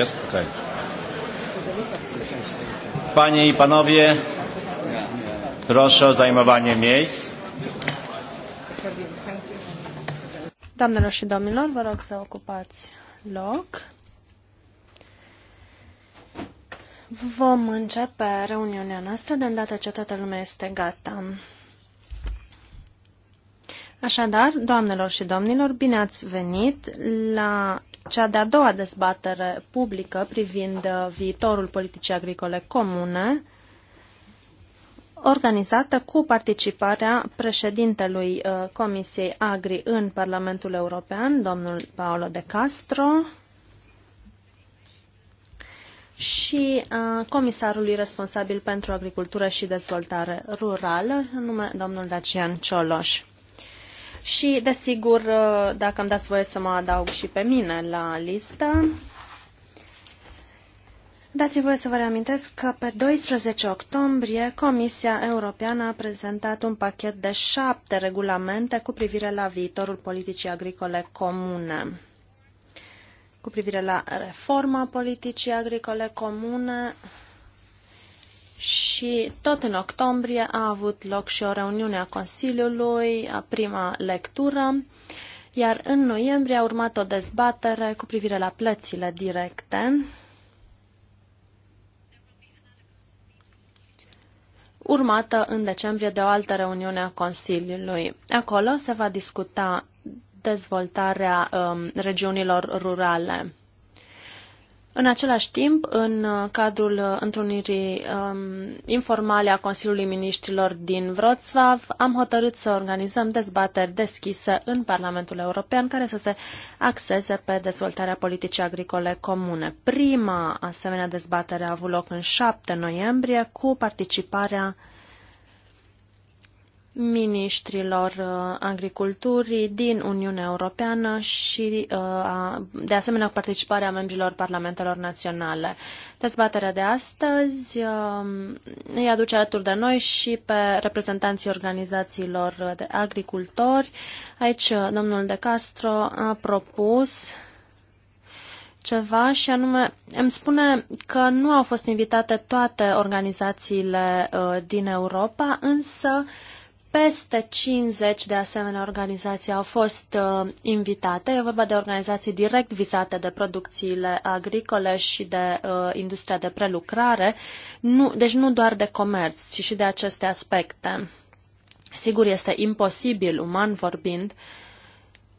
Jest? Okej. Okay. Panie i panowie, proszę o zajmowanie miejsc. Doamnelor și domnilor, vă rog să ocupați loc. Vom începe reuniunea noastră de îndată ce toată lumea este gata. Așadar, doamnelor și domnilor, bine ați venit la cea de-a doua dezbatere publică privind uh, viitorul politicii agricole comune, organizată cu participarea președintelui uh, Comisiei Agri în Parlamentul European, domnul Paolo de Castro, și uh, comisarului responsabil pentru agricultură și dezvoltare rurală, nume domnul Dacian Cioloș. Și, desigur, dacă îmi dați voie să mă adaug și pe mine la listă, dați voie să vă reamintesc că pe 12 octombrie Comisia Europeană a prezentat un pachet de șapte regulamente cu privire la viitorul politicii agricole comune. Cu privire la reforma politicii agricole comune, și tot în octombrie a avut loc și o reuniune a Consiliului, a prima lectură, iar în noiembrie a urmat o dezbatere cu privire la plățile directe. urmată în decembrie de o altă reuniune a Consiliului. Acolo se va discuta dezvoltarea um, regiunilor rurale. În același timp, în uh, cadrul uh, întrunirii um, informale a Consiliului Ministrilor din Wrocław, am hotărât să organizăm dezbateri deschise în Parlamentul European care să se axeze pe dezvoltarea politicii agricole comune. Prima asemenea dezbatere a avut loc în 7 noiembrie cu participarea miniștrilor uh, agriculturii din Uniunea Europeană și uh, de asemenea participarea membrilor parlamentelor naționale. Dezbaterea de astăzi um, îi aduce alături de noi și pe reprezentanții organizațiilor de agricultori. Aici uh, domnul De Castro a propus ceva și anume îmi spune că nu au fost invitate toate organizațiile uh, din Europa, însă uh, peste 50 de asemenea organizații au fost uh, invitate. E vorba de organizații direct vizate de producțiile agricole și de uh, industria de prelucrare, nu, deci nu doar de comerț, ci și de aceste aspecte. Sigur, este imposibil, uman vorbind,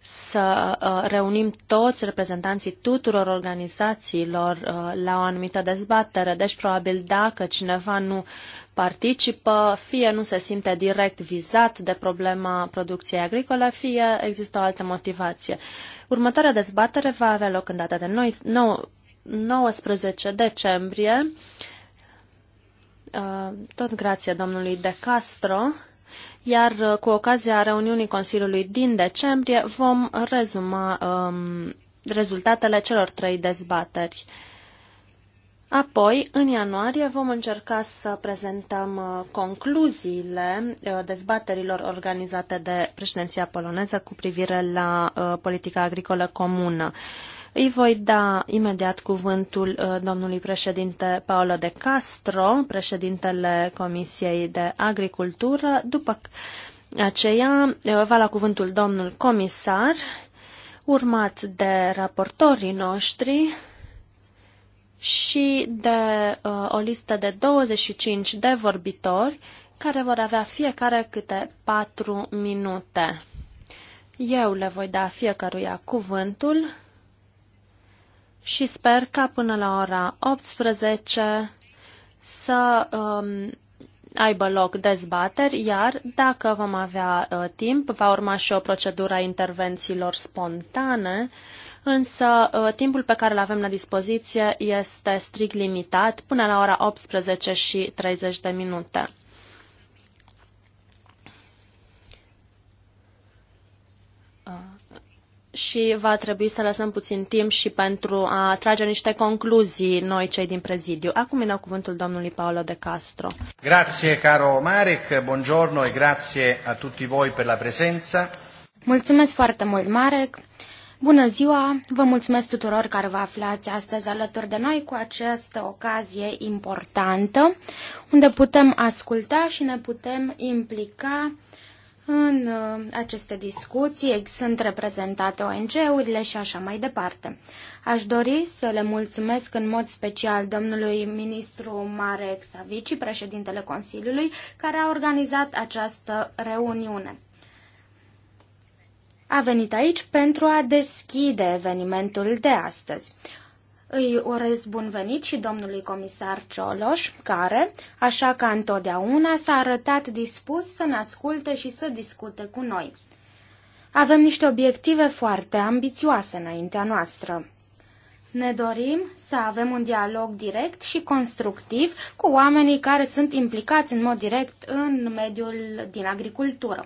să uh, reunim toți reprezentanții tuturor organizațiilor uh, la o anumită dezbatere. Deci, probabil, dacă cineva nu participă, fie nu se simte direct vizat de problema producției agricole, fie există o altă motivație. Următoarea dezbatere va avea loc în data de 19 decembrie, uh, tot grație domnului De Castro, iar uh, cu ocazia reuniunii Consiliului din decembrie vom rezuma um, rezultatele celor trei dezbateri. Apoi, în ianuarie, vom încerca să prezentăm uh, concluziile uh, dezbaterilor organizate de președinția poloneză cu privire la uh, politica agricolă comună. Îi voi da imediat cuvântul domnului președinte Paolo de Castro, președintele Comisiei de Agricultură. După aceea va la cuvântul domnul comisar, urmat de raportorii noștri, și de uh, o listă de 25 de vorbitori care vor avea fiecare câte 4 minute. Eu le voi da fiecăruia cuvântul și sper ca până la ora 18 să um, aibă loc dezbateri, iar dacă vom avea uh, timp, va urma și o procedură a intervențiilor spontane. Uh, însă uh, timpul pe care îl avem la dispoziție este strict limitat până la ora 18 și 30 de minute. Uh, și va trebui să lăsăm puțin timp și pentru a trage niște concluzii noi cei din prezidiu. Acum îi dau cuvântul domnului Paolo De Castro. Grazie caro Marek, buongiorno e grazie a tutti voi per la presenza. Mulțumesc foarte mult Marek. Bună ziua! Vă mulțumesc tuturor care vă aflați astăzi alături de noi cu această ocazie importantă, unde putem asculta și ne putem implica în uh, aceste discuții. Sunt reprezentate ONG-urile și așa mai departe. Aș dori să le mulțumesc în mod special domnului ministru Marek Savici, președintele Consiliului, care a organizat această reuniune a venit aici pentru a deschide evenimentul de astăzi. Îi urez bun venit și domnului comisar Cioloș, care, așa ca întotdeauna, s-a arătat dispus să ne asculte și să discute cu noi. Avem niște obiective foarte ambițioase înaintea noastră. Ne dorim să avem un dialog direct și constructiv cu oamenii care sunt implicați în mod direct în mediul din agricultură.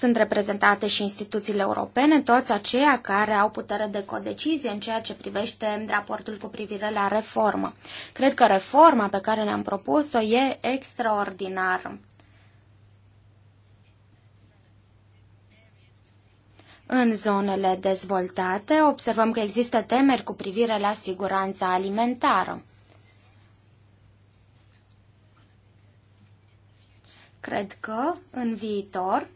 Sunt reprezentate și instituțiile europene, toți aceia care au putere de codecizie în ceea ce privește raportul cu privire la reformă. Cred că reforma pe care ne-am propus-o e extraordinară. În zonele dezvoltate observăm că există temeri cu privire la siguranța alimentară. Cred că, în viitor,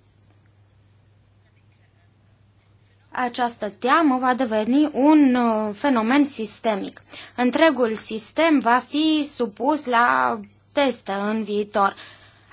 această teamă va deveni un uh, fenomen sistemic. Întregul sistem va fi supus la testă în viitor.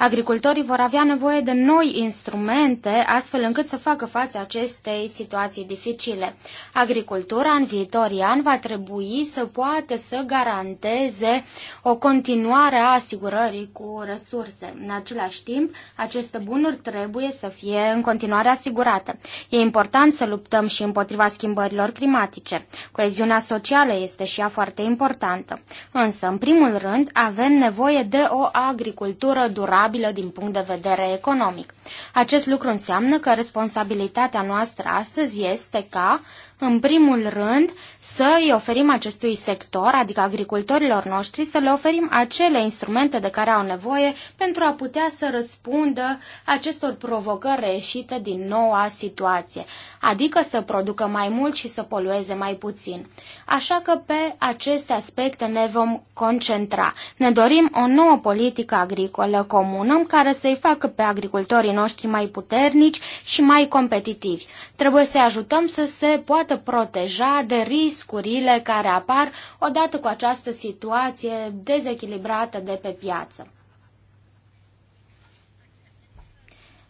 Agricultorii vor avea nevoie de noi instrumente astfel încât să facă față acestei situații dificile. Agricultura în viitorii ani va trebui să poată să garanteze o continuare a asigurării cu resurse. În același timp, aceste bunuri trebuie să fie în continuare asigurate. E important să luptăm și împotriva schimbărilor climatice. Coeziunea socială este și ea foarte importantă. Însă, în primul rând, avem nevoie de o agricultură durabilă durabilă din punct de vedere economic. Acest lucru înseamnă că responsabilitatea noastră astăzi este ca în primul rând, să îi oferim acestui sector, adică agricultorilor noștri, să le oferim acele instrumente de care au nevoie pentru a putea să răspundă acestor provocări reieșite din noua situație, adică să producă mai mult și să polueze mai puțin. Așa că pe aceste aspecte ne vom concentra. Ne dorim o nouă politică agricolă comună care să-i facă pe agricultorii noștri mai puternici și mai competitivi. Trebuie să ajutăm să se poată poată proteja de riscurile care apar odată cu această situație dezechilibrată de pe piață.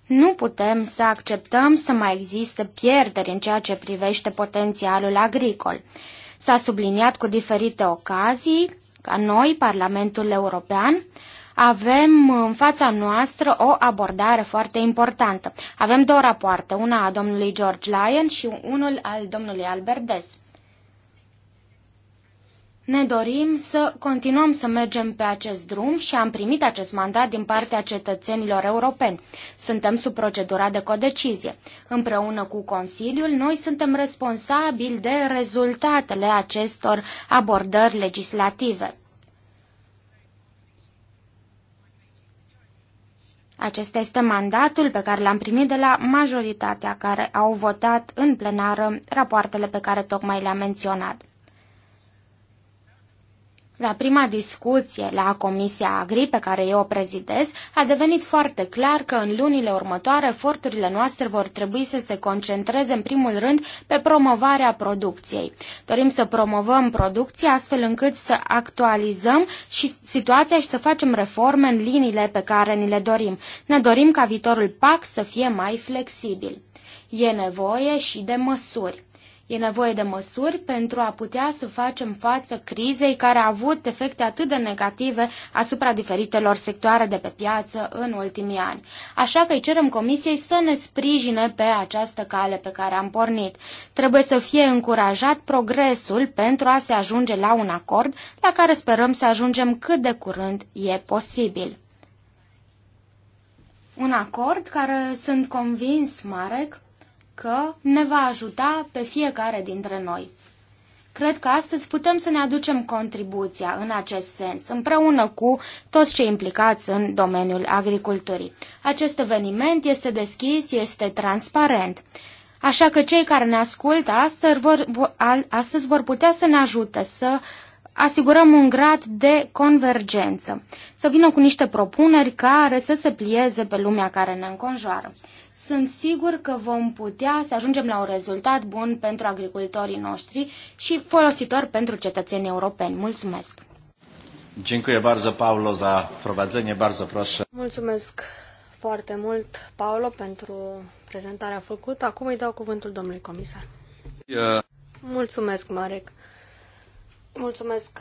Nu putem să acceptăm să mai existe pierderi în ceea ce privește potențialul agricol. S-a subliniat cu diferite ocazii ca noi, Parlamentul European, avem în fața noastră o abordare foarte importantă. Avem două rapoarte, una a domnului George Lyon și unul al domnului Albert Des. Ne dorim să continuăm să mergem pe acest drum și am primit acest mandat din partea cetățenilor europeni. Suntem sub procedura de codecizie. Împreună cu Consiliul, noi suntem responsabili de rezultatele acestor abordări legislative. Acesta este mandatul pe care l-am primit de la majoritatea care au votat în plenară rapoartele pe care tocmai le-am menționat. La prima discuție la Comisia Agri, pe care eu o prezidez, a devenit foarte clar că în lunile următoare eforturile noastre vor trebui să se concentreze în primul rând pe promovarea producției. Dorim să promovăm producția astfel încât să actualizăm și situația și să facem reforme în liniile pe care ni le dorim. Ne dorim ca viitorul PAC să fie mai flexibil. E nevoie și de măsuri. E nevoie de măsuri pentru a putea să facem față crizei care a avut efecte atât de negative asupra diferitelor sectoare de pe piață în ultimii ani. Așa că îi cerem Comisiei să ne sprijine pe această cale pe care am pornit. Trebuie să fie încurajat progresul pentru a se ajunge la un acord la care sperăm să ajungem cât de curând e posibil un acord care sunt convins, Marek, că ne va ajuta pe fiecare dintre noi. Cred că astăzi putem să ne aducem contribuția în acest sens, împreună cu toți cei implicați în domeniul agriculturii. Acest eveniment este deschis, este transparent. Așa că cei care ne ascultă astăzi vor, astăzi vor putea să ne ajute să asigurăm un grad de convergență, să vină cu niște propuneri care să se plieze pe lumea care ne înconjoară sunt sigur că vom putea să ajungem la un rezultat bun pentru agricultorii noștri și folositor pentru cetățenii europeni. Mulțumesc! Dziękuję bardzo Paulo za wprowadzenie, bardzo proszę. Mulțumesc foarte mult Paulo pentru prezentarea făcută. Acum îi dau cuvântul domnului comisar. Yeah. Mulțumesc, Marek. Mulțumesc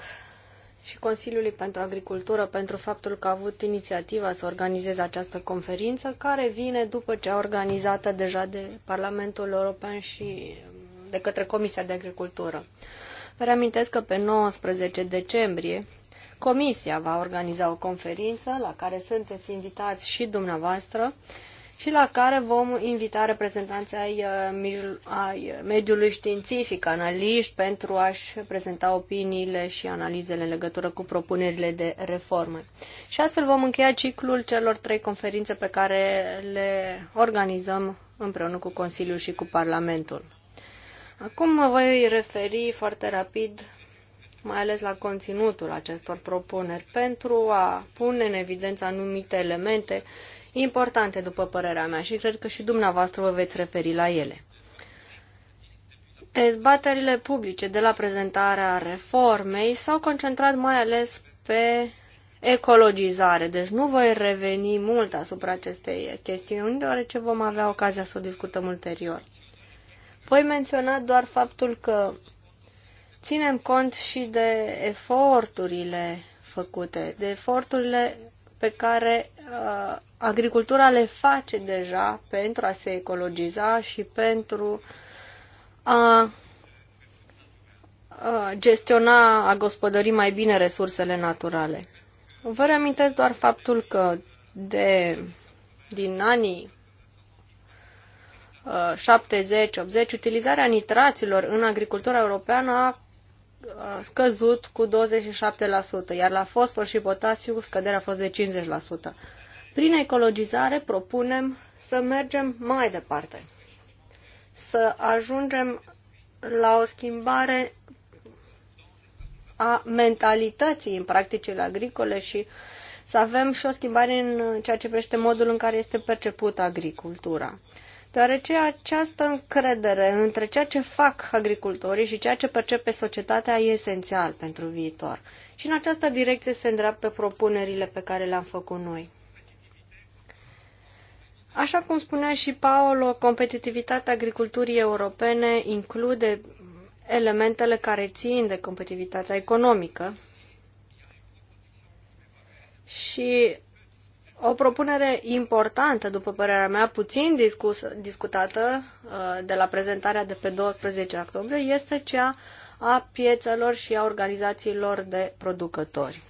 și Consiliului pentru Agricultură pentru faptul că a avut inițiativa să organizeze această conferință, care vine după ce a organizată deja de Parlamentul European și de către Comisia de Agricultură. Vă reamintesc că pe 19 decembrie Comisia va organiza o conferință la care sunteți invitați și dumneavoastră și la care vom invita reprezentanții ai, uh, ai mediului științific, analiști, pentru a-și prezenta opiniile și analizele în legătură cu propunerile de reforme. Și astfel vom încheia ciclul celor trei conferințe pe care le organizăm împreună cu Consiliul și cu Parlamentul. Acum mă voi referi foarte rapid mai ales la conținutul acestor propuneri, pentru a pune în evidență anumite elemente importante, după părerea mea, și cred că și dumneavoastră vă veți referi la ele. Dezbaterile publice de la prezentarea reformei s-au concentrat mai ales pe ecologizare. Deci nu voi reveni mult asupra acestei chestiuni, deoarece vom avea ocazia să o discutăm ulterior. Voi menționa doar faptul că ținem cont și de eforturile făcute, de eforturile pe care uh, agricultura le face deja pentru a se ecologiza și pentru a, gestiona, a gospodări mai bine resursele naturale. Vă reamintesc doar faptul că de, din anii 70-80, uh, utilizarea nitraților în agricultura europeană a scăzut cu 27%, iar la fosfor și potasiu scăderea a fost de 50%. Prin ecologizare propunem să mergem mai departe, să ajungem la o schimbare a mentalității în practicile agricole și să avem și o schimbare în ceea ce privește modul în care este percepută agricultura deoarece această încredere între ceea ce fac agricultorii și ceea ce percepe societatea e esențial pentru viitor. Și în această direcție se îndreaptă propunerile pe care le-am făcut noi. Așa cum spunea și Paolo, competitivitatea agriculturii europene include elementele care țin de competitivitatea economică și o propunere importantă, după părerea mea, puțin discus, discutată uh, de la prezentarea de pe 12 octombrie, este cea a piețelor și a organizațiilor de producători.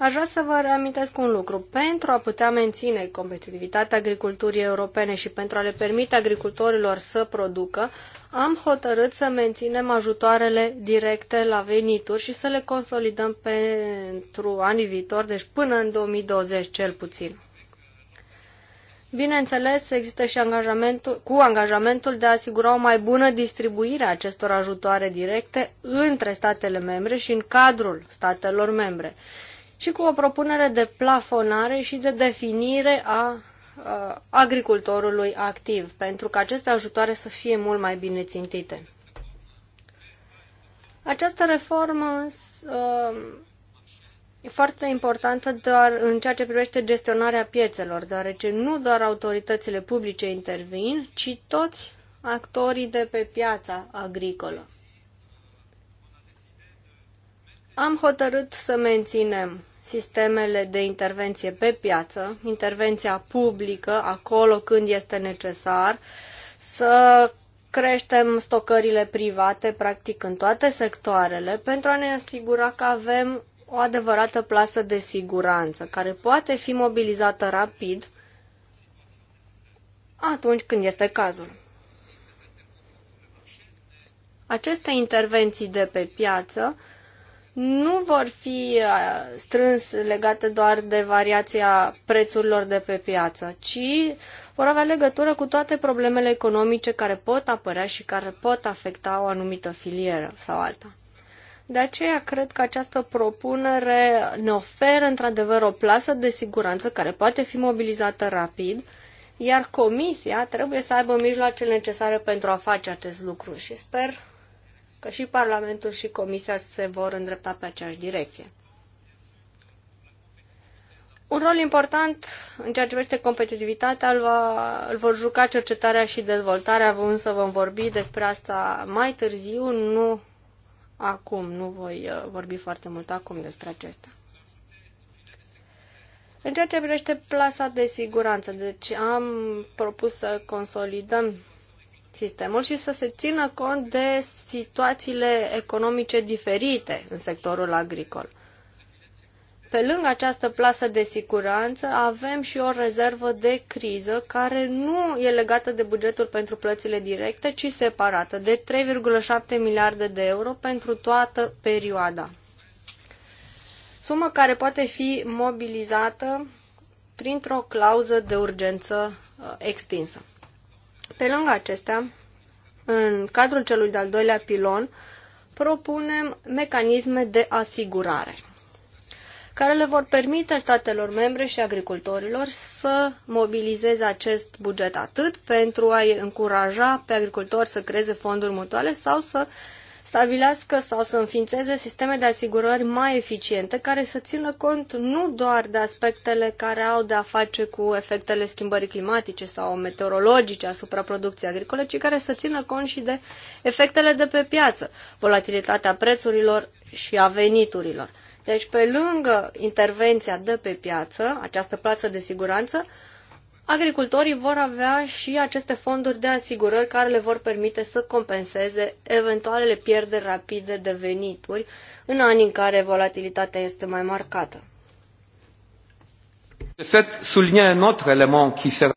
Aș vrea să vă reamintesc un lucru. Pentru a putea menține competitivitatea agriculturii europene și pentru a le permite agricultorilor să producă, am hotărât să menținem ajutoarele directe la venituri și să le consolidăm pentru anii viitori, deci până în 2020 cel puțin. Bineînțeles, există și angajamentul, cu angajamentul de a asigura o mai bună distribuire a acestor ajutoare directe între statele membre și în cadrul statelor membre și cu o propunere de plafonare și de definire a agricultorului activ, pentru că aceste ajutoare să fie mult mai bine țintite. Această reformă e foarte importantă doar în ceea ce privește gestionarea piețelor, deoarece nu doar autoritățile publice intervin, ci toți actorii de pe piața agricolă. Am hotărât să menținem sistemele de intervenție pe piață, intervenția publică acolo când este necesar, să creștem stocările private practic în toate sectoarele pentru a ne asigura că avem o adevărată plasă de siguranță care poate fi mobilizată rapid atunci când este cazul. Aceste intervenții de pe piață nu vor fi uh, strâns legate doar de variația prețurilor de pe piață, ci vor avea legătură cu toate problemele economice care pot apărea și care pot afecta o anumită filieră sau alta. De aceea cred că această propunere ne oferă într-adevăr o plasă de siguranță care poate fi mobilizată rapid, iar comisia trebuie să aibă mijloacele necesare pentru a face acest lucru și sper că și Parlamentul și Comisia se vor îndrepta pe aceeași direcție. Un rol important în ceea ce privește competitivitatea îl, va, îl vor juca cercetarea și dezvoltarea, având să vom vorbi despre asta mai târziu, nu acum, nu voi uh, vorbi foarte mult acum despre acesta. În ceea ce privește plasa de siguranță, deci am propus să consolidăm sistemul și să se țină cont de situațiile economice diferite în sectorul agricol. Pe lângă această plasă de siguranță, avem și o rezervă de criză care nu e legată de bugetul pentru plățile directe, ci separată, de 3,7 miliarde de euro pentru toată perioada. Sumă care poate fi mobilizată printr-o clauză de urgență uh, extinsă. Pe lângă acestea, în cadrul celui de-al doilea pilon, propunem mecanisme de asigurare care le vor permite statelor membre și agricultorilor să mobilizeze acest buget atât pentru a-i încuraja pe agricultori să creeze fonduri mutuale sau să uh, stabilească sau să înființeze sisteme de asigurări mai eficiente care să țină cont nu doar de aspectele care au de a face cu efectele schimbării climatice sau meteorologice asupra producției agricole, ci care să țină cont și de efectele de pe piață, volatilitatea prețurilor și a veniturilor. Deci, pe lângă intervenția de pe piață, această plasă de siguranță, agricultorii vor avea și aceste fonduri de asigurări care le vor permite să compenseze eventualele pierderi rapide de venituri în anii în care volatilitatea este mai marcată.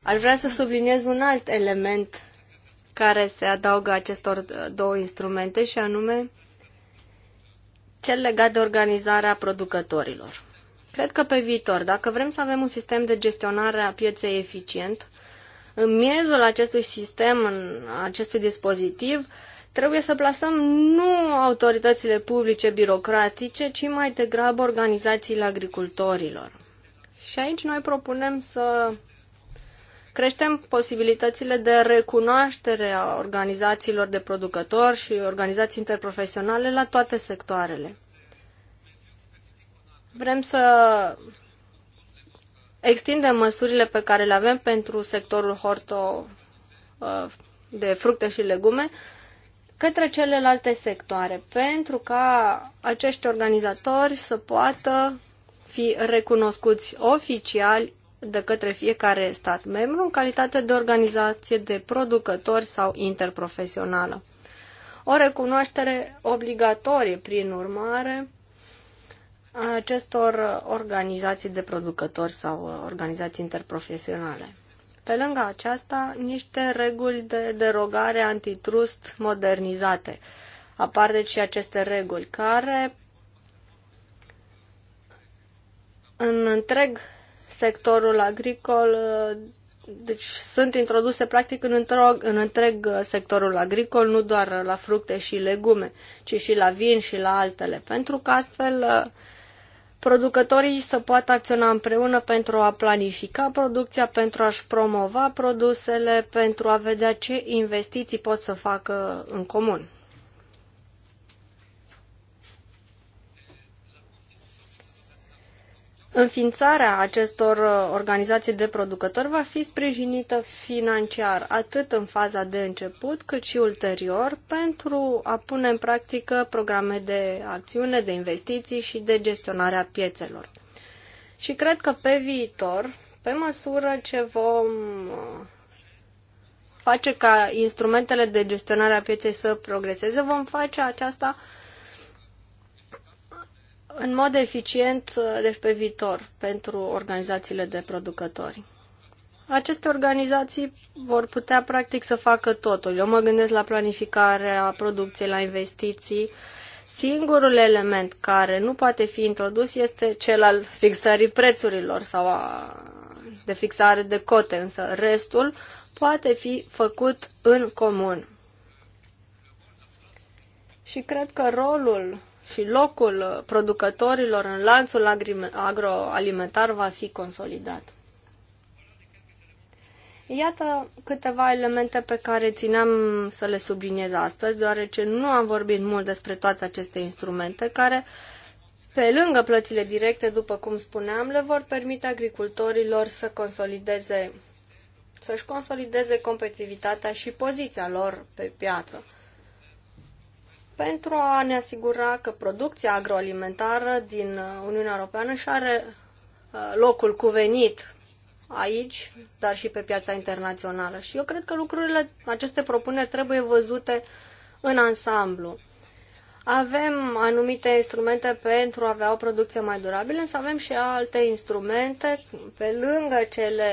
Ar vrea să subliniez un alt element care se adaugă acestor două instrumente și anume cel legat de organizarea producătorilor. Cred că pe viitor, dacă vrem să avem un sistem de gestionare a pieței eficient, în miezul acestui sistem, în acestui dispozitiv, trebuie să plasăm nu autoritățile publice birocratice, ci mai degrabă organizațiile agricultorilor. Și aici noi propunem să creștem posibilitățile de recunoaștere a organizațiilor de producători și organizații interprofesionale la toate sectoarele. Vrem să extindem măsurile pe care le avem pentru sectorul horto uh, de fructe și legume către celelalte sectoare, pentru ca acești organizatori să poată fi recunoscuți oficial de către fiecare stat membru în calitate de organizație de producători sau interprofesională. O recunoaștere obligatorie, prin urmare, acestor organizații de producători sau organizații interprofesionale. Pe lângă aceasta, niște reguli de derogare antitrust modernizate. Apar deci și aceste reguli care în întreg sectorul agricol deci sunt introduse practic în întreg, în întreg sectorul agricol, nu doar la fructe și legume, ci și la vin și la altele, pentru că astfel producătorii să poată acționa împreună pentru a planifica producția, pentru a-și promova produsele, pentru a vedea ce investiții pot să facă în comun. Înființarea acestor uh, organizații de producători va fi sprijinită financiar atât în faza de început cât și ulterior pentru a pune în practică programe de acțiune, de investiții și de gestionarea piețelor. Și cred că pe viitor, pe măsură ce vom uh, face ca instrumentele de gestionare a pieței să progreseze, vom face aceasta în mod eficient uh, de pe viitor pentru organizațiile de producători. Aceste organizații vor putea practic să facă totul. Eu mă gândesc la planificarea producției, la investiții. Singurul element care nu poate fi introdus este cel al fixării prețurilor sau a de fixare de cote, însă restul poate fi făcut în comun. Și cred că rolul și locul producătorilor în lanțul agroalimentar va fi consolidat. Iată câteva elemente pe care țineam să le subliniez astăzi, deoarece nu am vorbit mult despre toate aceste instrumente care, pe lângă plățile directe, după cum spuneam, le vor permite agricultorilor să consolideze, să-și consolideze competitivitatea și poziția lor pe piață pentru a ne asigura că producția agroalimentară din uh, Uniunea Europeană și are uh, locul cuvenit aici, dar și pe piața internațională. Și eu cred că lucrurile, aceste propuneri trebuie văzute în ansamblu. Avem anumite instrumente pentru a avea o producție mai durabilă, însă avem și alte instrumente pe lângă cele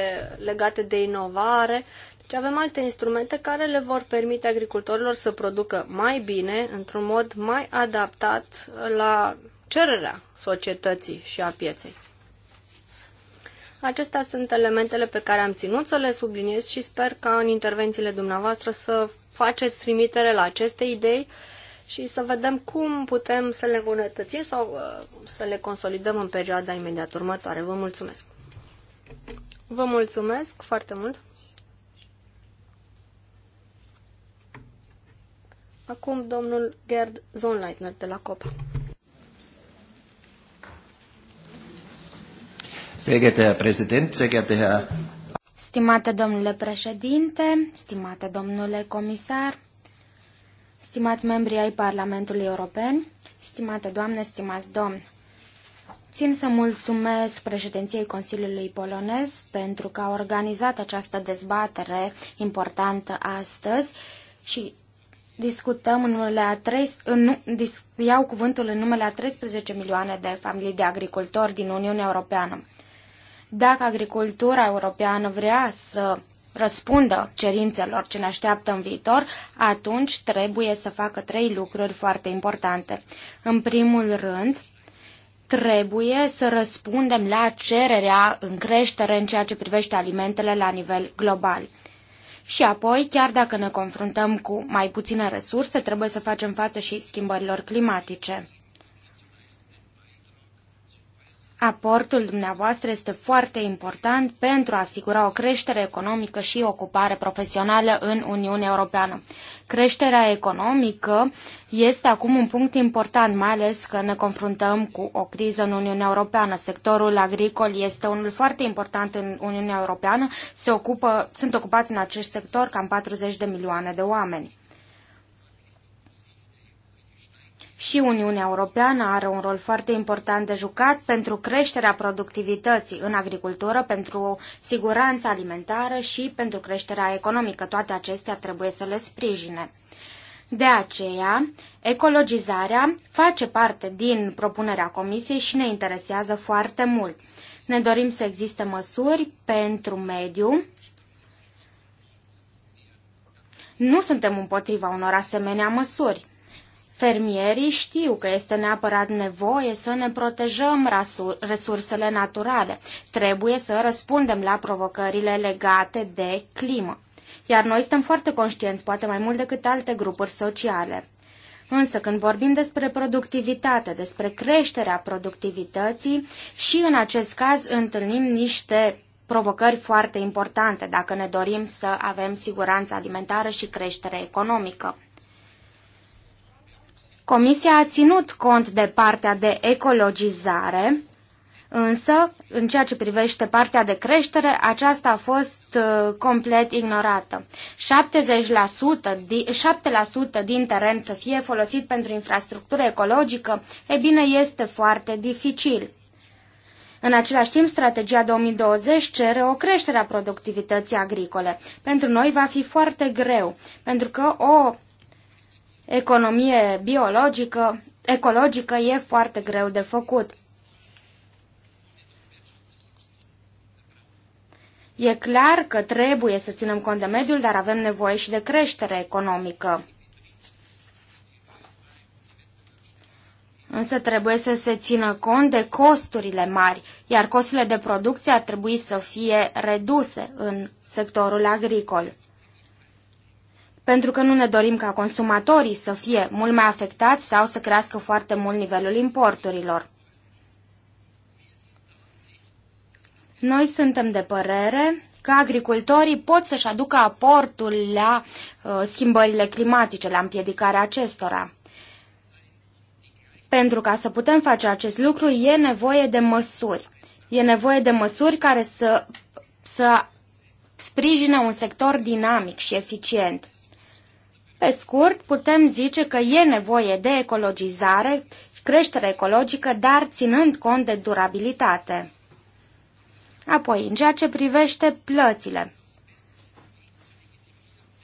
legate de inovare ci avem alte instrumente care le vor permite agricultorilor să producă mai bine, într-un mod mai adaptat la cererea societății și a pieței. Acestea sunt elementele pe care am ținut să le subliniez și sper ca în intervențiile dumneavoastră să faceți trimitere la aceste idei și să vedem cum putem să le îmbunătățim sau uh, să le consolidăm în perioada imediat următoare. Vă mulțumesc! Vă mulțumesc foarte mult! Acum domnul Gerd Zonleitner de la COPA. Stimate domnule președinte, stimate domnule comisar, stimați membri ai Parlamentului European, stimate doamne, stimați domn, țin să mulțumesc președinției Consiliului Polonez pentru că a organizat această dezbatere importantă astăzi și discutăm în numele a trei, în, dis, iau cuvântul în numele a 13 milioane de familii de agricultori din Uniunea Europeană. Dacă agricultura europeană vrea să răspundă cerințelor ce ne așteaptă în viitor, atunci trebuie să facă trei lucruri foarte importante. În primul rând, trebuie să răspundem la cererea în creștere în ceea ce privește alimentele la nivel global. Și apoi, chiar dacă ne confruntăm cu mai puține resurse, trebuie să facem față și schimbărilor climatice. Aportul dumneavoastră este foarte important pentru a asigura o creștere economică și ocupare profesională în Uniunea Europeană. Creșterea economică este acum un punct important, mai ales că ne confruntăm cu o criză în Uniunea Europeană. Sectorul agricol este unul foarte important în Uniunea Europeană. Se ocupă, sunt ocupați în acest sector cam 40 de milioane de oameni. Și Uniunea Europeană are un rol foarte important de jucat pentru creșterea productivității în agricultură, pentru siguranța alimentară și pentru creșterea economică. Toate acestea trebuie să le sprijine. De aceea, ecologizarea face parte din propunerea Comisiei și ne interesează foarte mult. Ne dorim să existe măsuri pentru mediu. Nu suntem împotriva unor asemenea măsuri. Fermierii știu că este neapărat nevoie să ne protejăm resursele naturale. Trebuie să răspundem la provocările legate de climă. Iar noi suntem foarte conștienți, poate mai mult decât alte grupuri sociale. Însă când vorbim despre productivitate, despre creșterea productivității, și în acest caz întâlnim niște provocări foarte importante dacă ne dorim să avem siguranță alimentară și creștere economică. Comisia a ținut cont de partea de ecologizare, însă, în ceea ce privește partea de creștere, aceasta a fost uh, complet ignorată. 70%, di, 7% din teren să fie folosit pentru infrastructură ecologică, e bine, este foarte dificil. În același timp, strategia 2020 cere o creștere a productivității agricole. Pentru noi va fi foarte greu, pentru că o economie biologică, ecologică e foarte greu de făcut. E clar că trebuie să ținem cont de mediul, dar avem nevoie și de creștere economică. Însă trebuie să se țină cont de costurile mari, iar costurile de producție ar trebui să fie reduse în sectorul agricol pentru că nu ne dorim ca consumatorii să fie mult mai afectați sau să crească foarte mult nivelul importurilor. Noi suntem de părere că agricultorii pot să-și aducă aportul la uh, schimbările climatice, la împiedicarea acestora. Pentru ca să putem face acest lucru, e nevoie de măsuri. E nevoie de măsuri care să, să sprijine un sector dinamic și eficient. Pe scurt, putem zice că e nevoie de ecologizare, creștere ecologică, dar ținând cont de durabilitate. Apoi, în ceea ce privește plățile,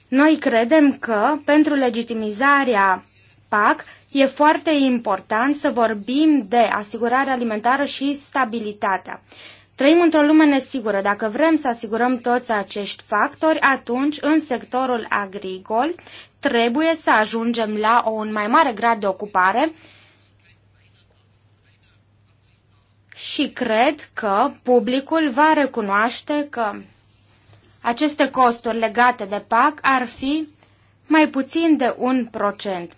noi credem că, pentru legitimizarea PAC, e foarte important să vorbim de asigurarea alimentară și stabilitatea. Trăim într-o lume nesigură. Dacă vrem să asigurăm toți acești factori, atunci, în sectorul agricol, trebuie să ajungem la o, un mai mare grad de ocupare și cred că publicul va recunoaște că aceste costuri legate de PAC ar fi mai puțin de un procent.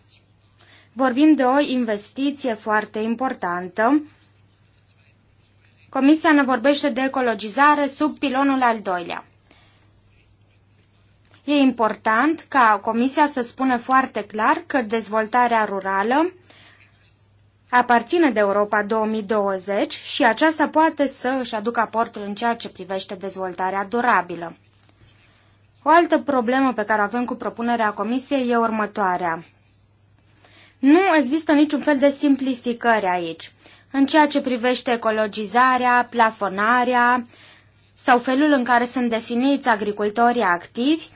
Vorbim de o investiție foarte importantă. Comisia ne vorbește de ecologizare sub pilonul al doilea. E important ca Comisia să spună foarte clar că dezvoltarea rurală aparține de Europa 2020 și aceasta poate să își aducă aportul în ceea ce privește dezvoltarea durabilă. O altă problemă pe care o avem cu propunerea Comisiei e următoarea. Nu există niciun fel de simplificări aici, în ceea ce privește ecologizarea, plafonarea sau felul în care sunt definiți agricultorii activi,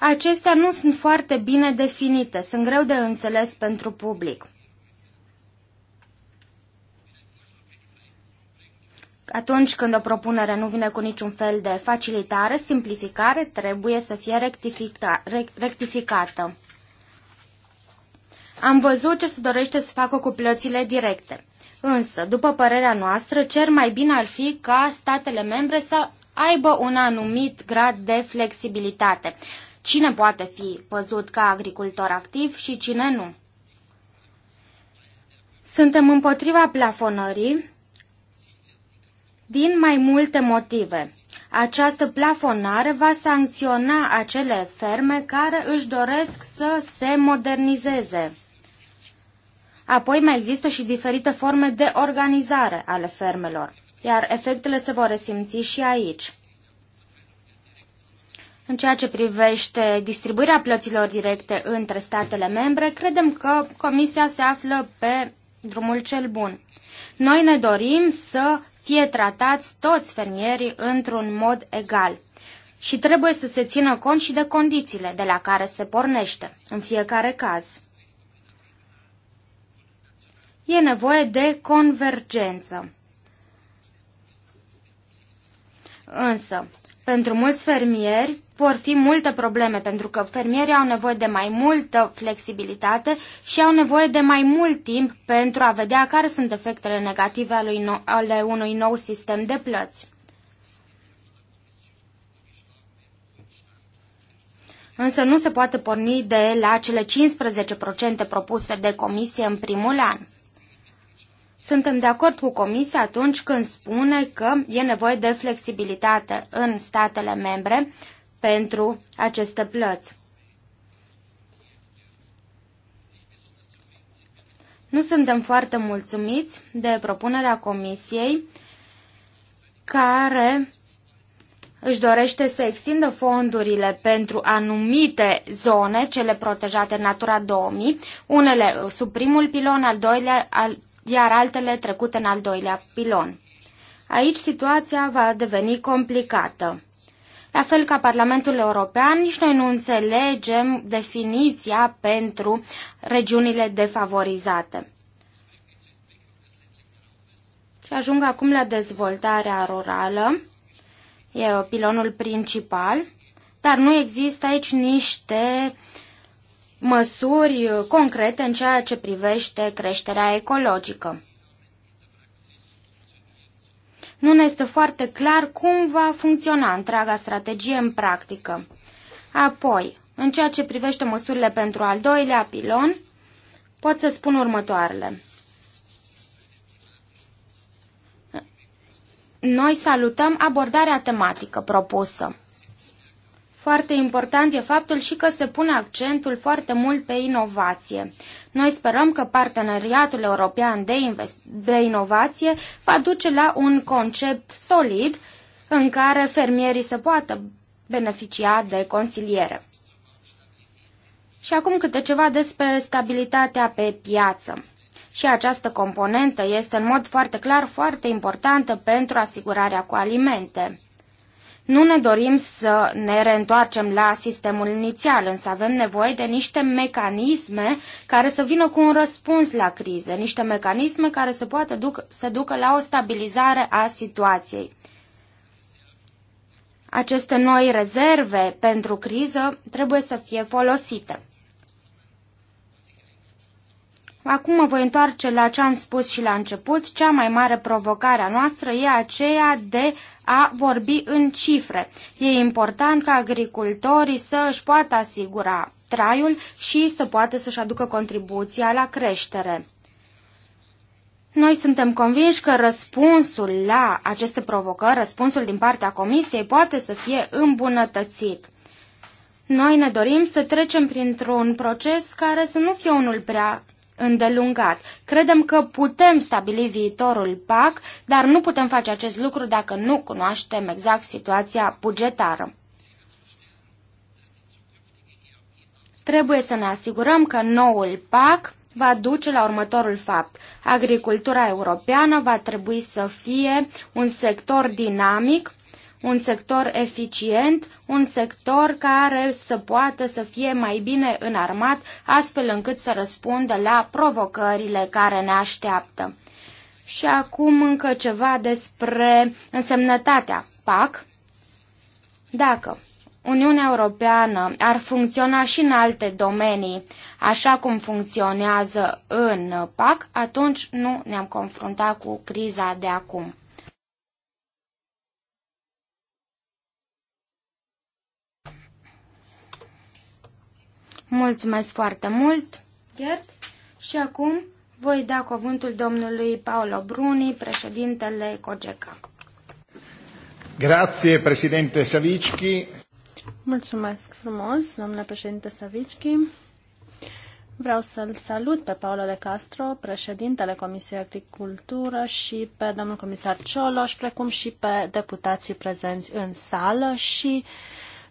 Acestea nu sunt foarte bine definite, sunt greu de înțeles pentru public. Atunci când o propunere nu vine cu niciun fel de facilitare, simplificare trebuie să fie rectificată. Am văzut ce se dorește să facă cu plățile directe. Însă, după părerea noastră, cer mai bine ar fi ca statele membre să aibă un anumit grad de flexibilitate cine poate fi văzut ca agricultor activ și cine nu. Suntem împotriva plafonării din mai multe motive. Această plafonare va sancționa acele ferme care își doresc să se modernizeze. Apoi mai există și diferite forme de organizare ale fermelor, iar efectele se vor resimți și aici. În ceea ce privește distribuirea plăților directe între statele membre, credem că Comisia se află pe drumul cel bun. Noi ne dorim să fie tratați toți fermierii într-un mod egal și trebuie să se țină cont și de condițiile de la care se pornește, în fiecare caz. E nevoie de convergență. Însă, pentru mulți fermieri vor fi multe probleme, pentru că fermierii au nevoie de mai multă flexibilitate și au nevoie de mai mult timp pentru a vedea care sunt efectele negative ale unui nou sistem de plăți. Însă nu se poate porni de la cele 15% propuse de comisie în primul an. Suntem de acord cu Comisia atunci când spune că e nevoie de flexibilitate în statele membre pentru aceste plăți. Nu suntem foarte mulțumiți de propunerea Comisiei care își dorește să extindă fondurile pentru anumite zone, cele protejate Natura 2000, unele sub primul pilon, al doilea, al iar altele trecute în al doilea pilon. Aici situația va deveni complicată. La fel ca Parlamentul European, nici noi nu înțelegem definiția pentru regiunile defavorizate. Și ajung acum la dezvoltarea rurală. E pilonul principal, dar nu există aici niște uh, măsuri concrete în ceea ce privește creșterea ecologică. Nu ne este foarte clar cum va funcționa întreaga strategie în practică. Apoi, în ceea ce privește măsurile pentru al doilea pilon, pot să spun următoarele. Noi salutăm abordarea tematică propusă. Foarte important e faptul și că se pune accentul foarte mult pe inovație. Noi sperăm că parteneriatul european de, de inovație va duce la un concept solid în care fermierii să poată beneficia de consiliere. Și acum câte ceva despre stabilitatea pe piață. Și această componentă este în mod foarte clar foarte importantă pentru asigurarea cu alimente. Nu ne dorim să ne reîntoarcem la sistemul inițial, însă avem nevoie de niște mecanisme care să vină cu un răspuns la crize, niște mecanisme care să poată duc, să ducă la o stabilizare a situației. Aceste noi rezerve pentru criză trebuie să fie folosite. Acum mă voi întoarce la ce am spus și la început. Cea mai mare provocare a noastră e aceea de a vorbi în cifre. E important ca agricultorii să își poată asigura traiul și să poată să-și aducă contribuția la creștere. Noi suntem convinși că răspunsul la aceste provocări, răspunsul din partea Comisiei, poate să fie îmbunătățit. Noi ne dorim să trecem printr-un proces care să nu fie unul prea îndelungat. Credem că putem stabili viitorul PAC, dar nu putem face acest lucru dacă nu cunoaștem exact situația bugetară. Trebuie să ne asigurăm că noul PAC va duce la următorul fapt. Agricultura europeană va trebui să fie un sector dinamic un sector eficient, un sector care să poată să fie mai bine înarmat, astfel încât să răspundă la provocările care ne așteaptă. Și acum încă ceva despre însemnătatea PAC. Dacă Uniunea Europeană ar funcționa și în alte domenii așa cum funcționează în PAC, atunci nu ne-am confruntat cu criza de acum. Mulțumesc foarte mult, Gert. Și acum voi da cuvântul domnului Paolo Bruni, președintele COGECA. Grazie, președinte Savicchi. Mulțumesc frumos, domnule președinte Savicchi. Vreau să-l salut pe Paolo de Castro, președintele Comisiei Agricultură și pe domnul comisar Cioloș, precum și pe deputații prezenți în sală și uh,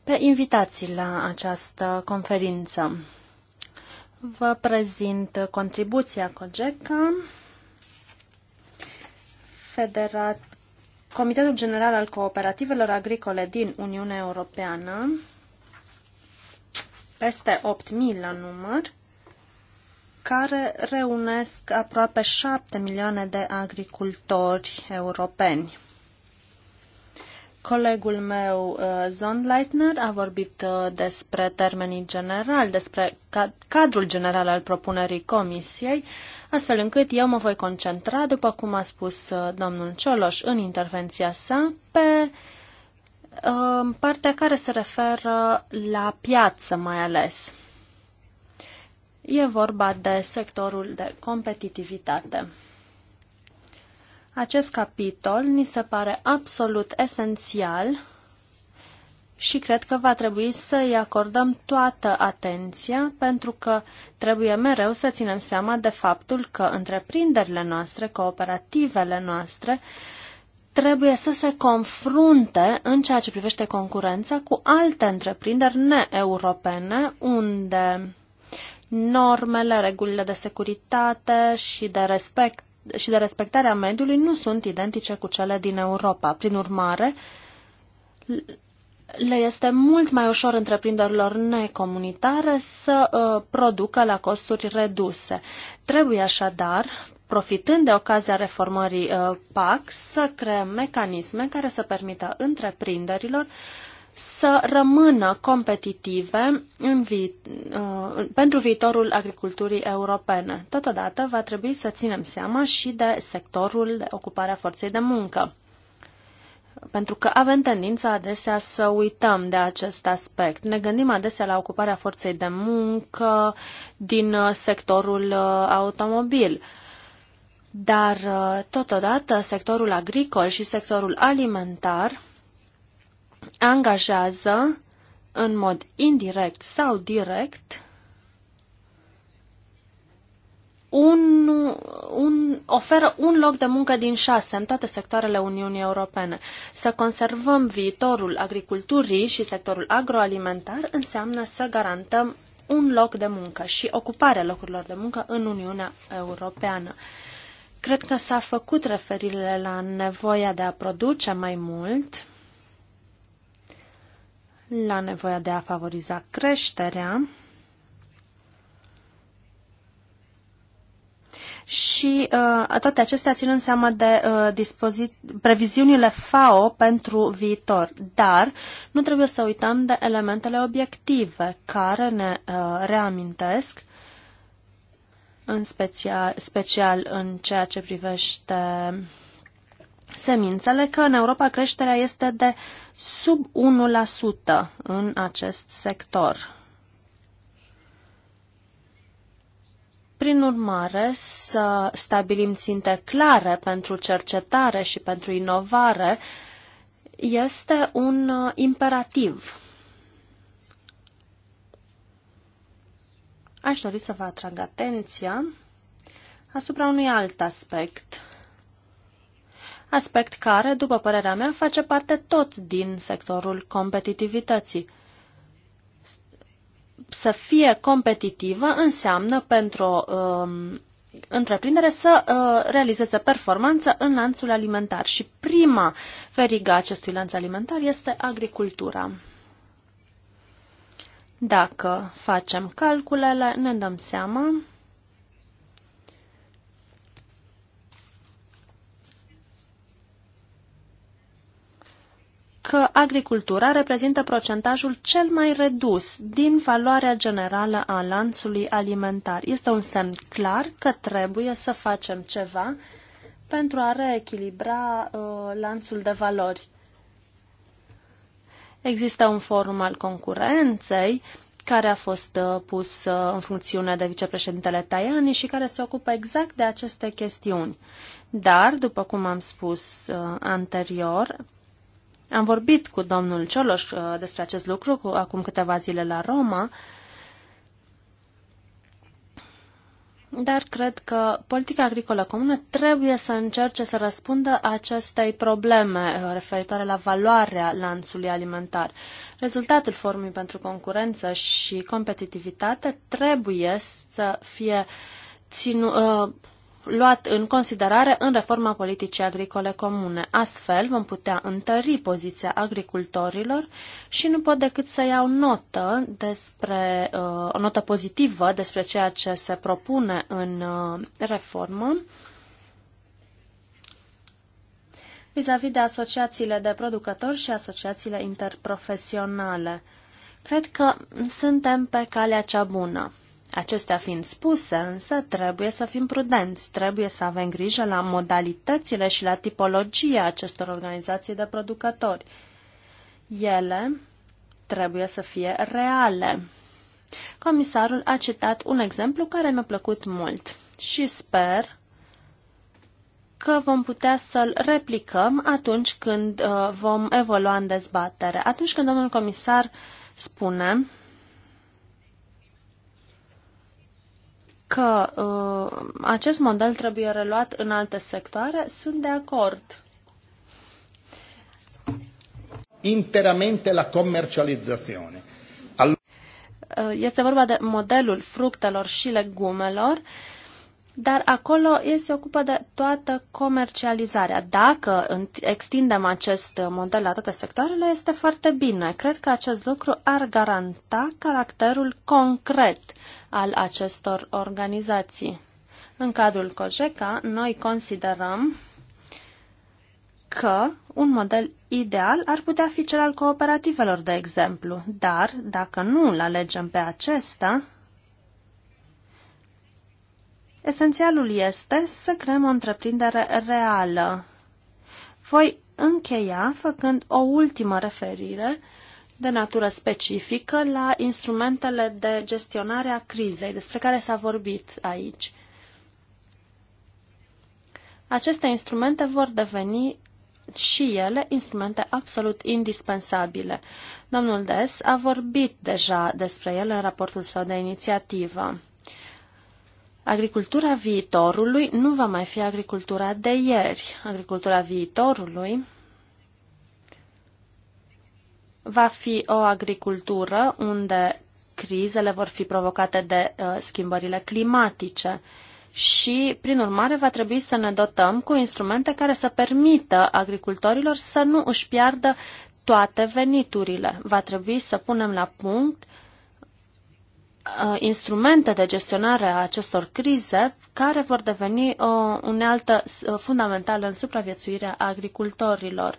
pe invitații la această conferință. Vă prezint contribuția COGECA, Federat, Comitetul General al Cooperativelor Agricole din Uniunea Europeană, peste 8.000 la număr, care reunesc aproape 7 milioane de agricultori europeni. Colegul meu, Zonleitner, uh, a vorbit uh, despre termenii generali, despre cadrul general al propunerii comisiei, astfel încât eu mă voi concentra, după cum a spus uh, domnul Cioloș în intervenția sa, pe partea care se referă la piață mai ales. E vorba de sectorul de competitivitate. Acest capitol ni se pare absolut esențial și cred că va trebui să îi acordăm toată atenția, pentru că trebuie mereu să ținem seama de faptul că întreprinderile noastre, cooperativele noastre, trebuie să se confrunte în ceea ce privește concurența cu alte întreprinderi neeuropene, unde normele, regulile de securitate și de respect și de respectarea mediului nu sunt identice cu cele din Europa. Prin urmare, le este mult mai ușor întreprinderilor necomunitare să uh, producă la costuri reduse. Trebuie așadar, profitând de ocazia reformării uh, PAC, să creăm mecanisme care să permită întreprinderilor uh, să rămână competitive în vi- uh, pentru viitorul agriculturii europene. Totodată va trebui să ținem seama și de sectorul de ocupare a forței de muncă, pentru că avem tendința adesea să uităm de acest aspect. Ne gândim adesea la ocuparea forței de muncă din uh, sectorul uh, automobil. Dar, totodată, sectorul agricol și sectorul alimentar angajează în mod indirect sau direct un, un, oferă un loc de muncă din șase în toate sectoarele Uniunii Europene. Să conservăm viitorul agriculturii și sectorul agroalimentar înseamnă să garantăm un loc de muncă și ocuparea locurilor de muncă în Uniunea Europeană. Cred că s-a făcut referire la nevoia de a produce mai mult la nevoia de a favoriza creșterea și uh, toate acestea în seamă de uh, previziunile FAO pentru viitor. Dar nu trebuie să uităm de elementele obiective care ne uh, reamintesc în special, special în ceea ce privește uh, semințele că în Europa creșterea este de sub 1% în acest sector. Prin urmare, să stabilim ținte clare pentru cercetare și pentru inovare este un uh, imperativ. Aș dori să vă atrag atenția asupra unui alt aspect aspect care, după părerea mea, face parte tot din sectorul competitivității. Să fie competitivă înseamnă pentru o um, întreprindere să uh, realizeze performanță în lanțul alimentar și prima veriga acestui lanț alimentar este agricultura. Dacă facem calculele, ne dăm seama că agricultura reprezintă procentajul cel mai redus din valoarea generală a lanțului alimentar. Este un semn clar că trebuie să facem ceva pentru a reechilibra uh, lanțul de valori. Există un forum al concurenței care a fost uh, pus uh, în funcțiune de vicepreședintele Tajani și care se ocupă exact de aceste chestiuni. Dar, după cum am spus uh, anterior, am vorbit cu domnul Cioloș uh, despre acest lucru cu, acum câteva zile la Roma, dar cred că politica agricolă comună trebuie să încerce să răspundă acestei probleme uh, referitoare la valoarea lanțului alimentar. Rezultatul formii pentru concurență și competitivitate trebuie să fie ținu, uh, luat în considerare în reforma politicii agricole comune. Astfel vom putea întări poziția agricultorilor și nu pot decât să iau notă despre, uh, o notă pozitivă despre ceea ce se propune în uh, reformă vis-a-vis -vis de asociațiile de producători și asociațiile interprofesionale. Cred că suntem pe calea cea bună. Acestea fiind spuse, însă, trebuie să fim prudenți, trebuie să avem grijă la modalitățile și la tipologia acestor organizații de producători. Ele trebuie să fie reale. Comisarul a citat un exemplu care mi-a plăcut mult și sper că vom putea să-l replicăm atunci când uh, vom evolua în dezbatere. Atunci când domnul comisar spune că uh, acest model trebuie reluat în alte sectoare, sunt de acord. Interamente la comercializzazione. All- uh, este vorba de modelul fructelor și legumelor dar acolo el se ocupă de toată comercializarea. Dacă extindem acest model la toate sectoarele, este foarte bine. Cred că acest lucru ar garanta caracterul concret al acestor organizații. În cadrul COJECA, noi considerăm că un model ideal ar putea fi cel al cooperativelor, de exemplu, dar dacă nu îl alegem pe acesta, Esențialul este să creăm o întreprindere reală. Voi încheia făcând o ultimă referire de natură specifică la instrumentele de gestionare a crizei, despre care s-a vorbit aici. Aceste instrumente vor deveni și ele instrumente absolut indispensabile. Domnul Des a vorbit deja despre ele în raportul său de inițiativă. Agricultura viitorului nu va mai fi agricultura de ieri. Agricultura viitorului va fi o agricultură unde crizele vor fi provocate de uh, schimbările climatice și, prin urmare, va trebui să ne dotăm cu instrumente care să permită agricultorilor să nu își piardă toate veniturile. Va trebui să punem la punct uh, Uh, instrumente de gestionare a acestor crize care vor deveni o uh, unealtă uh, fundamentală în supraviețuirea agricultorilor.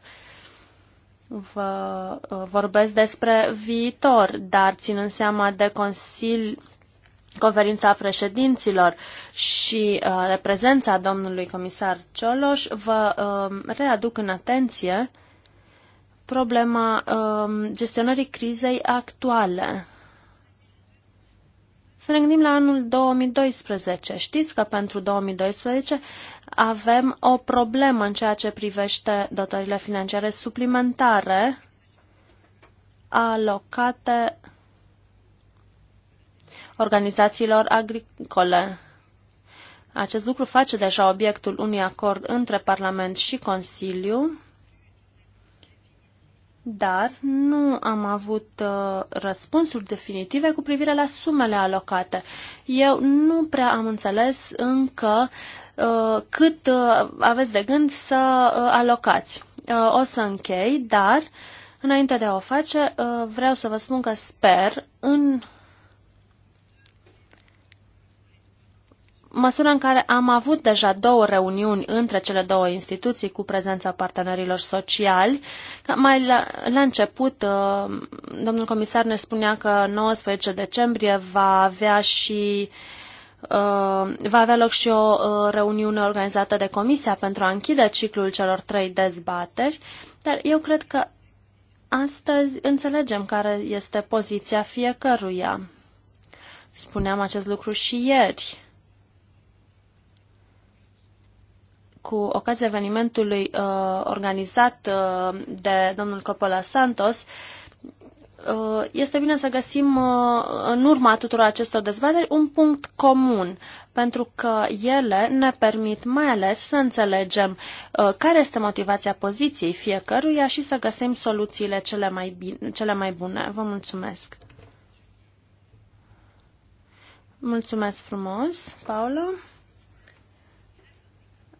Vă vorbesc despre viitor, dar ținând seama de consili, conferința președinților și de prezența domnului comisar Cioloș, vă um, readuc în atenție problema um, gestionării crizei actuale să ne gândim la anul 2012. Știți că pentru 2012 avem o problemă în ceea ce privește dotările financiare suplimentare alocate organizațiilor agricole. Acest lucru face deja obiectul unui acord între Parlament și Consiliu dar nu am avut uh, răspunsuri definitive cu privire la sumele alocate. Eu nu prea am înțeles încă uh, cât uh, aveți de gând să alocați. o să închei, dar înainte de a o face, vreau să vă spun că sper în măsura în care am avut deja două reuniuni între cele două instituții cu prezența partenerilor sociali. Mai la, la început, uh, domnul comisar ne spunea că 19 decembrie va avea și uh, va avea loc și o uh, reuniune organizată de comisia pentru a închide ciclul celor trei dezbateri, dar eu cred că astăzi înțelegem care este poziția fiecăruia. Spuneam acest lucru și ieri. cu ocazia evenimentului uh, organizat uh, de domnul Coppola Santos, uh, este bine să găsim uh, în urma tuturor acestor dezbateri un punct comun, pentru că ele ne permit mai ales să înțelegem uh, care este motivația poziției fiecăruia și să găsim soluțiile cele mai, bine, cele mai bune. Vă mulțumesc! Mulțumesc frumos, Paula!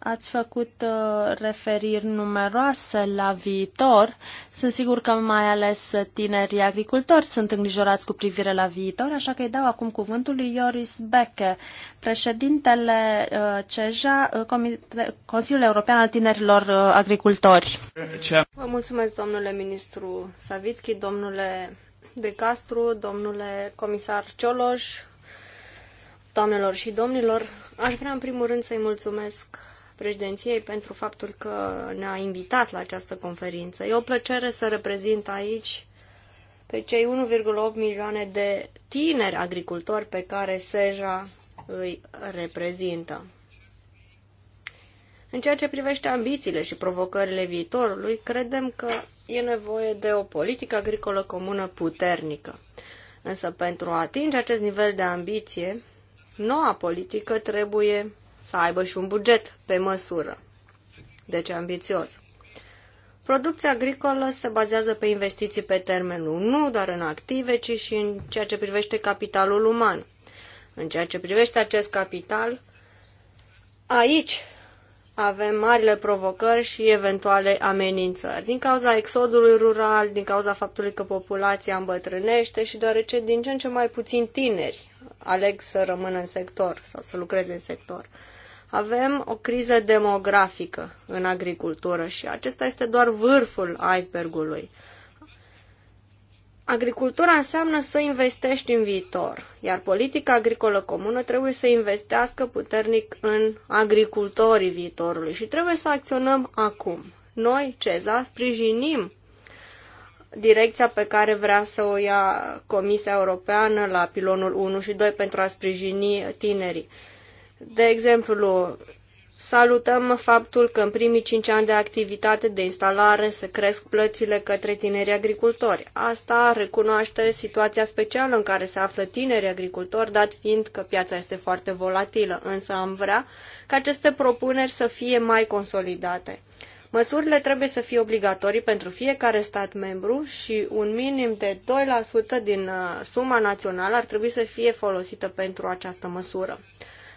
Ați făcut uh, referiri numeroase la viitor. Sunt sigur că mai ales tinerii agricultori sunt îngrijorați cu privire la viitor, așa că îi dau acum cuvântul lui Ioris Beche, președintele uh, CEJA, uh, Comite Consiliul European al Tinerilor uh, Agricultori. Vă mulțumesc, domnule ministru Savitski, domnule De Castru, domnule comisar Cioloș, doamnelor și domnilor. Aș vrea în primul rând să-i mulțumesc președinției pentru faptul că ne-a invitat la această conferință. E o plăcere să reprezint aici pe cei 1,8 milioane de tineri agricultori pe care Seja îi reprezintă. În ceea ce privește ambițiile și provocările viitorului, credem că e nevoie de o politică agricolă comună puternică. Însă pentru a atinge acest nivel de ambiție, noua politică trebuie să aibă și un buget pe măsură, deci ambițios. Producția agricolă se bazează pe investiții pe termen lung, nu doar în active, ci și în ceea ce privește capitalul uman. În ceea ce privește acest capital, aici avem marile provocări și eventuale amenințări. Din cauza exodului rural, din cauza faptului că populația îmbătrânește și deoarece din ce în ce mai puțin tineri aleg să rămână în sector sau să lucreze în sector. Avem o criză demografică în agricultură și acesta este doar vârful icebergului. Agricultura înseamnă să investești în viitor, iar politica agricolă comună trebuie să investească puternic în agricultorii viitorului și trebuie să acționăm acum. Noi, CEZA, sprijinim direcția pe care vrea să o ia Comisia Europeană la pilonul 1 și 2 pentru a sprijini tinerii. De exemplu, salutăm faptul că în primii cinci ani de activitate de instalare se cresc plățile către tinerii agricultori. Asta recunoaște situația specială în care se află tinerii agricultori, dat fiind că piața este foarte volatilă, însă am vrea ca aceste propuneri să fie mai consolidate. Măsurile trebuie să fie obligatorii pentru fiecare stat membru și un minim de 2% din uh, suma națională ar trebui să fie folosită pentru această măsură.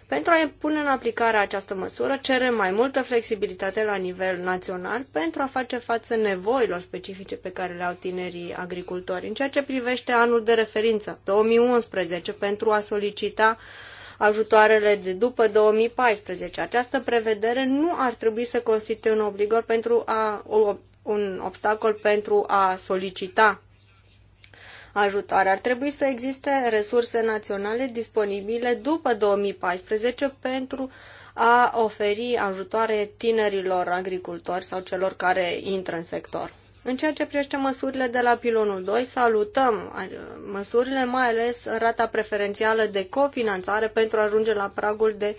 Pentru a pune în aplicare această măsură, cerem mai multă flexibilitate la nivel național pentru a face față nevoilor specifice pe care le au tinerii agricultori. În ceea ce privește anul de referință, 2011, pentru a solicita ajutoarele de după 2014. Această prevedere nu ar trebui să constituie un obligor pentru a, un obstacol pentru a solicita ajutare. Ar trebui să existe resurse naționale disponibile după 2014 pentru a oferi ajutoare tinerilor agricultori sau celor care intră în sector. În ceea ce privește măsurile de la pilonul 2, salutăm uh, măsurile, mai ales rata preferențială de cofinanțare pentru a ajunge la pragul de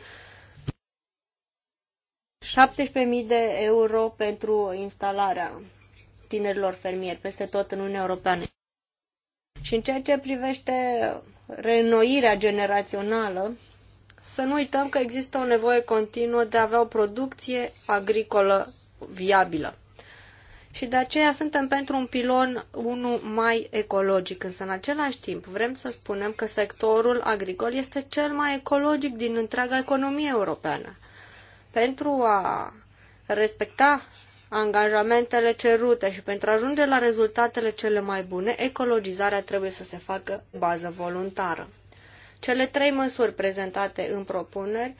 17.000 de euro pentru instalarea tinerilor fermieri peste tot în Uniunea Europeană. Și în ceea ce privește reînnoirea generațională, să nu uităm că există o nevoie continuă de a avea o producție agricolă viabilă. Și de aceea suntem pentru un pilon unul mai ecologic, însă în același timp vrem să spunem că sectorul agricol este cel mai ecologic din întreaga economie europeană. Pentru a respecta angajamentele cerute și pentru a ajunge la rezultatele cele mai bune, ecologizarea trebuie să se facă bază voluntară. Cele trei măsuri prezentate în propuneri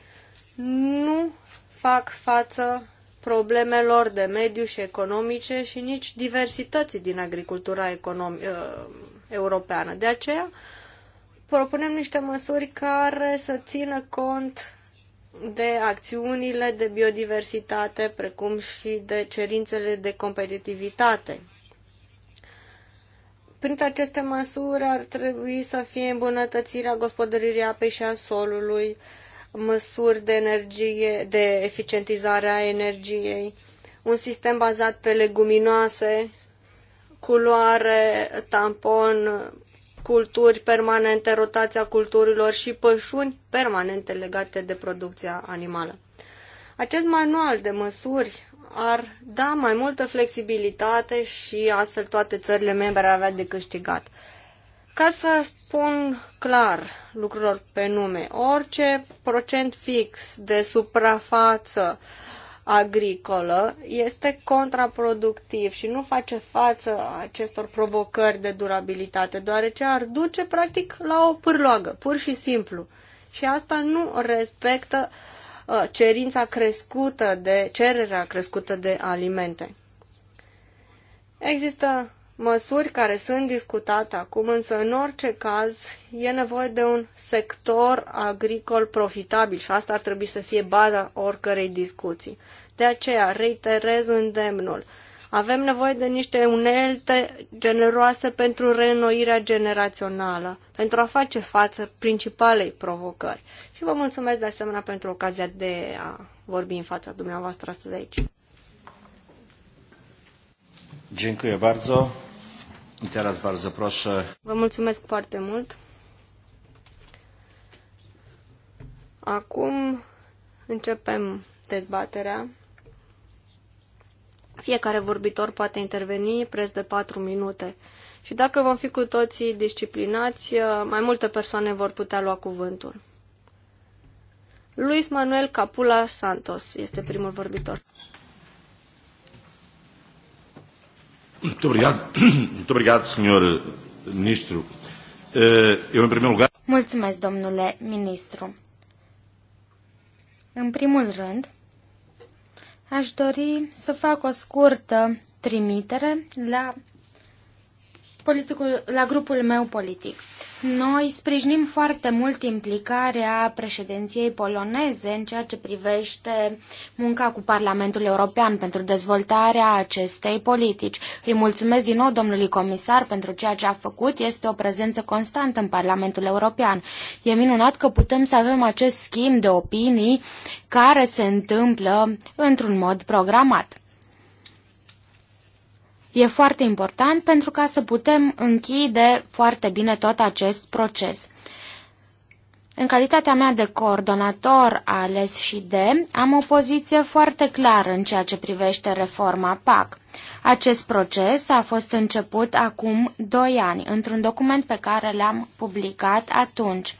nu fac față problemelor de mediu și economice și nici diversității din agricultura economi- ă, europeană. De aceea, propunem niște măsuri care să țină cont de acțiunile de biodiversitate, precum și de cerințele de competitivitate. Printre aceste măsuri ar trebui să fie îmbunătățirea gospodăririi apei și a solului, măsuri de energie, de eficientizare a energiei, un sistem bazat pe leguminoase, culoare, tampon culturi permanente, rotația culturilor și pășuni permanente legate de producția animală. Acest manual de măsuri ar da mai multă flexibilitate și astfel toate țările membre ar avea de câștigat. Ca să spun clar lucrurilor pe nume, orice procent fix de suprafață uh, agricolă este contraproductiv și nu face față acestor provocări de durabilitate, deoarece ar duce practic la o pârloagă, pur și simplu. Și asta nu respectă uh, cerința crescută de cererea crescută de alimente. Există măsuri care sunt discutate acum, însă în orice caz e nevoie de un sector agricol profitabil și asta ar trebui să fie baza oricărei discuții. De aceea reiterez îndemnul. Avem nevoie de niște unelte generoase pentru reînnoirea generațională, pentru a face față principalei provocări. Și vă mulțumesc de asemenea pentru ocazia de a vorbi în fața dumneavoastră astăzi aici. Dziękuję bardzo. I teraz bardzo proszę. Vă mulțumesc foarte mult. Acum începem dezbaterea. Fiecare vorbitor poate interveni preț de 4 minute. Și dacă vom fi cu toții disciplinați, mai multe persoane vor putea lua cuvântul. Luis Manuel Capula Santos este primul vorbitor. Muito obrigado, muito obrigado, senhor ministro. Eh, eu, em primeiro lugar... Mulțumesc, domnule ministru. În primul rând, Aș dori să fac o scurtă trimitere la politicul, la grupul meu politic. Noi sprijinim foarte mult implicarea președinției poloneze în ceea ce privește munca cu Parlamentul European pentru dezvoltarea acestei politici. Îi mulțumesc din nou domnului comisar pentru ceea ce a făcut. Este o prezență constantă în Parlamentul European. E minunat că putem să avem acest schimb de opinii care se întâmplă într-un mod programat. E foarte important pentru ca să putem închide foarte bine tot acest proces. În calitatea mea de coordonator ales și de, am o poziție foarte clară în ceea ce privește reforma PAC. Acest proces a fost început acum 2 ani, într-un document pe care l-am publicat atunci.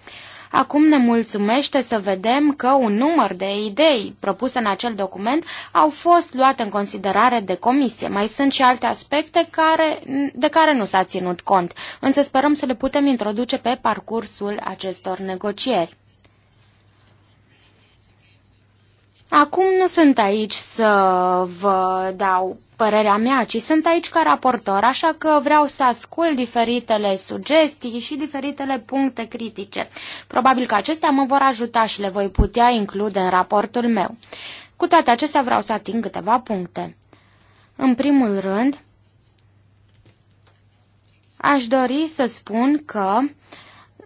Acum ne mulțumește să vedem că un număr de idei propuse în acel document au fost luate în considerare de comisie. Mai sunt și alte aspecte care, de care nu s-a ținut cont, însă sperăm să le putem introduce pe parcursul acestor negocieri. Acum nu sunt aici să vă dau părerea mea, ci sunt aici ca raportor, așa că vreau să ascult diferitele sugestii și diferitele puncte critice. Probabil că acestea mă vor ajuta și le voi putea include în raportul meu. Cu toate acestea vreau să ating câteva puncte. În primul rând, aș dori să spun că,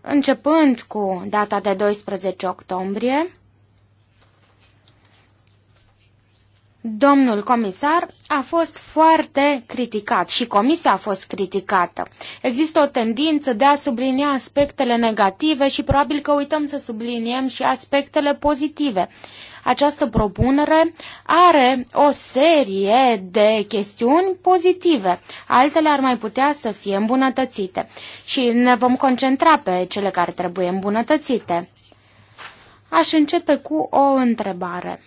începând cu data de 12 octombrie, Domnul comisar a fost foarte criticat și comisia a fost criticată. Există o tendință de a sublinia aspectele negative și probabil că uităm să subliniem și aspectele pozitive. Această propunere are o serie de chestiuni pozitive, altele ar mai putea să fie îmbunătățite și ne vom concentra pe cele care trebuie îmbunătățite. Aș începe cu o întrebare.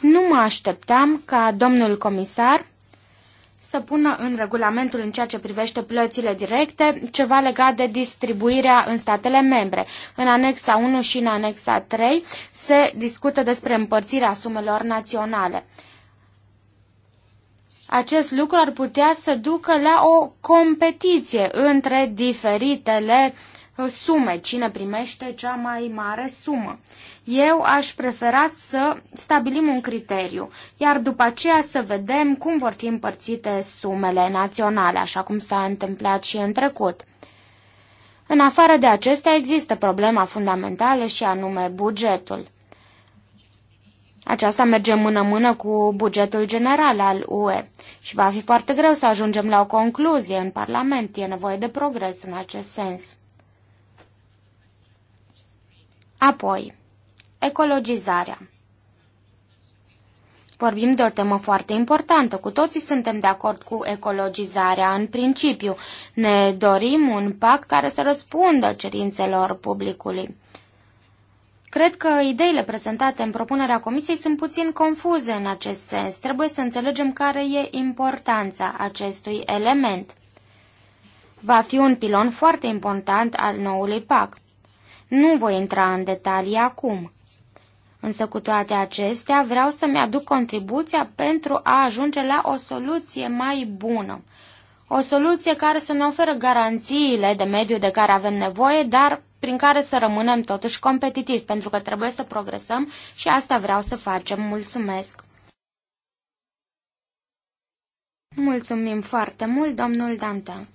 Nu mă așteptam ca domnul comisar să pună în regulamentul în ceea ce privește plățile directe ceva legat de distribuirea în statele membre. În anexa 1 și în anexa 3 se discută despre împărțirea sumelor naționale. Acest lucru ar putea să ducă la o competiție între diferitele uh, Uh, sume, cine primește cea mai mare sumă. Eu aș prefera să stabilim un criteriu, iar după aceea să vedem cum vor fi împărțite sumele naționale, așa cum s-a întâmplat și în trecut. În afară de acestea există problema fundamentală și anume bugetul. Aceasta merge mână-mână cu bugetul general al UE și va fi foarte greu să ajungem la o concluzie în Parlament. E nevoie de progres în acest sens. Apoi, ecologizarea. Vorbim de o temă foarte importantă. Cu toții suntem de acord cu ecologizarea în principiu. Ne dorim un pact care să răspundă cerințelor publicului. Cred că ideile prezentate în propunerea Comisiei sunt puțin confuze în acest sens. Trebuie să înțelegem care e importanța acestui element. Va fi un pilon foarte important al noului PAC. Nu voi intra în detalii acum. Însă cu toate acestea vreau să-mi aduc contribuția pentru a ajunge la o soluție mai bună. O soluție care să ne oferă garanțiile de mediu de care avem nevoie, dar prin care să rămânem totuși competitivi, pentru că trebuie să progresăm și asta vreau să facem. Mulțumesc! Mulțumim foarte mult, domnul Danta.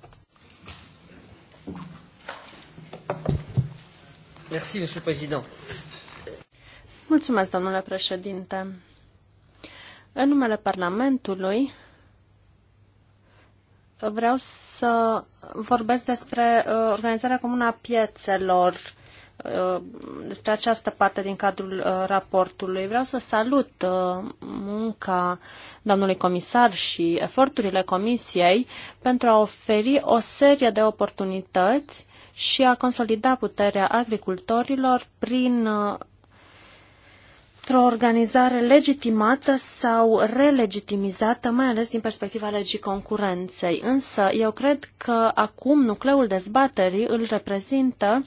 Mulțumesc, domnule președinte. În numele Parlamentului vreau să vorbesc despre uh, organizarea comună a piețelor, uh, despre această parte din cadrul uh, raportului. Vreau să salut munca domnului comisar și eforturile comisiei pentru a oferi o serie de oportunități și a consolida puterea agricultorilor prin uh, o organizare legitimată sau relegitimizată, mai ales din perspectiva legii concurenței. Însă, eu cred că acum nucleul dezbaterii îl reprezintă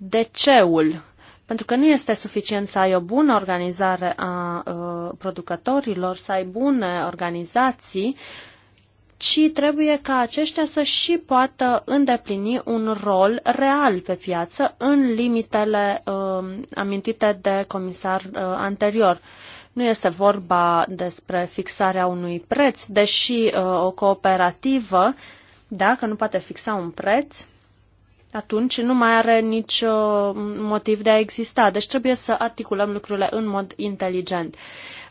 uh, ceul, pentru că nu este suficient să ai o bună organizare a uh, producătorilor, să ai bune organizații, ci trebuie ca aceștia să și poată îndeplini un rol real pe piață în limitele uh, amintite de comisar uh, anterior. Nu este vorba despre fixarea unui preț, deși uh, o cooperativă, dacă nu poate fixa un preț, atunci nu mai are nici uh, motiv de a exista. Deci trebuie să articulăm lucrurile în mod inteligent.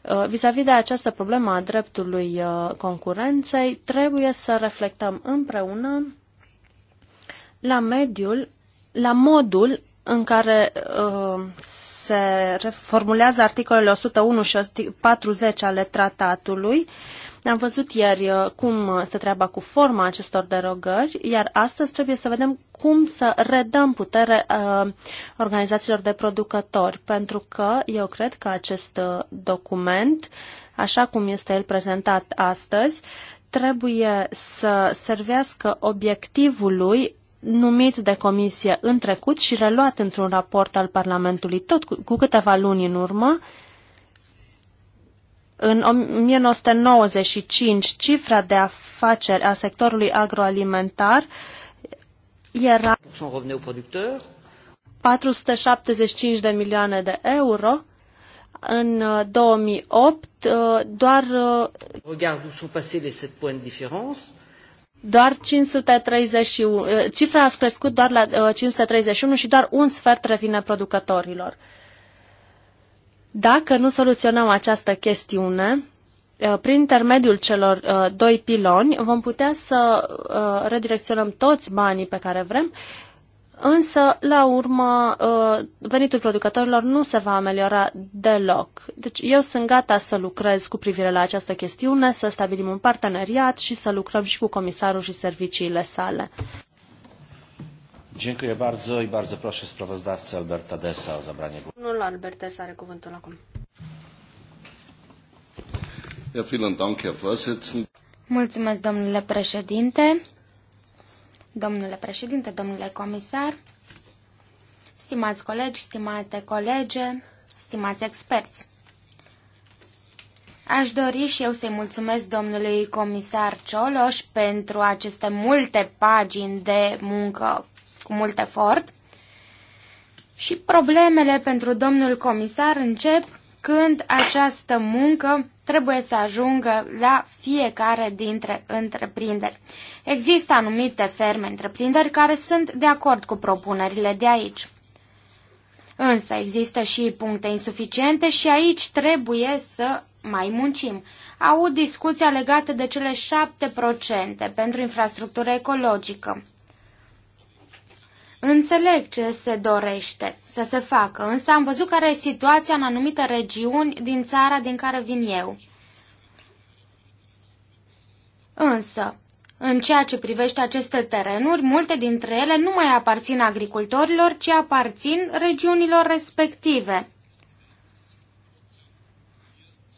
Uh, vis-a-vis -vis de această problemă a dreptului uh, concurenței, trebuie să reflectăm împreună la mediul, la modul în care uh, se reformulează articolele 101 și 40 ale tratatului, ne-am văzut ieri uh, cum uh, se treaba cu forma acestor derogări, iar astăzi trebuie să vedem cum să redăm putere uh, organizațiilor de producători, pentru că eu cred că acest uh, document, așa cum este el prezentat astăzi, trebuie să servească obiectivului numit de comisie în trecut și reluat într-un raport al Parlamentului tot cu, cu câteva luni în urmă, în 1995, cifra de afaceri a sectorului agroalimentar era 475 de milioane de euro. În 2008, uh, uh, doar, uh, doar 531, cifra a crescut doar la 531 și doar un sfert revine producătorilor. Dacă nu soluționăm această chestiune, uh, prin intermediul celor uh, doi piloni, vom putea să uh, redirecționăm toți banii pe care vrem, însă, la urmă, venitul producătorilor nu se va ameliora deloc. Deci eu sunt gata să lucrez cu privire la această chestiune, să stabilim un parteneriat și să lucrăm și cu comisarul și serviciile sale. Dziękuję bardzo i bardzo proszę sprawozdawcę Alberta Dessa o zabranie głosu. Domnul Albert Dessa are cuvântul acum. Ja, vielen Dank, Herr Vorsitzender. Mulțumesc, domnule președinte, domnule președinte, domnule comisar, stimați colegi, stimate colege, stimați experți. Aș dori și eu să-i mulțumesc domnului comisar Cioloș pentru aceste multe pagini de muncă cu mult efort. Și problemele pentru domnul comisar încep când această muncă trebuie să ajungă la fiecare dintre întreprinderi. Există anumite ferme întreprinderi care sunt de acord cu propunerile de aici. Însă există și puncte insuficiente și aici trebuie să mai muncim. Au discuția legată de cele 7% pentru infrastructură ecologică. Înțeleg ce se dorește să se facă, însă am văzut care e situația în anumite regiuni din țara din care vin eu. Însă, în ceea ce privește aceste terenuri, multe dintre ele nu mai aparțin agricultorilor, ci aparțin regiunilor respective.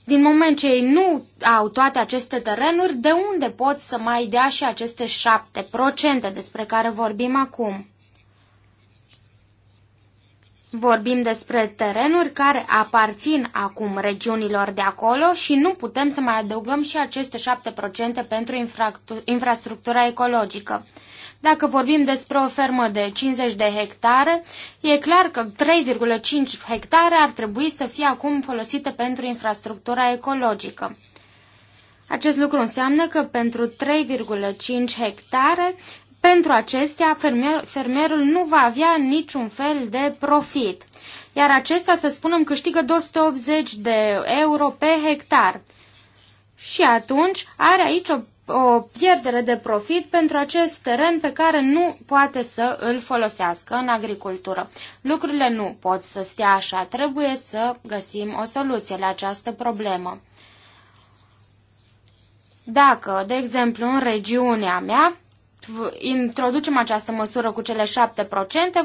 Din moment ce ei nu au toate aceste terenuri, de unde pot să mai dea și aceste șapte procente despre care vorbim acum? Vorbim despre terenuri care aparțin acum regiunilor de acolo și nu putem să mai adăugăm și aceste 7% pentru infrastructura ecologică. Dacă vorbim despre o fermă de 50 de hectare, e clar că 3,5 hectare ar trebui să fie acum folosite pentru infrastructura ecologică. Acest lucru înseamnă că pentru 3,5 hectare pentru acestea, fermier, fermierul nu va avea niciun fel de profit, iar acesta, să spunem, câștigă 280 de euro pe hectar. Și atunci are aici o, o pierdere de profit pentru acest teren pe care nu poate să îl folosească în agricultură. Lucrurile nu pot să stea așa, trebuie să găsim o soluție la această problemă. Dacă, de exemplu, în regiunea mea, introducem această măsură cu cele 7%,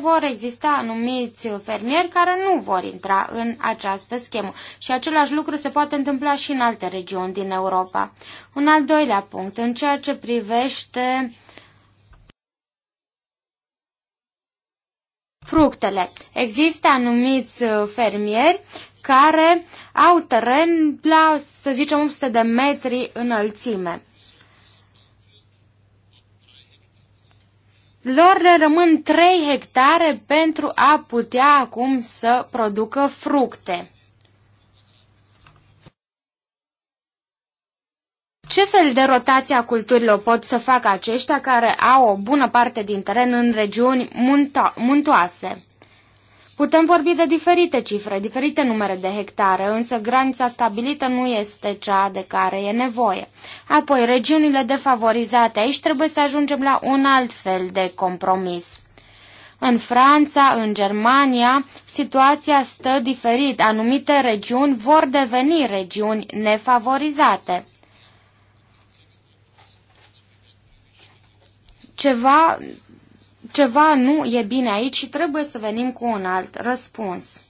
vor exista anumiți fermieri care nu vor intra în această schemă. Și același lucru se poate întâmpla și în alte regiuni din Europa. Un al doilea punct, în ceea ce privește fructele. Există anumiți fermieri care au teren la, să zicem, 100 de metri înălțime. lor le rămân 3 hectare pentru a putea acum să producă fructe. Ce fel de rotație a culturilor pot să facă aceștia care au o bună parte din teren în regiuni munto- muntoase? Putem vorbi de diferite cifre, diferite numere de hectare, însă granița stabilită nu este cea de care e nevoie. Apoi, regiunile defavorizate, aici trebuie să ajungem la un alt fel de compromis. În Franța, în Germania, situația stă diferit. Anumite regiuni vor deveni regiuni nefavorizate. Ceva ceva nu e bine aici și trebuie să venim cu un alt răspuns.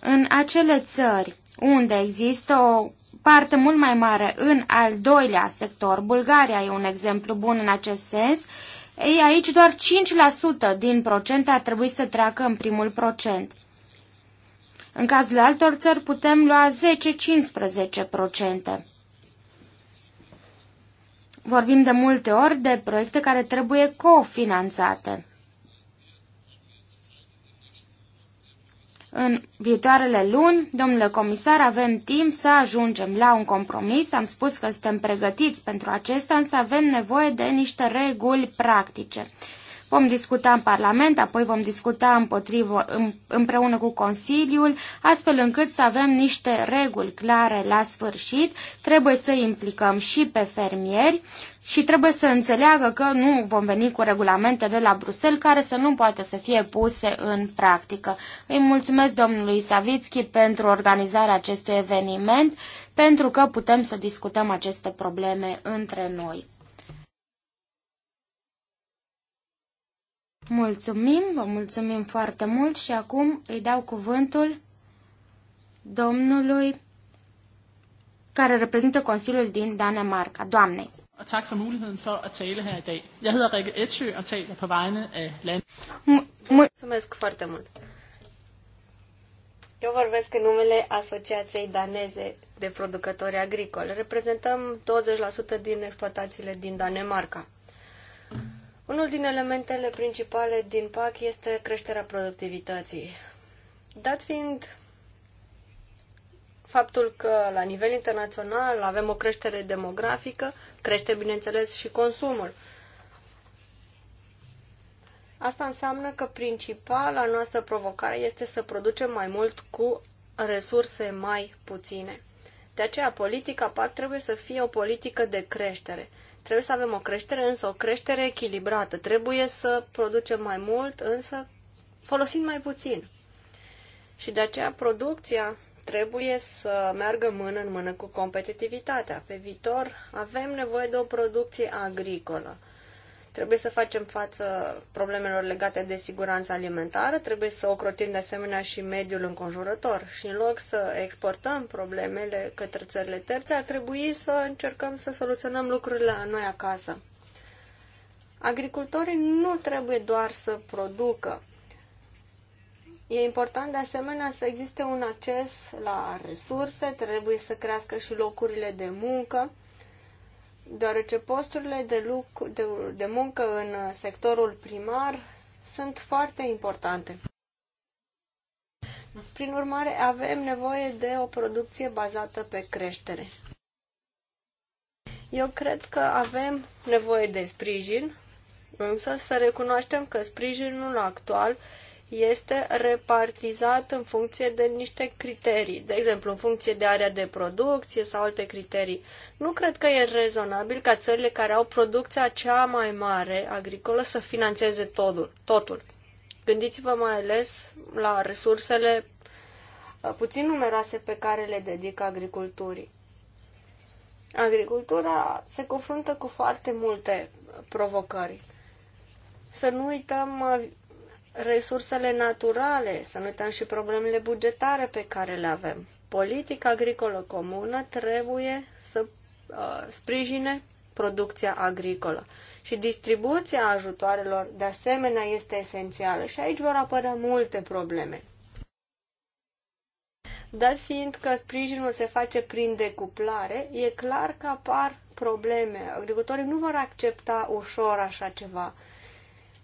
În acele țări unde există o parte mult mai mare în al doilea sector, Bulgaria e un exemplu bun în acest sens, ei, aici doar 5% din procent ar trebui să treacă în primul procent. În cazul altor țări putem lua 10-15%. Vorbim de multe ori de proiecte care trebuie cofinanțate. În viitoarele luni, domnule comisar, avem timp să ajungem la un compromis. Am spus că suntem pregătiți pentru acesta, însă avem nevoie de niște reguli practice. Vom discuta în Parlament, apoi vom discuta împotrivă, împreună cu Consiliul, astfel încât să avem niște reguli clare la sfârșit. Trebuie să implicăm și pe fermieri și trebuie să înțeleagă că nu vom veni cu regulamente de la Bruxelles care să nu poate să fie puse în practică. Îi mulțumesc domnului Savitski pentru organizarea acestui eveniment, pentru că putem să discutăm aceste probleme între noi. Mulțumim, vă mulțumim foarte mult și acum îi dau cuvântul domnului care reprezintă Consiliul din Danemarca, doamnei. tak for muligheden for at tale her i dag. Jeg hedder Rikke Etsø og taler på vegne af Mulțumesc foarte mult. Eu vorbesc în numele Asociației Daneze de Producători Agricoli. Reprezentăm 20% din exploatațiile din Danemarca. Unul din elementele principale din PAC este creșterea productivității. Dat fiind faptul că la nivel internațional avem o creștere demografică, crește bineînțeles și consumul. Asta înseamnă că principala noastră provocare este să producem mai mult cu resurse mai puține. De aceea, politica PAC trebuie să fie o politică de creștere. Trebuie să avem o creștere, însă o creștere echilibrată. Trebuie să producem mai mult, însă folosind mai puțin. Și de aceea producția trebuie să meargă mână în mână cu competitivitatea. Pe viitor avem nevoie de o producție agricolă Trebuie să facem față problemelor legate de siguranța alimentară, trebuie să ocrotim de asemenea și mediul înconjurător și în loc să exportăm problemele către țările terțe, ar trebui să încercăm să soluționăm lucrurile la noi acasă. Agricultorii nu trebuie doar să producă. E important de asemenea să existe un acces la resurse, trebuie să crească și locurile de muncă deoarece posturile de, luc- de, de muncă în sectorul primar sunt foarte importante. Prin urmare, avem nevoie de o producție bazată pe creștere. Eu cred că avem nevoie de sprijin, însă să recunoaștem că sprijinul actual uh, este repartizat în funcție de niște criterii, de exemplu în funcție de area de producție sau alte criterii. Nu cred că e rezonabil ca țările care au producția cea mai mare agricolă să financeze totul. totul. Gândiți-vă mai ales la resursele uh, puțin numeroase pe care le dedică agriculturii. Agricultura se confruntă cu foarte multe provocări. Să nu uităm uh, resursele naturale, să nu uităm și problemele bugetare pe care le avem. Politica agricolă comună trebuie să uh, sprijine producția agricolă și distribuția ajutoarelor de asemenea este esențială și aici vor apărea multe probleme. Dat fiind că sprijinul se face prin decuplare, e clar că apar probleme. Agricultorii nu vor accepta ușor așa ceva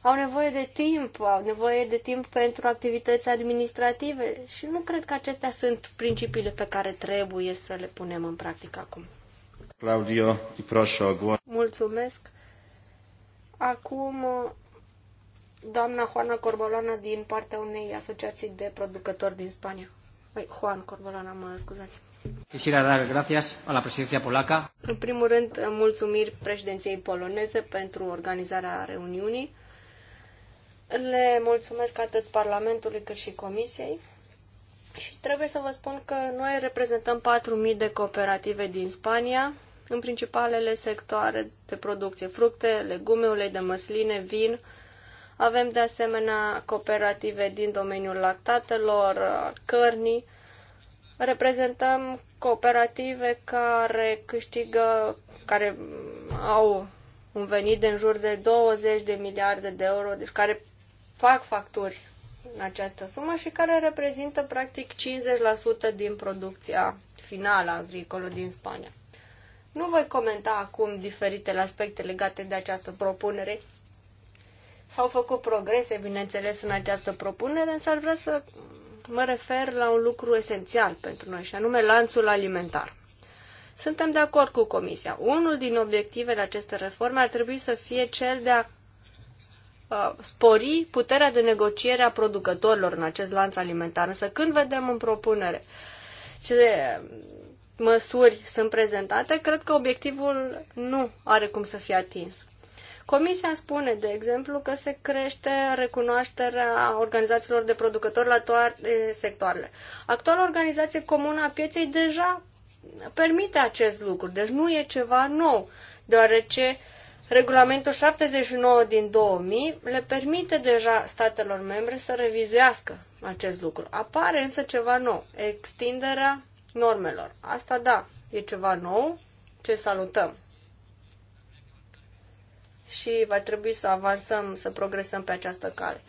au nevoie de timp, au nevoie de timp pentru activități administrative și nu cred că acestea sunt principiile pe care trebuie să le punem în practică acum. Claudio, Mulțumesc. Acum, doamna Juana Corbolana din partea unei asociații de producători din Spania. Păi, Juan Corbolana, mă scuzați. Quisiera dar gracias a la presidencia polaca. În primul rând, mulțumiri președinției poloneze pentru organizarea reuniunii. Le mulțumesc atât Parlamentului cât și Comisiei. Și trebuie să vă spun că noi reprezentăm 4.000 de cooperative din Spania, în principalele sectoare de producție, fructe, legume, ulei de măsline, vin. Avem de asemenea cooperative din domeniul lactatelor, cărnii. Reprezentăm cooperative care câștigă, care au un venit de în jur de 20 de miliarde de euro, deci care fac facturi în această sumă și care reprezintă practic 50% din producția finală agricolă din Spania. Nu voi comenta acum diferitele aspecte legate de această propunere. S-au făcut progrese, bineînțeles, în această propunere, însă ar vrea să mă refer la un lucru esențial pentru noi, și anume lanțul alimentar. Suntem de acord cu Comisia. Unul din obiectivele acestei reforme ar trebui să fie cel de a Uh, spori puterea de negociere a producătorilor în acest lanț alimentar. Însă când vedem în propunere ce măsuri sunt prezentate, cred că obiectivul nu are cum să fie atins. Comisia spune, de exemplu, că se crește recunoașterea organizațiilor de producători la toate sectoarele. Actuala organizație comună a pieței deja permite acest lucru, deci nu e ceva nou, deoarece uh, Regulamentul 79 din 2000 le permite deja statelor membre să revizuiască acest lucru. Apare însă ceva nou, extinderea normelor. Asta da, e ceva nou, ce salutăm. Și va trebui să avansăm, să progresăm pe această cale.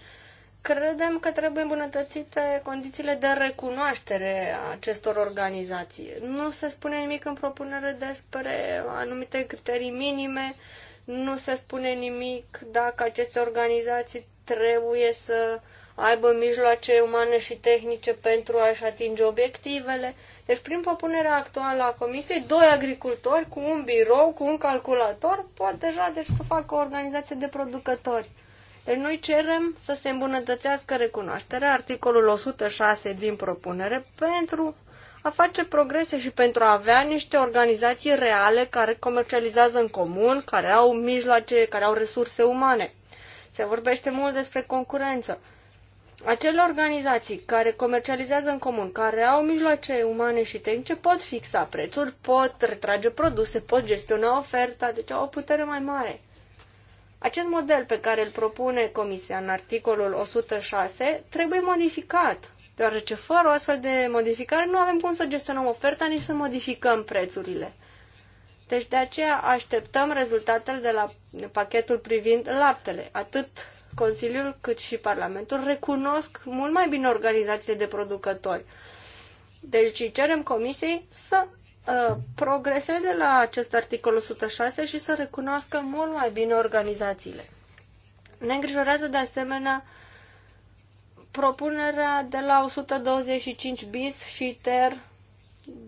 Credem că trebuie îmbunătățite condițiile de recunoaștere a acestor organizații. Nu se spune nimic în propunere despre anumite criterii minime, uh, nu se spune nimic dacă aceste organizații trebuie să aibă mijloace umane și tehnice pentru a-și atinge obiectivele. Deci, prin propunerea actuală a Comisiei, doi agricultori cu un birou, cu un calculator, pot deja deci, să facă o organizație de producători. Deci noi cerem să se îmbunătățească recunoașterea, articolul 106 din propunere, pentru a face progrese și pentru a avea niște organizații reale care comercializează în comun, care au mijloace, care au resurse umane. Se vorbește mult despre concurență. Acele organizații care comercializează în comun, care au mijloace umane și tehnice, pot fixa prețuri, pot retrage produse, pot gestiona oferta, deci au o putere mai mare. Acest model pe care îl propune Comisia în articolul 106 trebuie modificat deoarece fără o astfel de modificare nu avem cum să gestionăm oferta, nici să modificăm prețurile. Deci de aceea așteptăm rezultatele de la pachetul privind laptele. Atât Consiliul cât și Parlamentul recunosc mult mai bine organizațiile de producători. Deci cerem Comisiei să uh, progreseze la acest articol 106 și să recunoască mult mai bine organizațiile. Ne îngrijorează de asemenea propunerea de la 125 bis și ter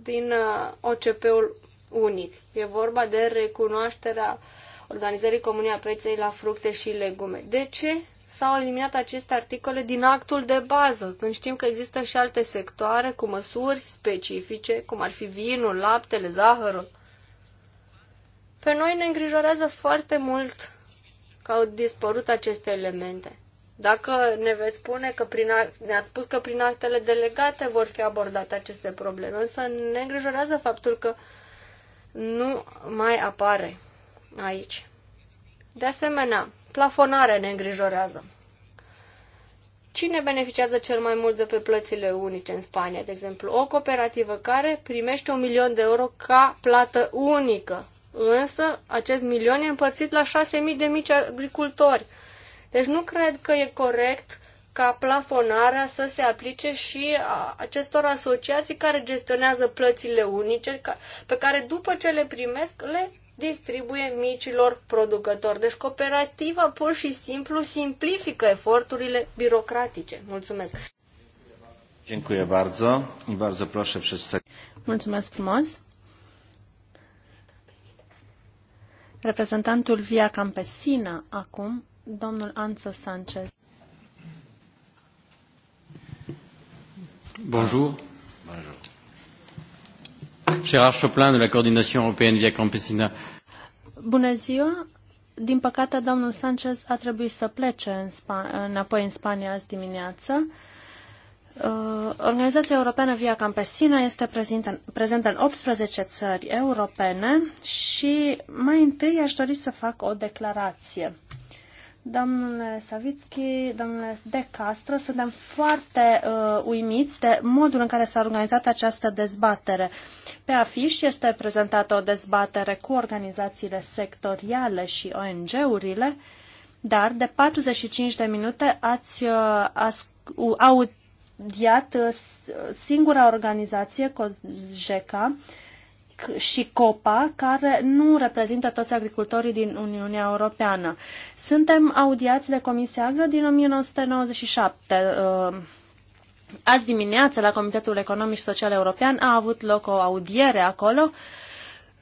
din uh, OCP-ul unic. E vorba de recunoașterea organizării comune a la fructe și legume. De ce s-au eliminat aceste articole din actul de bază, când știm că există și alte sectoare cu măsuri specifice, cum ar fi vinul, laptele, zahărul? Pe noi ne îngrijorează foarte mult că au dispărut aceste elemente. Dacă ne veți spune că prin, ne-ați spus că prin actele delegate vor fi abordate aceste probleme, însă ne îngrijorează faptul că nu mai apare aici. De asemenea, plafonarea ne îngrijorează. Cine beneficiază cel mai mult de pe plățile unice în Spania? De exemplu, o cooperativă care primește un milion de euro ca plată unică. Însă, acest milion e împărțit la 6.000 de mici agricultori – deci nu cred că e corect ca plafonarea să se aplice și a acestor asociații care gestionează plățile unice, pe care după ce le primesc le distribuie micilor producători. Deci cooperativa pur și simplu simplifică eforturile birocratice. Mulțumesc! Dziękuję bardzo i bardzo proszę przedstawić. Mulțumesc frumos. Reprezentantul Via Campesina acum domnul Anso Sanchez. Bonjour. Bonjour. Gérard Choplin de la Coordination européenne via Campesina. Bună ziua! Din păcate, domnul Sanchez a trebuit să plece în Sp- înapoi în Spania azi dimineață. Uh, Organizația Europeană Via Campesina este prezentă, prezentă în 18 țări europene și mai întâi aș dori să fac o declarație. Domnule Savitski, domnule De Castro, suntem foarte uh, uimiți de modul în care s-a organizat această dezbatere. Pe afiș este prezentată o dezbatere cu organizațiile sectoriale și ONG-urile, dar de 45 de minute ați uh, asc- audiat uh, singura organizație, COJECA, uh, și COPA, care nu reprezintă toți agricultorii din Uniunea Europeană. Suntem audiați de Comisia Agră din 1997. Uh, azi dimineață, la Comitetul Economic și Social European, a avut loc o audiere acolo,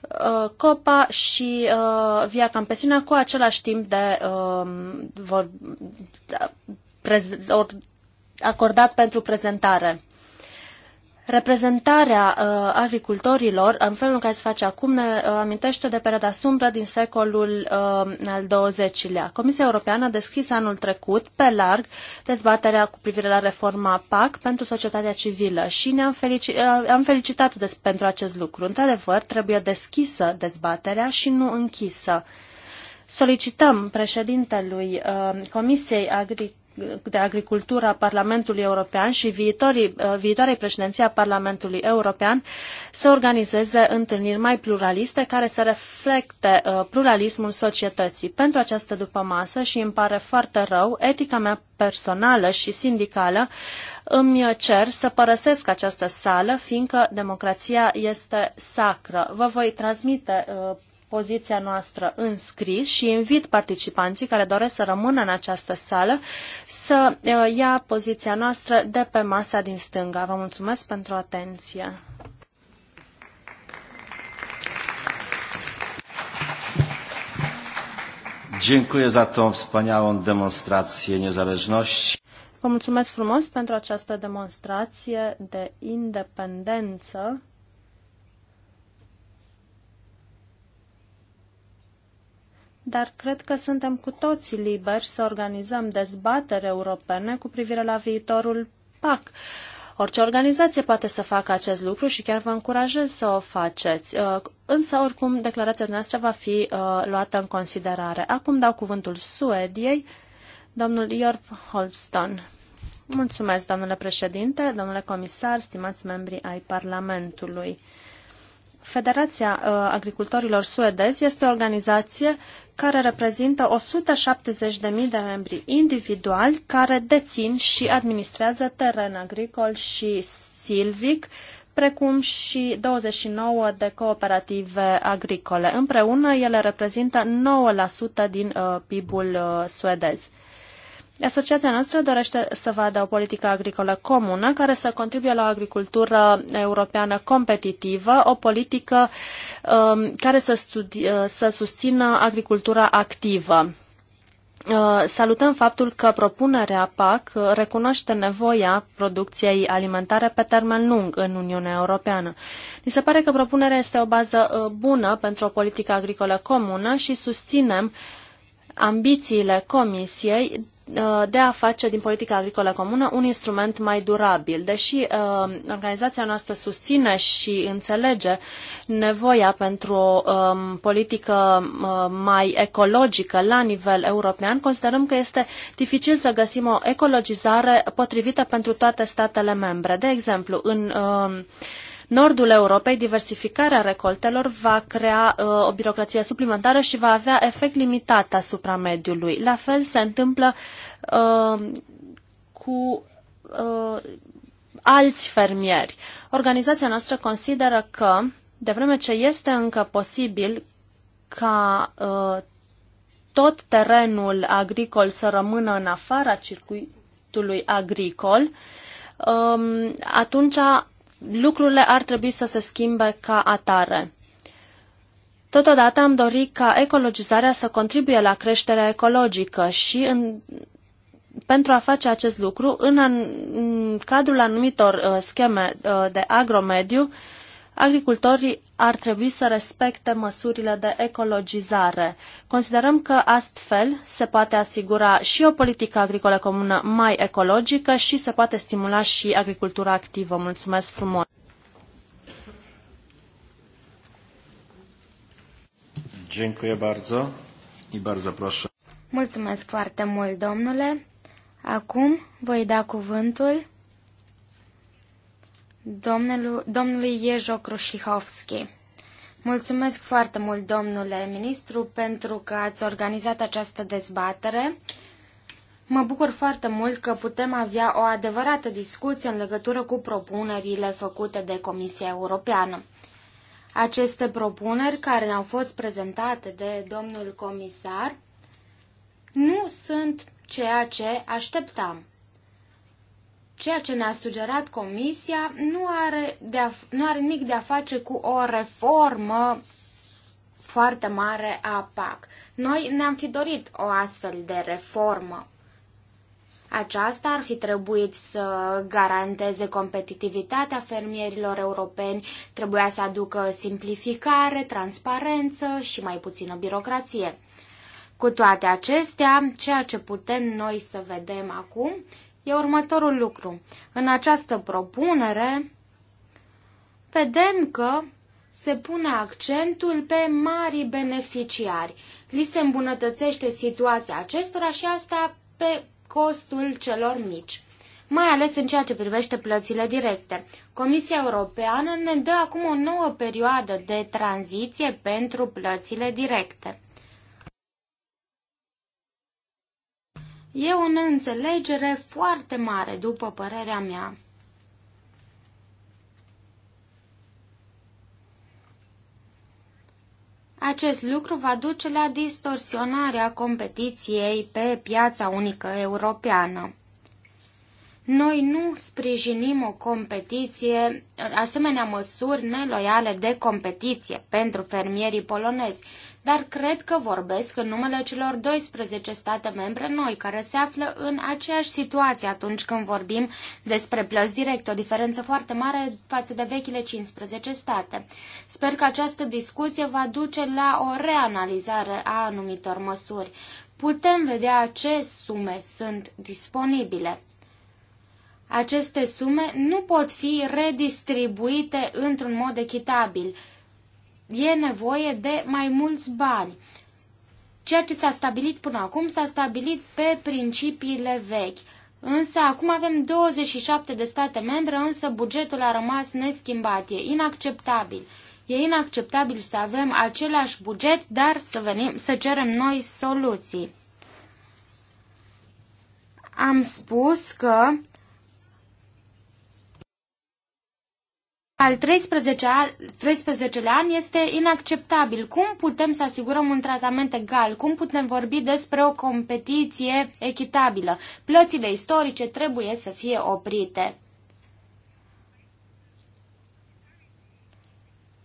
uh, COPA și uh, Via Campesina, cu același timp de um, vor, da, acordat pentru prezentare. Reprezentarea uh, agricultorilor, în felul în care se face acum, ne uh, amintește de perioada sumbră din secolul uh, al XX-lea. Comisia Europeană a deschis anul trecut, pe larg, dezbaterea cu privire la reforma PAC pentru societatea civilă și ne-am felici- uh, felicitat des- pentru acest lucru. Într-adevăr, trebuie deschisă dezbaterea și nu închisă. Solicităm președintelui uh, Comisiei Agricultorilor de Agricultură a Parlamentului European și viitorii, uh, viitoarei președinții a Parlamentului European să organizeze întâlniri mai pluraliste care să reflecte uh, pluralismul societății. Pentru această dupămasă și îmi pare foarte rău, etica mea personală și sindicală îmi cer să părăsesc această sală, fiindcă democrația este sacră. Vă voi transmite uh, poziția noastră în scris și invit participanții care doresc să rămână în această sală să uh, ia poziția noastră de pe masa din stânga. Vă mulțumesc pentru atenție. Dziękuję za tą wspaniałą demonstrację niezależności. Vă mulțumesc frumos pentru această demonstrație de independență. dar cred că suntem cu toții liberi să organizăm dezbatere europene cu privire la viitorul PAC. Orice organizație poate să facă acest lucru și chiar vă încurajez să o faceți. Uh, însă, oricum, declarația noastră va fi uh, luată în considerare. Acum dau cuvântul Suediei, domnul Jorf Holston. Mulțumesc, domnule președinte, domnule comisar, stimați membri ai Parlamentului. Federația uh, Agricultorilor Suedezi este o organizație care reprezintă 170.000 de membri individuali care dețin și administrează teren agricol și silvic, precum și 29 de cooperative agricole. Împreună, ele reprezintă 9% din uh, PIB-ul uh, suedez. Asociația noastră dorește să vadă o politică agricolă comună care să contribuie la o agricultură europeană competitivă, o politică um, care să, studi- uh, să susțină agricultura activă. Uh, salutăm faptul că propunerea PAC recunoaște nevoia producției alimentare pe termen lung în Uniunea Europeană. Mi se pare că propunerea este o bază uh, bună pentru o politică agricolă comună și susținem ambițiile Comisiei Uh, de a face din politica agricolă comună un instrument mai durabil. Deși uh, organizația noastră susține și înțelege nevoia pentru o um, politică uh, mai ecologică la nivel european, considerăm că este dificil să găsim o ecologizare potrivită pentru toate statele membre. De exemplu, în um, nordul Europei, diversificarea recoltelor va crea uh, o birocrație suplimentară și va avea efect limitat asupra mediului. La fel se întâmplă uh, cu uh, alți fermieri. Organizația noastră consideră că, de vreme ce este încă posibil ca uh, tot terenul agricol să rămână în afara circuitului agricol, um, atunci lucrurile ar trebui să se schimbe ca atare. Totodată am dorit ca ecologizarea să contribuie la creșterea ecologică și în, pentru a face acest lucru, în, an, în cadrul anumitor uh, scheme uh, de agromediu, uh, agricultorii ar trebui să respecte măsurile de ecologizare. Considerăm că astfel se poate asigura și o politică agricolă comună mai ecologică și se poate stimula și agricultura activă. Mulțumesc frumos! Dziękuję bardzo i bardzo proszę. Mulțumesc foarte mult, domnule. Acum voi da cuvântul domnului, domnului Iejo Krușihovski. Mulțumesc foarte mult, domnule ministru, pentru că ați organizat această dezbatere. Mă bucur foarte mult că putem avea o adevărată discuție în legătură cu propunerile făcute de Comisia Europeană. Aceste propuneri care ne-au fost prezentate de domnul comisar nu sunt ceea ce așteptam ceea ce ne-a sugerat Comisia nu are, de a, nu are nimic de a face cu o reformă foarte mare a PAC. Noi ne-am fi dorit o astfel de reformă. Aceasta ar fi trebuit să garanteze competitivitatea fermierilor europeni, trebuia să aducă simplificare, transparență și mai puțină birocrație. Cu toate acestea, ceea ce putem noi să vedem acum e următorul lucru. În această propunere vedem că se pune accentul pe mari beneficiari. Li se îmbunătățește situația acestora și asta pe costul celor mici mai ales în ceea ce privește plățile directe. Comisia Europeană ne dă acum o nouă perioadă de tranziție pentru plățile directe. E o neînțelegere foarte mare, după părerea mea. Acest lucru va duce la distorsionarea competiției pe piața unică europeană. Noi nu sprijinim o competiție, asemenea măsuri neloiale de competiție pentru fermierii polonezi dar cred că vorbesc în numele celor 12 state membre noi, care se află în aceeași situație atunci când vorbim despre plăți directe, o diferență foarte mare față de vechile 15 state. Sper că această discuție va duce la o reanalizare a anumitor măsuri. Putem vedea ce sume sunt disponibile. Aceste sume nu pot fi redistribuite într-un mod echitabil e nevoie de mai mulți bani. Ceea ce s-a stabilit până acum s-a stabilit pe principiile vechi. Însă acum avem 27 de state membre, însă bugetul a rămas neschimbat. E inacceptabil. E inacceptabil să avem același buget, dar să, venim, să cerem noi soluții. Am spus că al 13-lea 13 an este inacceptabil. Cum putem să asigurăm un tratament egal? Cum putem vorbi despre o competiție echitabilă? Plățile istorice trebuie să fie oprite.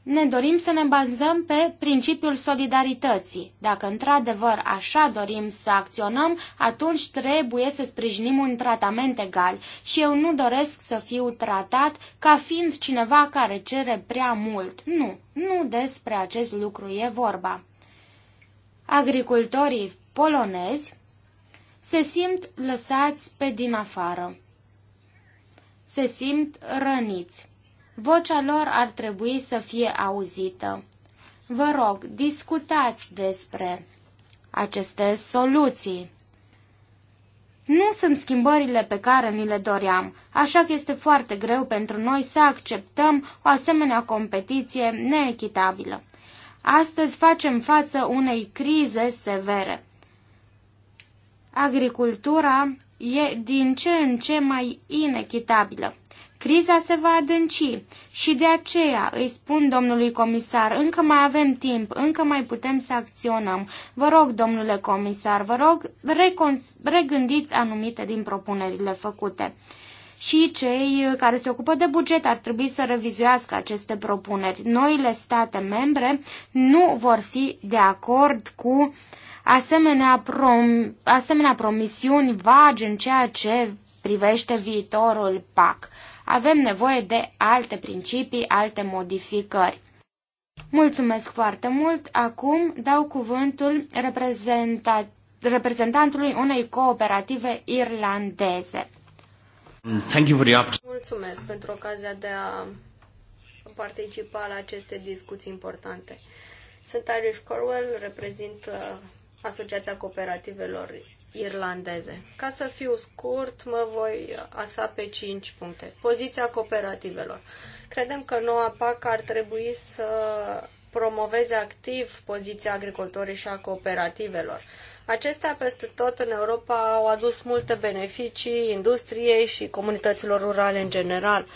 ne dorim să ne bazăm pe principiul solidarității. Dacă într-adevăr așa dorim să acționăm, atunci trebuie să sprijinim un tratament egal și eu nu doresc să fiu tratat ca fiind cineva care cere prea mult. Nu, nu despre acest lucru e vorba. Agricultorii polonezi se simt lăsați pe din afară. Se simt răniți Vocea lor ar trebui să fie auzită. Vă rog, discutați despre aceste soluții. Nu sunt schimbările pe care ni le doream, așa că este foarte greu pentru noi să acceptăm o asemenea competiție neechitabilă. Astăzi facem față unei crize severe. Agricultura e din ce în ce mai inechitabilă. Criza se va adânci și de aceea îi spun domnului comisar, încă mai avem timp, încă mai putem să acționăm. Vă rog, domnule comisar, vă rog, regândiți anumite din propunerile făcute și cei care se ocupă de buget ar trebui să revizuiască aceste propuneri. Noile state membre nu vor fi de acord cu asemenea, prom- asemenea promisiuni vagi în ceea ce privește viitorul PAC. Avem nevoie de alte principii, alte modificări. Mulțumesc foarte mult. Acum dau cuvântul reprezentantului unei cooperative irlandeze. Thank you for the Mulțumesc pentru ocazia de a participa la aceste discuții importante. Sunt Irish Corwell, reprezint uh, Asociația Cooperativelor irlandeze. Ca să fiu scurt, mă voi axa pe 5 puncte. Poziția cooperativelor. Credem că noua PAC ar trebui să promoveze activ poziția agricultorii și a cooperativelor. Acestea peste tot în Europa au adus multe beneficii industriei și comunităților rurale în general.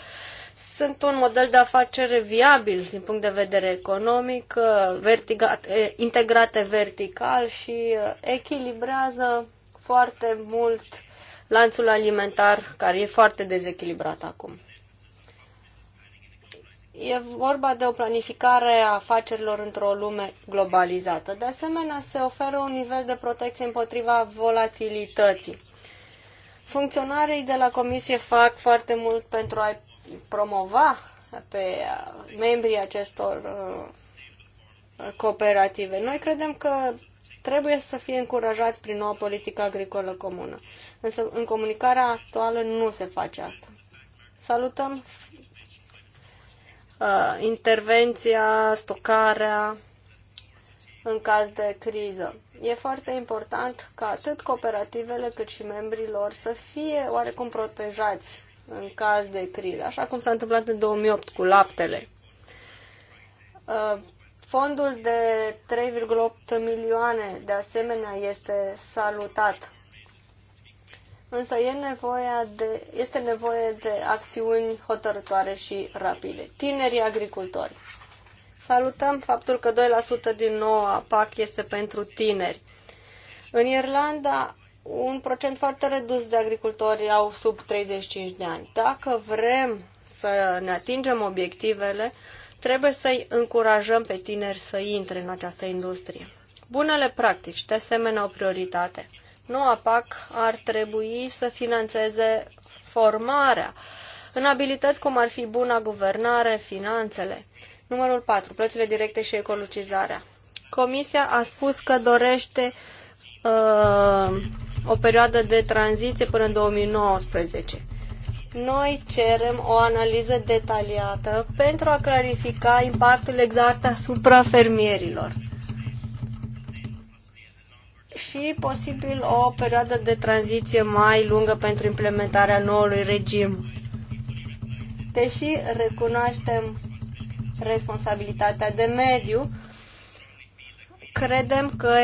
Sunt un model de afacere viabil din punct de vedere economic, eh, integrate vertical și eh, echilibrează foarte mult lanțul alimentar, care e foarte dezechilibrat acum. E vorba de o planificare a afacerilor într-o lume globalizată. De asemenea, se oferă un nivel de protecție împotriva volatilității. Funcționarii de la Comisie fac foarte mult pentru a promova pe membrii acestor uh, cooperative. Noi credem că trebuie să fie încurajați prin noua politică agricolă comună. Însă în comunicarea actuală nu se face asta. Salutăm uh, intervenția, stocarea în caz de criză. E foarte important ca atât cooperativele cât și membrii lor să fie oarecum protejați în caz de criză, așa cum s-a întâmplat în 2008 cu laptele. Uh, Fondul de 3,8 milioane de asemenea este salutat. Însă e nevoie de, este nevoie de acțiuni hotărătoare și rapide. Tinerii agricultori. Salutăm faptul că 2% din noua PAC este pentru tineri. În Irlanda, un procent foarte redus de agricultori au sub 35 de ani. Dacă vrem să ne atingem obiectivele, trebuie să-i încurajăm pe tineri să intre în această industrie. Bunele practici, de asemenea, o prioritate. Noua PAC ar trebui să financeze formarea în abilități cum ar fi buna guvernare, finanțele. Numărul 4. Plățile directe și ecologizarea. Comisia a spus că dorește uh, o perioadă de tranziție până în 2019 noi cerem o analiză detaliată pentru a clarifica impactul exact asupra fermierilor și posibil o perioadă de tranziție mai lungă pentru implementarea noului regim. Deși recunoaștem responsabilitatea de mediu, credem că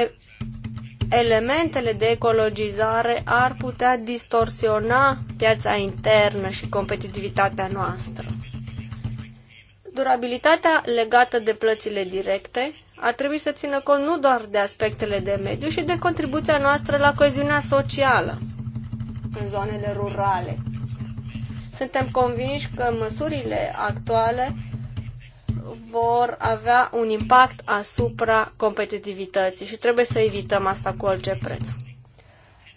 elementele de ecologizare ar putea distorsiona piața internă și competitivitatea noastră. Durabilitatea legată de plățile directe ar trebui să țină cont nu doar de aspectele de mediu și de contribuția noastră la coeziunea socială în zonele rurale. Suntem convinși că măsurile actuale vor avea un impact asupra competitivității și trebuie să evităm asta cu orice preț.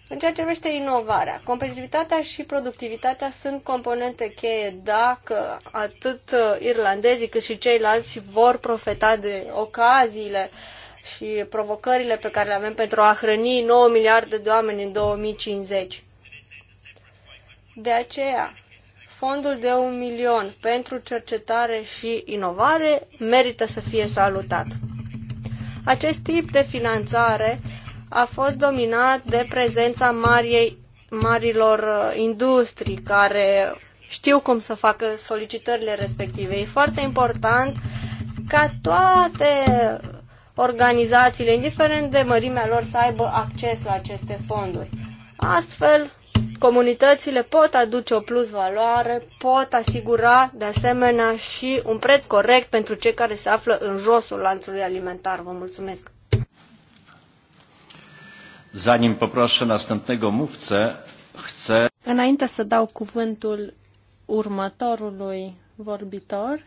În ceea ce privește inovarea, competitivitatea și productivitatea sunt componente cheie dacă atât irlandezii cât și ceilalți vor profita de ocaziile și provocările pe care le avem pentru a hrăni 9 miliarde de oameni în 2050. De aceea, fondul de un milion pentru cercetare și inovare merită să fie salutat. Acest tip de finanțare a fost dominat de prezența mariei, marilor uh, industrii care știu cum să facă solicitările respective. E foarte important ca toate organizațiile, indiferent de mărimea lor, să aibă acces la aceste fonduri. Astfel, Comunitățile pot aduce o plus valoare, pot asigura de asemenea și un preț corect pentru cei care se află în josul lanțului alimentar. Vă mulțumesc! Zanim poproszę następnego mówcę, chcę... Înainte să dau cuvântul următorului vorbitor,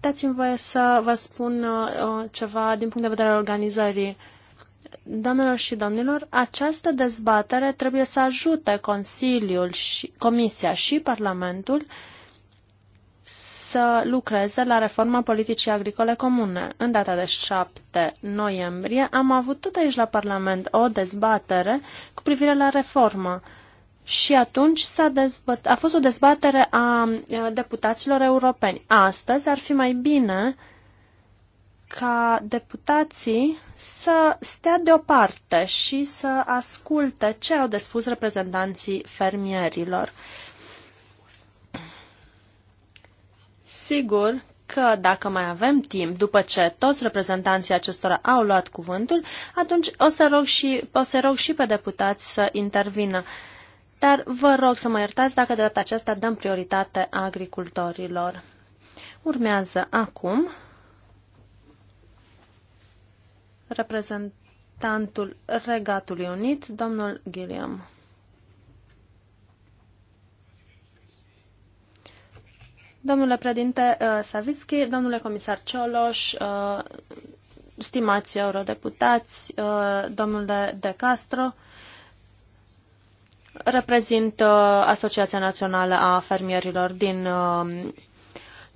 dați-mi voie să vă spun uh, ceva din punct de vedere al organizării. Doamnelor și domnilor, această dezbatere trebuie să ajute Consiliul, și, Comisia și Parlamentul să lucreze la reforma politicii agricole comune. În data de 7 noiembrie am avut tot aici la Parlament o dezbatere cu privire la reformă. Și atunci s-a dezbăt... a fost o dezbatere a deputaților europeni. Astăzi ar fi mai bine ca deputații să stea deoparte și să asculte ce au de spus reprezentanții fermierilor. Sigur că dacă mai avem timp, după ce toți reprezentanții acestora au luat cuvântul, atunci o să rog și, o să rog și pe deputați să intervină. Dar vă rog să mă iertați dacă de data aceasta dăm prioritate agricultorilor. Urmează acum reprezentantul Regatului Unit, domnul Gilliam. Domnule președinte uh, Savitski, domnule comisar Cioloș, uh, stimați eurodeputați, uh, domnule De Castro, reprezint Asociația Națională a Fermierilor din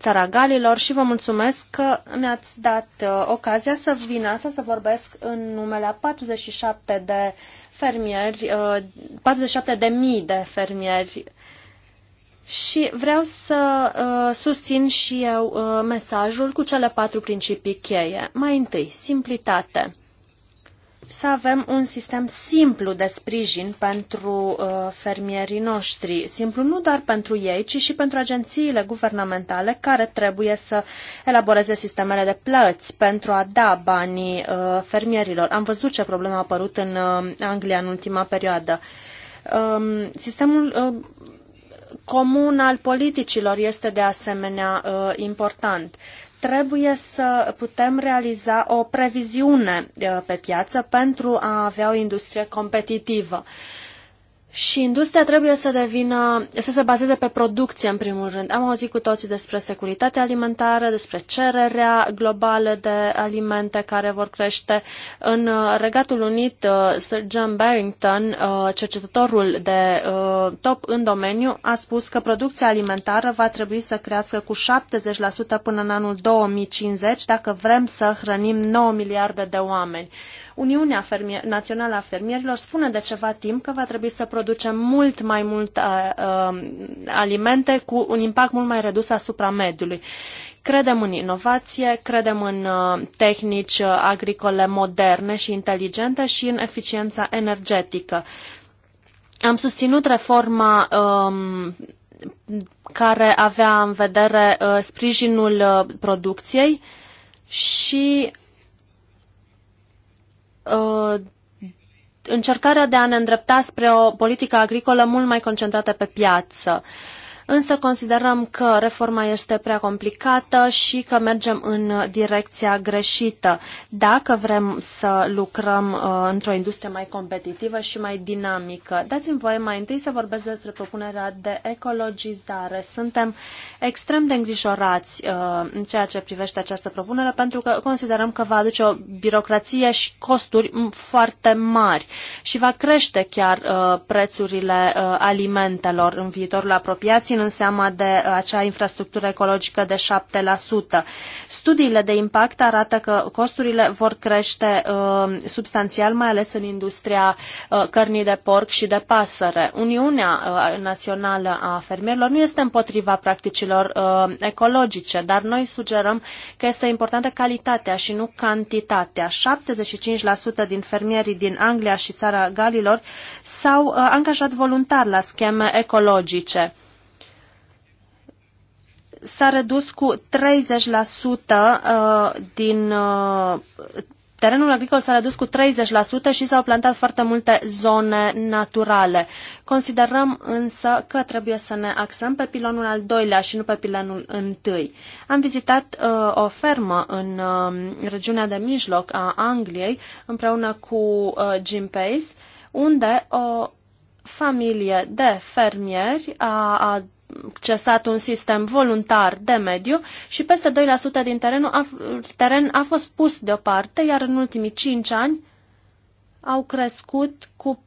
Țara Galilor și vă mulțumesc că mi-ați dat uh, ocazia să vin astăzi să vorbesc în numele a 47 de fermieri, 47 uh, de mii de fermieri și vreau să uh, susțin și eu uh, mesajul cu cele patru principii cheie. Mai întâi, simplitate să avem un sistem simplu de sprijin pentru uh, fermierii noștri. Simplu nu doar pentru ei, ci și pentru agențiile guvernamentale care trebuie să elaboreze sistemele de plăți pentru a da banii uh, fermierilor. Am văzut ce probleme a apărut în uh, Anglia în ultima perioadă. Uh, sistemul uh, comun al politicilor este de asemenea uh, important trebuie să putem realiza o previziune eh, pe piață pentru a avea o industrie competitivă. Uh, și industria trebuie să devină, să se bazeze pe producție, în primul rând. Am auzit cu toții despre securitatea alimentară, despre cererea globală de alimente care vor crește. În uh, Regatul Unit, uh, Sir John Barrington, uh, cercetătorul de top în domeniu, a spus că producția alimentară va trebui să crească cu 70% până în anul 2050 dacă vrem să hrănim 9 miliarde de oameni. Uniunea Fermier, Națională a Fermierilor spune de ceva timp că va trebui să producem mult mai mult uh, um, alimente cu un impact mult mai redus asupra mediului. Credem în inovație, credem în uh, tehnici uh, agricole moderne și inteligente și în eficiența energetică. Am susținut reforma um, care avea în vedere uh, sprijinul uh, producției și Uh, încercarea de a ne îndrepta spre o politică agricolă mult mai concentrată pe piață însă considerăm că reforma este prea complicată și că mergem în direcția greșită dacă vrem să lucrăm uh, într-o industrie mai competitivă și mai dinamică. Dați-mi voie mai întâi să vorbesc despre propunerea de ecologizare. Suntem extrem de îngrijorați uh, în ceea ce privește această propunere pentru că considerăm că va aduce o birocrație și costuri foarte mari și va crește chiar uh, prețurile uh, alimentelor în viitorul apropiat, ținând seama de uh, acea infrastructură ecologică de 7%. Studiile de impact arată că costurile vor crește uh, substanțial, mai ales în industria uh, cărnii de porc și de pasăre. Uniunea uh, Națională a Fermierilor nu este împotriva practicilor uh, ecologice, dar noi sugerăm că este importantă calitatea și nu cantitatea. 75% din fermierii din Anglia și țara Galilor s-au uh, angajat voluntar la scheme ecologice s-a redus cu 30% uh, din uh, terenul agricol s-a redus cu 30% și s-au plantat foarte multe zone naturale. Considerăm însă că trebuie să ne axăm pe pilonul al doilea și nu pe pilonul întâi. Am vizitat uh, o fermă în uh, regiunea de mijloc a Angliei împreună cu uh, Jim Pace, unde o familie de fermieri a, a accesat un sistem voluntar de mediu și peste 2% din terenul a, teren a fost pus deoparte, iar în ultimii 5 ani au crescut cu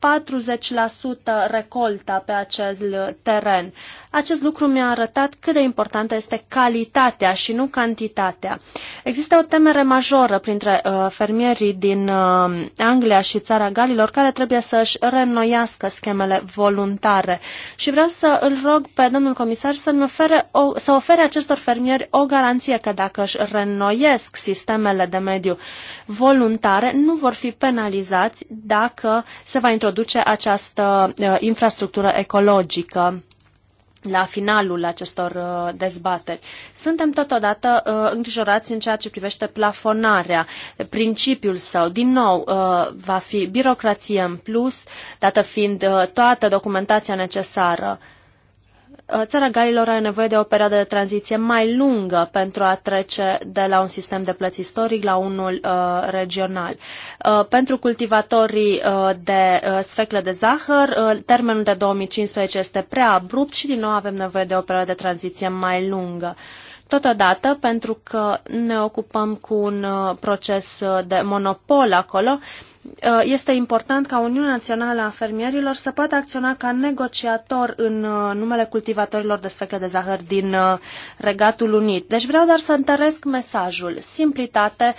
40% recolta pe acel teren. Acest lucru mi-a arătat cât de importantă este calitatea și nu cantitatea. Există o temere majoră printre uh, fermierii din uh, Anglia și țara Galilor care trebuie să își reînnoiască schemele voluntare și vreau să îl rog pe domnul comisar să, ofere o, să ofere acestor fermieri o garanție că dacă își reînnoiesc sistemele de mediu voluntare, nu vor fi penalizați dacă se va introduce această uh, infrastructură ecologică la finalul acestor uh, dezbateri. Suntem totodată uh, îngrijorați în ceea ce privește plafonarea. Principiul său, din nou, va fi birocrație în plus, dată fiind toată documentația necesară. Uh, țara Galilor are nevoie de o perioadă de tranziție mai lungă pentru a trece de la un sistem de plăți istoric la unul uh, regional. Uh, pentru cultivatorii uh, de uh, sfeclă de zahăr, uh, termenul de 2015 este prea abrupt și din nou avem nevoie de o perioadă de tranziție mai lungă. Totodată, pentru că ne ocupăm cu un uh, proces uh, de monopol acolo, uh, Uh, este important ca Uniunea Națională a Fermierilor să poată acționa ca negociator în uh, numele cultivatorilor de sfecle de zahăr din uh, Regatul Unit. Deci vreau doar să întăresc mesajul. Simplitate,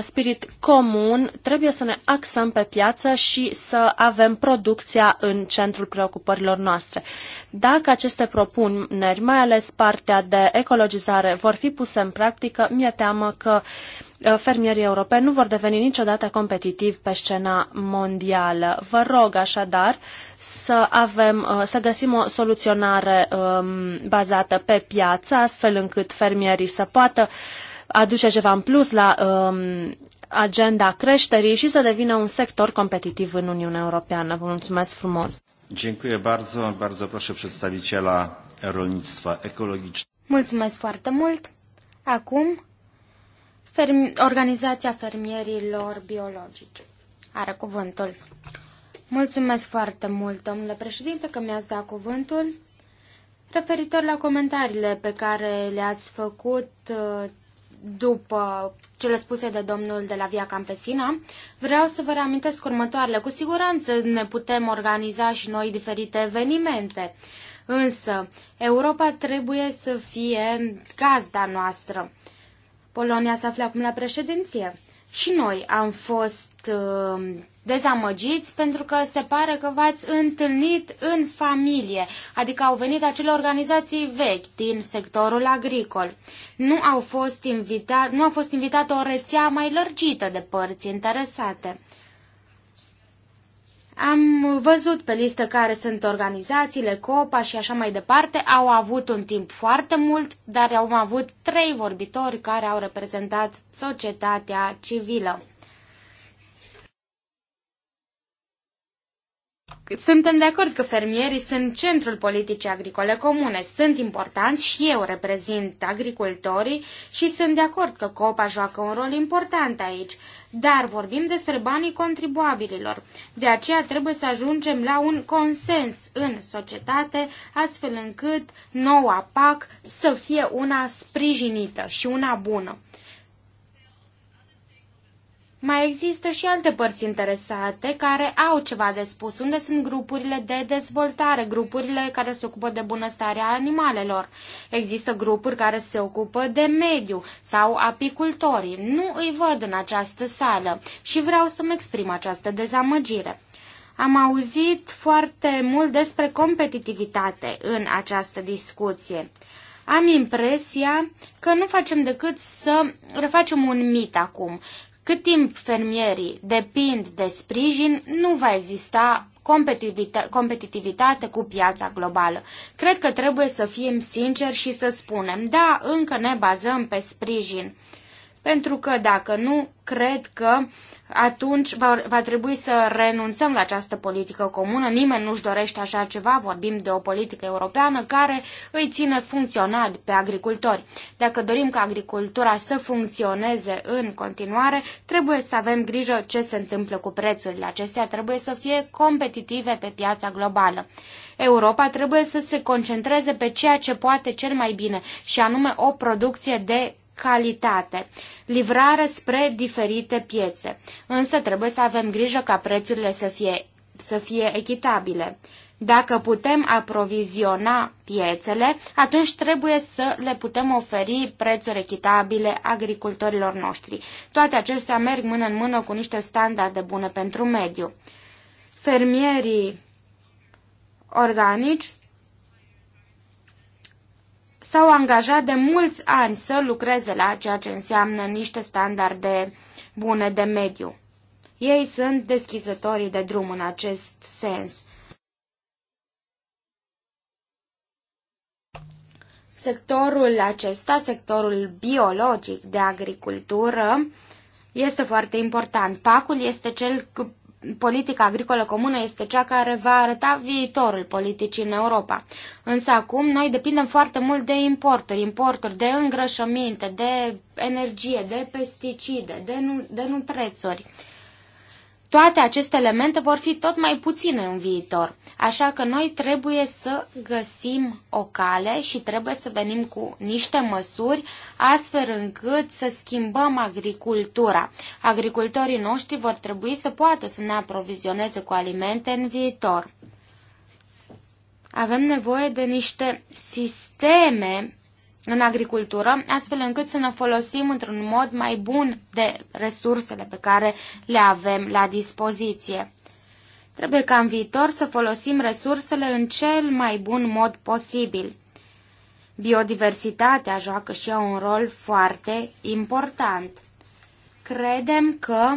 spirit comun, trebuie să ne axăm pe piață și să avem producția în centrul preocupărilor noastre. Dacă aceste propuneri, mai ales partea de ecologizare, vor fi puse în practică, mi-e teamă că uh, Uh, fermierii europeni nu vor deveni niciodată competitivi pe scena mondială. Vă rog așadar să, avem, uh, să găsim o soluționare um, bazată pe piață, astfel încât fermierii să poată aduce ceva în plus la um, agenda creșterii și să devină un sector competitiv în Uniunea Europeană. Vă mulțumesc frumos! Dziękuję bardzo. Bardzo proszę przedstawiciela rolnictwa ekologicznego. Mulțumesc foarte mult! Acum Fermi, Organizația Fermierilor Biologici are cuvântul. Mulțumesc foarte mult, domnule președinte, că mi-ați dat cuvântul. Referitor la comentariile pe care le-ați făcut uh, după cele spuse de domnul de la Via Campesina, vreau să vă reamintesc următoarele. Cu siguranță ne putem organiza și noi diferite evenimente, însă Europa trebuie să fie gazda noastră. Polonia se află acum la președinție. Și noi am fost uh, dezamăgiți pentru că se pare că v-ați întâlnit în familie, adică au venit acele organizații vechi din sectorul agricol. Nu, au fost invita- nu a fost invitată o rețea mai lărgită de părți interesate. Am văzut pe listă care sunt organizațiile, COPA și așa mai departe. Au avut un timp foarte mult, dar au avut trei vorbitori care au reprezentat societatea civilă. Suntem de acord că fermierii sunt centrul politicii agricole comune, sunt importanți și eu reprezint agricultorii și sunt de acord că COPA joacă un rol important aici, dar vorbim despre banii contribuabililor. De aceea trebuie să ajungem la un consens în societate, astfel încât noua PAC să fie una sprijinită și una bună. Mai există și alte părți interesate care au ceva de spus. Unde sunt grupurile de dezvoltare, grupurile care se ocupă de bunăstarea animalelor? Există grupuri care se ocupă de mediu sau apicultorii. Nu îi văd în această sală și vreau să-mi exprim această dezamăgire. Am auzit foarte mult despre competitivitate în această discuție am impresia că nu facem decât să refacem un mit acum. Cât timp fermierii depind de sprijin, nu va exista competitivitate cu piața globală. Cred că trebuie să fim sinceri și să spunem, da, încă ne bazăm pe sprijin. Pentru că dacă nu, cred că atunci va, va trebui să renunțăm la această politică comună. Nimeni nu-și dorește așa ceva. Vorbim de o politică europeană care îi ține funcțional pe agricultori. Dacă dorim ca agricultura să funcționeze în continuare, trebuie să avem grijă ce se întâmplă cu prețurile acestea. Trebuie să fie competitive pe piața globală. Europa trebuie să se concentreze pe ceea ce poate cel mai bine, și anume o producție de calitate, livrare spre diferite piețe. Însă trebuie să avem grijă ca prețurile să fie, să fie echitabile. Dacă putem aproviziona piețele, atunci trebuie să le putem oferi prețuri echitabile agricultorilor noștri. Toate acestea merg mână în mână cu niște standarde bune pentru mediu. Fermierii organici s-au angajat de mulți ani să lucreze la ceea ce înseamnă niște standarde bune de mediu. Ei sunt deschizătorii de drum în acest sens. Sectorul acesta, sectorul biologic de agricultură, este foarte important. Pacul este cel politica agricolă comună este cea care va arăta viitorul politicii în Europa. Însă acum noi depindem foarte mult de importuri, importuri de îngrășăminte, de energie, de pesticide, de, nu, de nutrețuri. Toate aceste elemente vor fi tot mai puține în viitor, așa că noi trebuie să găsim o cale și trebuie să venim cu niște măsuri astfel încât să schimbăm agricultura. Agricultorii noștri vor trebui să poată să ne aprovizioneze cu alimente în viitor. Avem nevoie de niște sisteme în agricultură, astfel încât să ne folosim într-un mod mai bun de resursele pe care le avem la dispoziție. Trebuie ca în viitor să folosim resursele în cel mai bun mod posibil. Biodiversitatea joacă și ea un rol foarte important. Credem că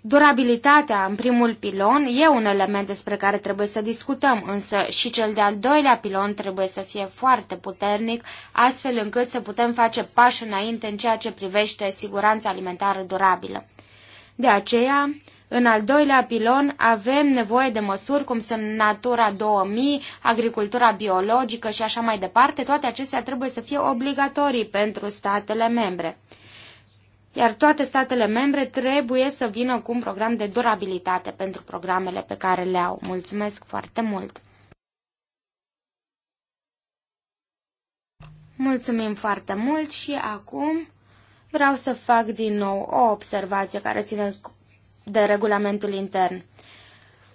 Durabilitatea în primul pilon e un element despre care trebuie să discutăm, însă și cel de-al doilea pilon trebuie să fie foarte puternic, astfel încât să putem face pași înainte în ceea ce privește siguranța alimentară durabilă. De aceea, în al doilea pilon avem nevoie de măsuri cum sunt Natura 2000, agricultura biologică și așa mai departe. Toate acestea trebuie să fie obligatorii pentru statele membre iar toate statele membre trebuie să vină cu un program de durabilitate pentru programele pe care le au. Mulțumesc foarte mult! Mulțumim foarte mult și acum vreau să fac din nou o observație care ține de regulamentul intern.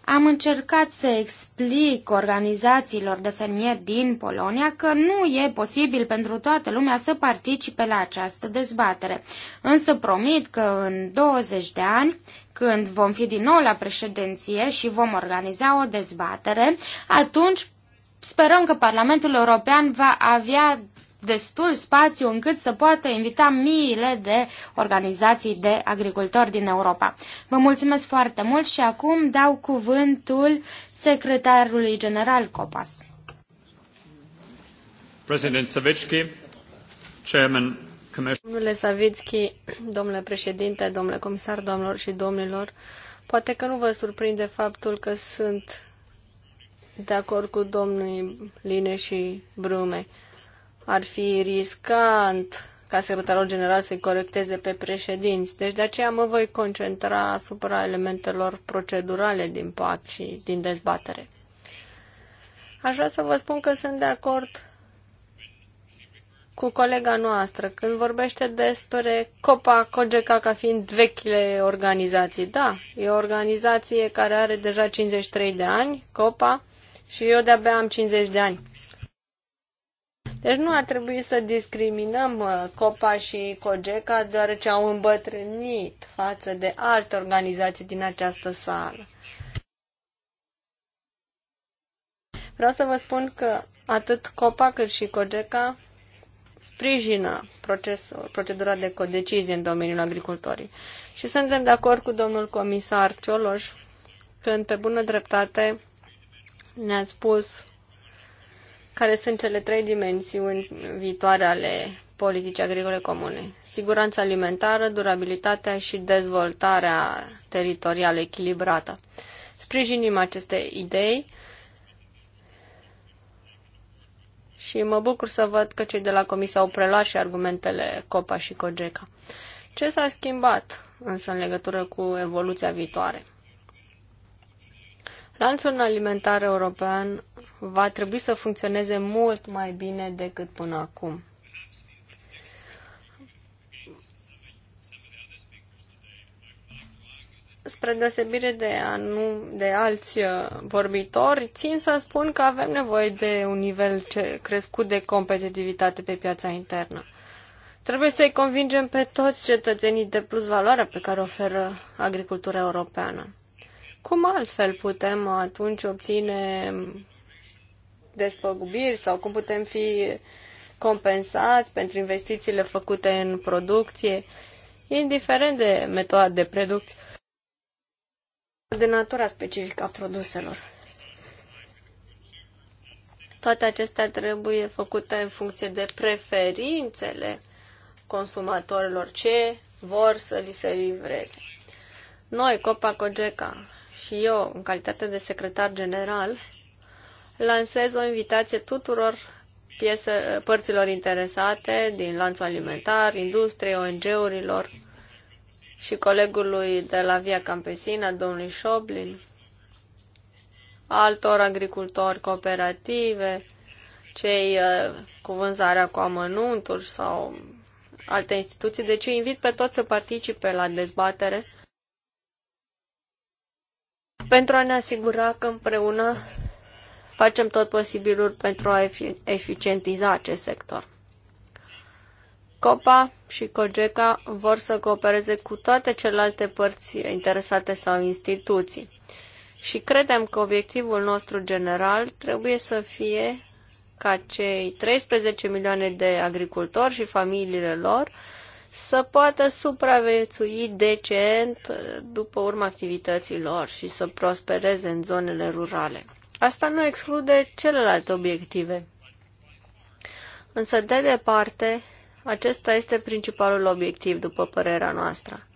Am încercat să explic organizațiilor de fermieri din Polonia că nu e posibil pentru toată lumea să participe la această dezbatere, însă promit că în 20 de ani, când vom fi din nou la președinție și vom organiza o dezbatere, atunci sperăm că Parlamentul European va avea destul spațiu încât să poată invita miile de organizații de agricultori din Europa. Vă mulțumesc foarte mult și acum dau cuvântul secretarului general Copas. President Savitsky, Chairman Domnule Savitsky, domnule președinte, domnule comisar, domnilor și domnilor, poate că nu vă surprinde faptul că sunt de acord cu domnii Line și Brume ar fi riscant ca secretarul general să-i corecteze pe președinți. Deci de aceea mă voi concentra asupra elementelor procedurale din pact și din dezbatere. Aș vrea să vă spun că sunt de acord cu colega noastră când vorbește despre COPA COGECA ca fiind vechile organizații. Da, e o organizație care are deja 53 de ani, COPA, și eu de-abia am 50 de ani. Deci nu ar trebui să discriminăm uh, COPA și COGECA deoarece au îmbătrânit față de alte organizații din această sală. Vreau să vă spun că atât COPA cât și COGECA sprijină procesul, procedura de codecizie în domeniul agricultorii. Și suntem de acord cu domnul comisar Cioloș când, pe bună dreptate, ne-a spus care sunt cele trei dimensiuni viitoare ale politicii agricole comune. Siguranța alimentară, durabilitatea și dezvoltarea teritorială echilibrată. Sprijinim aceste idei și mă bucur să văd că cei de la Comisie au preluat și argumentele COPA și COGECA. Ce s-a schimbat însă în legătură cu evoluția viitoare? Lanțul alimentar european va trebui să funcționeze mult mai bine decât până acum. spre deosebire de, anu, de alți uh, vorbitori, țin să spun că avem nevoie de un nivel crescut de competitivitate pe piața internă. Trebuie să-i convingem pe toți cetățenii de plus valoare pe care oferă agricultura europeană. Cum altfel putem atunci obține despăgubiri sau cum putem fi compensați pentru investițiile făcute în producție, indiferent de metoda de producție, de natura specifică a produselor. Toate acestea trebuie făcute în funcție de preferințele consumatorilor ce vor să li se livreze. Noi, Copacogeca, și eu, în calitate de secretar general, lansez o invitație tuturor piese, părților interesate din lanțul alimentar, industriei, ONG-urilor și colegului de la Via Campesina, domnului Șoblin, altor agricultori cooperative, cei uh, cu vânzarea cu amănunturi sau alte instituții. Deci invit pe toți să participe la dezbatere pentru a ne asigura că împreună facem tot posibilul pentru a eficientiza acest sector. COPA și COGECA vor să coopereze cu toate celelalte părți interesate sau instituții. Și credem că obiectivul nostru general trebuie să fie ca cei 13 milioane de agricultori și familiile lor să poată supraviețui decent uh, după urma activității lor și să prospereze în zonele rurale. Asta nu exclude celelalte obiective. Însă, de departe, acesta este principalul obiectiv, după părerea noastră.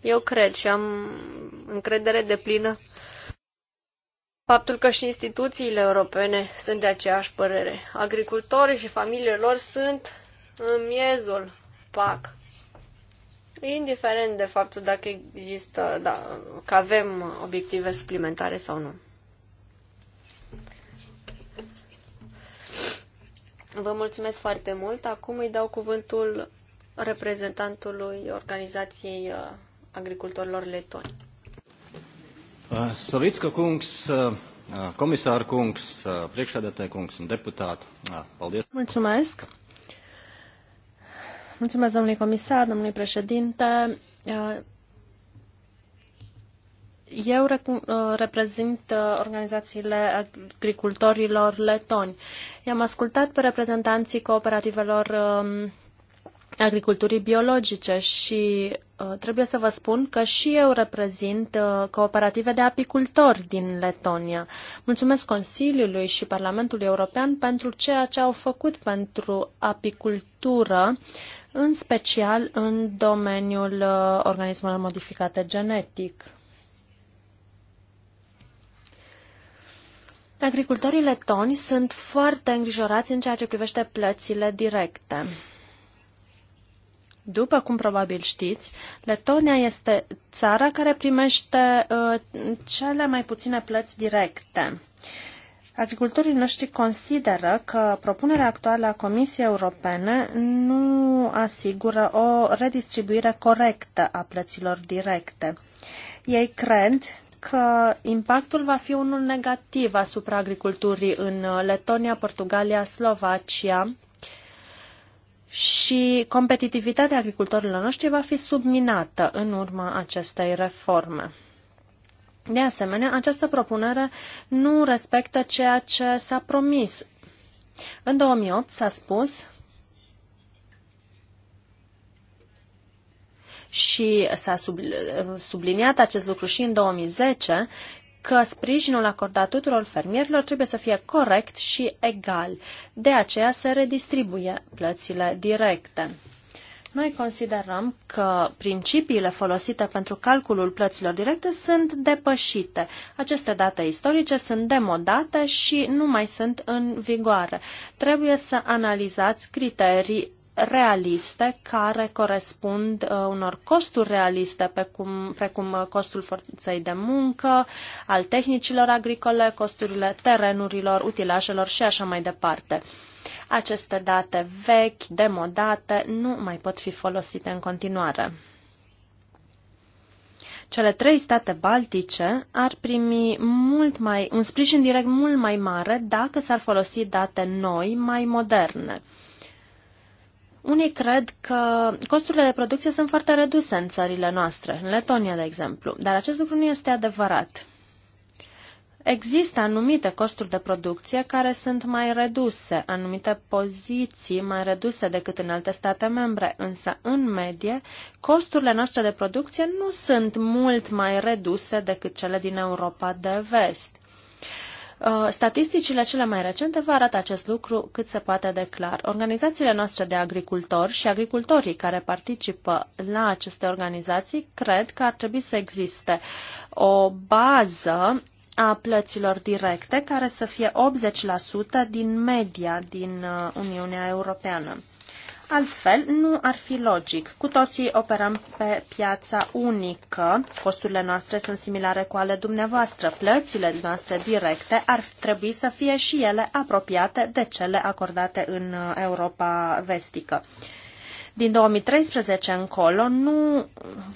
Eu cred și am încredere de plină faptul că și instituțiile europene sunt de aceeași părere. Agricultorii și familiile lor sunt în miezul copac. indiferent de faptul dacă există, da, că avem obiective suplimentare sau nu. Vă mulțumesc foarte mult. Acum îi dau cuvântul reprezentantului Organizației uh, Agricultorilor Letoni. Uh, Savicka kungs, comisar uh, kungs, priekšsēdētāja kungs un deputāti, paldies. Mulțumesc. Mulțumesc, domnului comisar, domnului președinte. Uh, eu uh, reprezint uh, organizațiile agricultorilor letoni. I-am ascultat pe reprezentanții cooperativelor um, agriculturii biologice și Uh, trebuie să vă spun că și eu reprezint uh, cooperative de apicultori din Letonia. Mulțumesc Consiliului și Parlamentului European pentru ceea ce au făcut pentru apicultură, în special în domeniul uh, organismelor modificate genetic. Agricultorii letoni sunt foarte îngrijorați în ceea ce privește plățile directe. După cum probabil știți, Letonia este țara care primește uh, cele mai puține plăți directe. Agricultorii noștri consideră că propunerea actuală a Comisiei Europene nu asigură o redistribuire corectă a plăților directe. Ei cred că impactul va fi unul negativ asupra agriculturii în Letonia, Portugalia, Slovacia, și competitivitatea agricultorilor noștri va fi subminată în urma acestei reforme. De asemenea, această propunere nu respectă ceea ce s-a promis. În 2008 s-a spus și s-a subliniat acest lucru și în 2010 că sprijinul acordat tuturor fermierilor trebuie să fie corect și egal. De aceea se redistribuie plățile directe. Noi considerăm că principiile folosite pentru calculul plăților directe sunt depășite. Aceste date istorice sunt demodate și nu mai sunt în vigoare. Trebuie să analizați criterii realiste care corespund uh, unor costuri realiste, precum, precum uh, costul forței de muncă, al tehnicilor agricole, costurile terenurilor, utilajelor și așa mai departe. Aceste date vechi, demodate, nu mai pot fi folosite în continuare. Cele trei state baltice ar primi mult mai, un sprijin direct mult mai mare dacă s-ar folosi date noi, mai moderne. Unii cred că costurile de producție sunt foarte reduse în țările noastre, în Letonia, de exemplu, dar acest lucru nu este adevărat. Există anumite costuri de producție care sunt mai reduse, anumite poziții mai reduse decât în alte state membre, însă, în medie, costurile noastre de producție nu sunt mult mai reduse decât cele din Europa de vest. Uh, statisticile cele mai recente vă arată acest lucru cât se poate de clar. Organizațiile noastre de agricultori și agricultorii care participă la aceste organizații cred că ar trebui să existe o bază a plăților directe care să fie 80% din media din uh, Uniunea Europeană. Altfel, nu ar fi logic. Cu toții operăm pe piața unică. Costurile noastre sunt similare cu ale dumneavoastră. Plățile noastre directe ar trebui să fie și ele apropiate de cele acordate în Europa vestică. Din 2013 încolo nu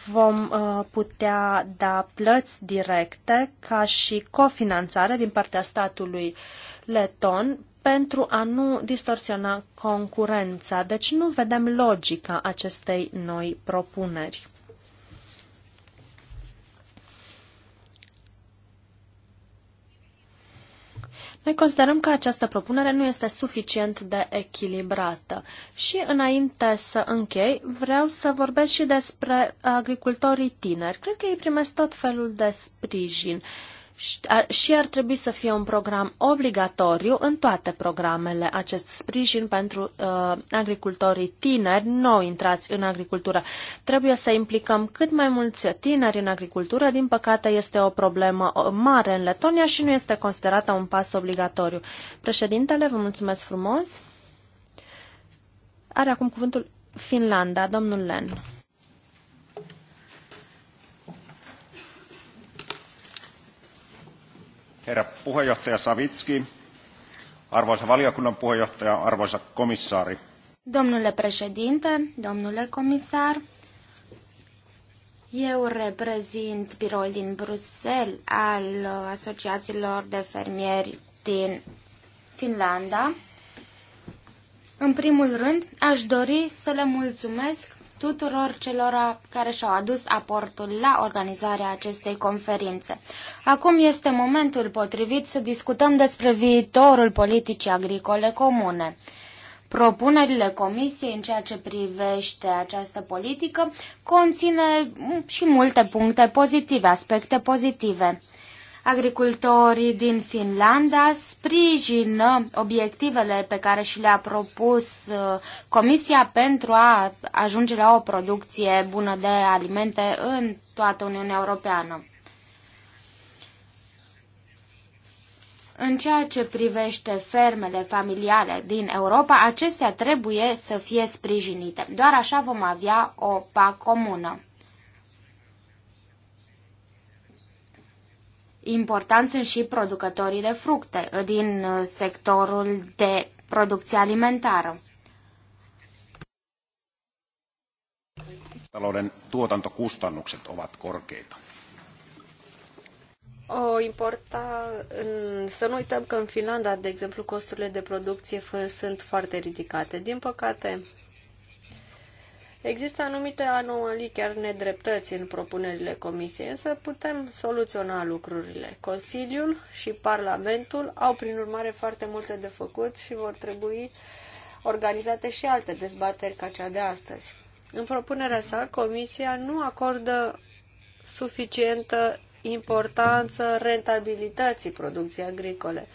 vom uh, putea da plăți directe ca și cofinanțare din partea statului leton pentru a nu distorsiona concurența. Deci nu vedem logica acestei noi propuneri. Noi considerăm că această propunere nu este suficient de echilibrată. Și înainte să închei, vreau să vorbesc și despre agricultorii tineri. Cred că ei primesc tot felul de sprijin. Uh, și ar trebui să fie un program obligatoriu în toate programele acest sprijin pentru uh, agricultorii tineri, nou intrați în agricultură. Trebuie să implicăm cât mai mulți tineri în agricultură. Din păcate este o problemă uh, mare în Letonia și nu este considerată un pas obligatoriu. Președintele, vă mulțumesc frumos. Are acum cuvântul Finlanda, domnul Len. herra puheenjohtaja Savitski, arvoisa valiokunnan puheenjohtaja, arvoisa komissaari. Domnule președinte, domnule comisar, eu reprezint biroul din Bruxelles al asociațiilor de fermieri din Finlanda. În primul rând, aș dori să le mulțumesc tuturor celor care și-au adus aportul la organizarea acestei conferințe. Acum este momentul potrivit să discutăm despre viitorul politicii agricole comune. Propunerile Comisiei în ceea ce privește această politică conține și multe puncte pozitive, aspecte pozitive agricultorii din Finlanda sprijină obiectivele pe care și le-a propus uh, Comisia pentru a ajunge la o producție bună de alimente în toată Uniunea Europeană. În ceea ce privește fermele familiale din Europa, acestea trebuie să fie sprijinite. Doar așa vom avea o PAC comună. Importanți sunt și producătorii de fructe din uh, sectorul de producție alimentară. Talouden tuotantokustannukset ovat korkeita. O importa, în, să nu uităm că în Finlanda, de exemplu, costurile de producție sunt foarte ridicate. Din păcate, Există anumite anomalii, chiar nedreptăți în propunerile comisiei, însă putem soluționa lucrurile. Consiliul și Parlamentul au, prin urmare, foarte multe de făcut și vor trebui organizate și alte dezbateri ca cea de astăzi. În propunerea sa, Comisia nu acordă suficientă importanță rentabilității producției agricole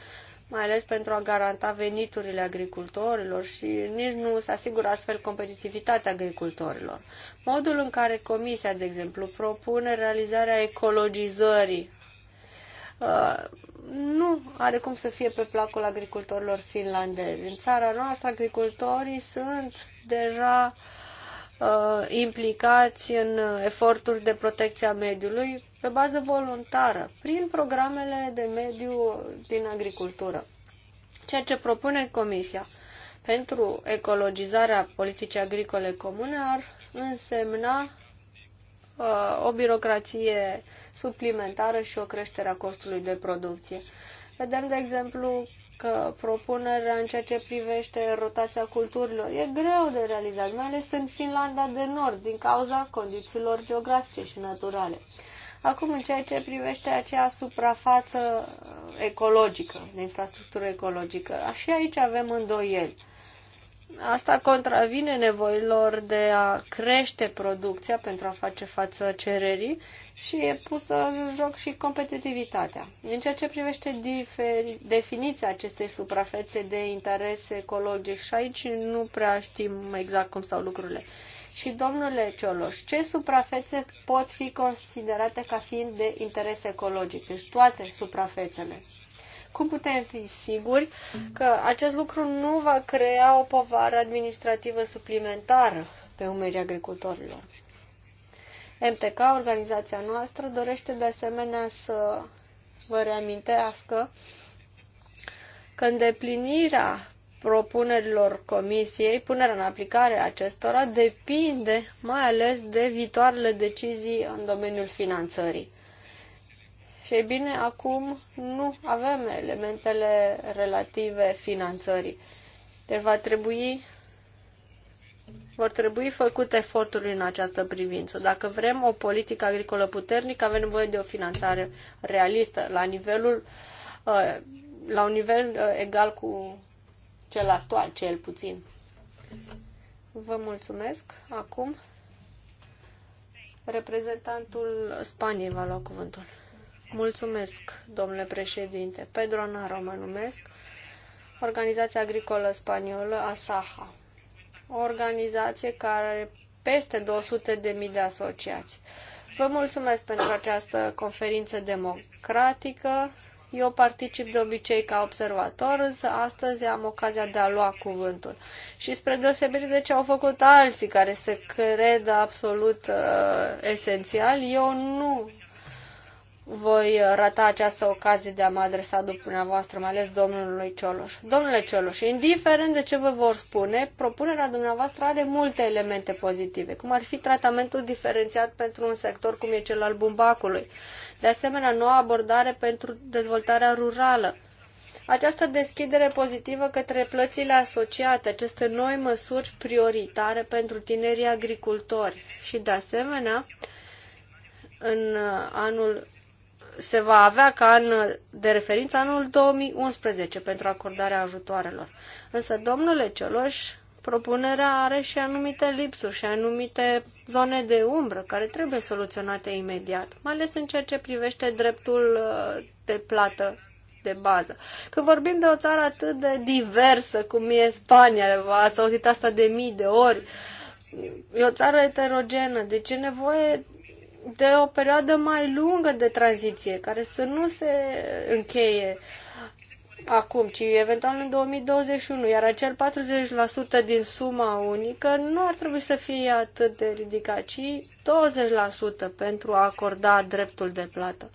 mai ales pentru a garanta veniturile agricultorilor și nici nu se asigură astfel competitivitatea agricultorilor. Modul în care Comisia, de exemplu, propune realizarea ecologizării uh, nu are cum să fie pe placul agricultorilor finlandezi. În țara noastră, agricultorii sunt deja uh, implicați în eforturi de protecție a mediului pe bază voluntară, prin programele de mediu din agricultură. Ceea ce propune Comisia pentru ecologizarea politicii agricole comune ar însemna uh, o birocrație suplimentară și o creștere a costului de producție. Vedem, de exemplu, că propunerea în ceea ce privește rotația culturilor e greu de realizat, mai ales în Finlanda de Nord, din cauza condițiilor geografice și naturale. Acum, în ceea ce privește acea suprafață ecologică, de infrastructură ecologică, și aici avem îndoieli. Asta contravine nevoilor de a crește producția pentru a face față cererii și e pusă în joc și competitivitatea. În ceea ce privește definiția acestei suprafețe de interes ecologic și aici nu prea știm exact cum stau lucrurile. Și, domnule Cioloș, ce suprafețe pot fi considerate ca fiind de interes ecologic? Deci toate suprafețele. Cum putem fi siguri că acest lucru nu va crea o povară administrativă suplimentară pe umerii agricultorilor? MTK, organizația noastră, dorește de asemenea să vă reamintească că îndeplinirea propunerilor comisiei, punerea în aplicare acestora depinde mai ales de viitoarele decizii în domeniul finanțării. Și bine, acum nu avem elementele relative finanțării. Deci va trebui, vor trebui făcute eforturi în această privință. Dacă vrem o politică agricolă puternică, avem nevoie de o finanțare realistă, la nivelul uh, la un nivel uh, egal cu cel actual, cel puțin. Vă mulțumesc. Acum, reprezentantul Spaniei va lua cuvântul. Mulțumesc, domnule președinte. Pedro Naro mă numesc, Organizația Agricolă Spaniolă, ASAHA. O organizație care are peste 200 de mii de asociați. Vă mulțumesc pentru această conferință democratică eu particip de obicei ca observator, însă astăzi am ocazia de a lua cuvântul. Și spre deosebire de ce au făcut alții care se cred absolut uh, esențial, eu nu voi rata această ocazie de a mă adresa dumneavoastră, mai ales domnului Cioloș. Domnule Cioloș, indiferent de ce vă vor spune, propunerea dumneavoastră are multe elemente pozitive, cum ar fi tratamentul diferențiat pentru un sector cum e cel al bumbacului, de asemenea, noua abordare pentru dezvoltarea rurală. Această deschidere pozitivă către plățile asociate, aceste noi măsuri prioritare pentru tinerii agricultori și, de asemenea, în anul se va avea ca an de referință anul 2011 pentru acordarea ajutoarelor. Însă, domnule Cioloș, propunerea are și anumite lipsuri și anumite zone de umbră care trebuie soluționate imediat, mai ales în ceea ce privește dreptul uh, de plată de bază. Că vorbim de o țară atât de diversă cum e Spania, ați auzit asta de mii de ori, e o țară eterogenă, deci e nevoie de o perioadă mai lungă de tranziție, care să nu se încheie uh, acum, ci eventual în 2021, iar acel 40% din suma unică nu ar trebui să fie atât de ridicat, ci 20% pentru a acorda dreptul de plată.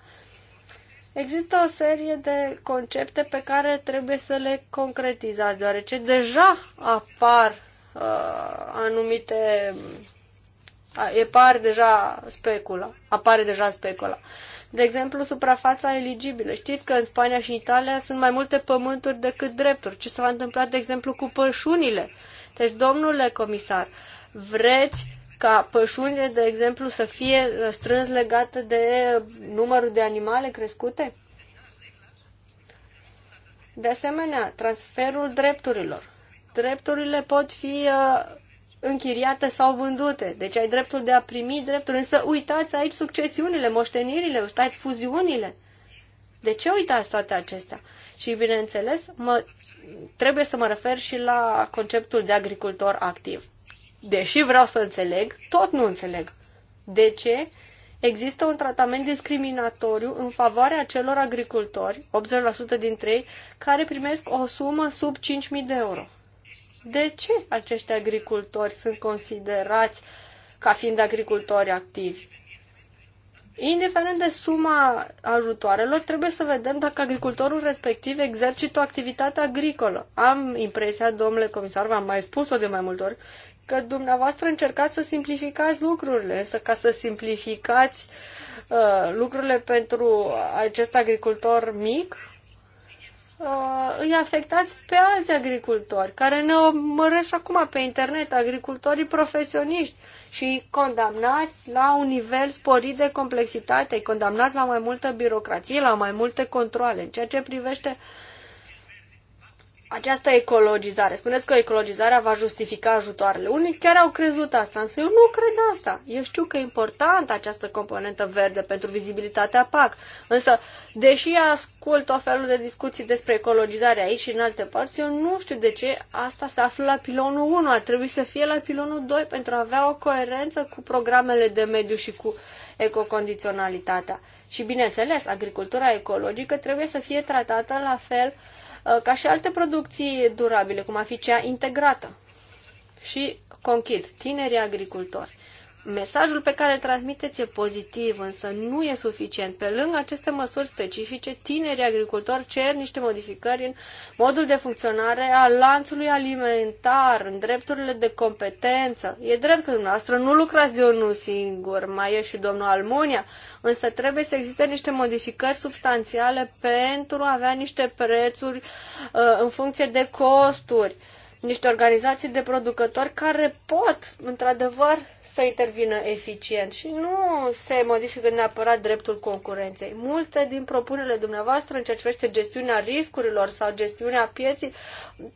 Există o serie de concepte pe care trebuie să le concretizați, deoarece deja apar uh, anumite uh, par deja specula, apare deja specula. De exemplu, suprafața eligibilă. Știți că în Spania și Italia sunt mai multe pământuri decât drepturi. Ce s-a întâmplat, de exemplu, cu pășunile? Deci, domnule comisar, vreți ca pășunile, de exemplu, să fie strâns legate de numărul de animale crescute? De asemenea, transferul drepturilor. Drepturile pot fi uh, închiriate sau vândute. Deci ai dreptul de a primi drepturi, însă uitați aici succesiunile, moștenirile, uitați fuziunile. De ce uitați toate acestea? Și, bineînțeles, mă, trebuie să mă refer și la conceptul de agricultor activ. Deși vreau să înțeleg, tot nu înțeleg. De ce există un tratament discriminatoriu în favoarea celor agricultori, 80% dintre ei, care primesc o sumă sub 5.000 de euro? de ce acești agricultori sunt considerați ca fiind agricultori activi. Indiferent de suma ajutoarelor, trebuie să vedem dacă agricultorul respectiv exercită o activitate agricolă. Am impresia, domnule comisar, v-am mai spus-o de mai multe ori, că dumneavoastră încercați să simplificați lucrurile, însă ca să simplificați uh, lucrurile pentru acest agricultor mic, uh, îi afectați pe alți agricultori care ne omorăsc acum pe internet, agricultorii profesioniști și condamnați la un nivel sporit de complexitate, condamnați la mai multă birocrație, la mai multe controle. În ceea ce privește uh, această ecologizare. Spuneți că ecologizarea va justifica ajutoarele. Unii chiar au crezut asta, însă eu nu cred asta. Eu știu că e importantă această componentă verde pentru vizibilitatea PAC, însă, deși ascult o felul de discuții despre ecologizare aici și în alte părți, eu nu știu de ce asta se află la pilonul 1. Ar trebui să fie la pilonul 2 pentru a avea o coerență cu programele de mediu și cu ecocondiționalitatea. Și, bineînțeles, agricultura ecologică trebuie să fie tratată la fel uh, Uh, ca și alte producții durabile, cum ar fi cea integrată. Și conchid, tinerii agricultori. Mesajul pe care îl transmiteți e pozitiv, însă nu e suficient. Pe lângă aceste măsuri specifice, tinerii agricultori cer niște modificări în modul de funcționare al lanțului alimentar, în drepturile de competență. E drept că dumneavoastră nu lucrați de unul singur, mai e și domnul Almunia, însă trebuie să existe niște modificări substanțiale pentru a avea niște prețuri uh, în funcție de costuri niște organizații de producători care pot, într-adevăr, să intervină eficient și nu se modifică neapărat dreptul concurenței. Multe din propunerile dumneavoastră în ceea ce privește gestiunea riscurilor sau gestiunea pieții,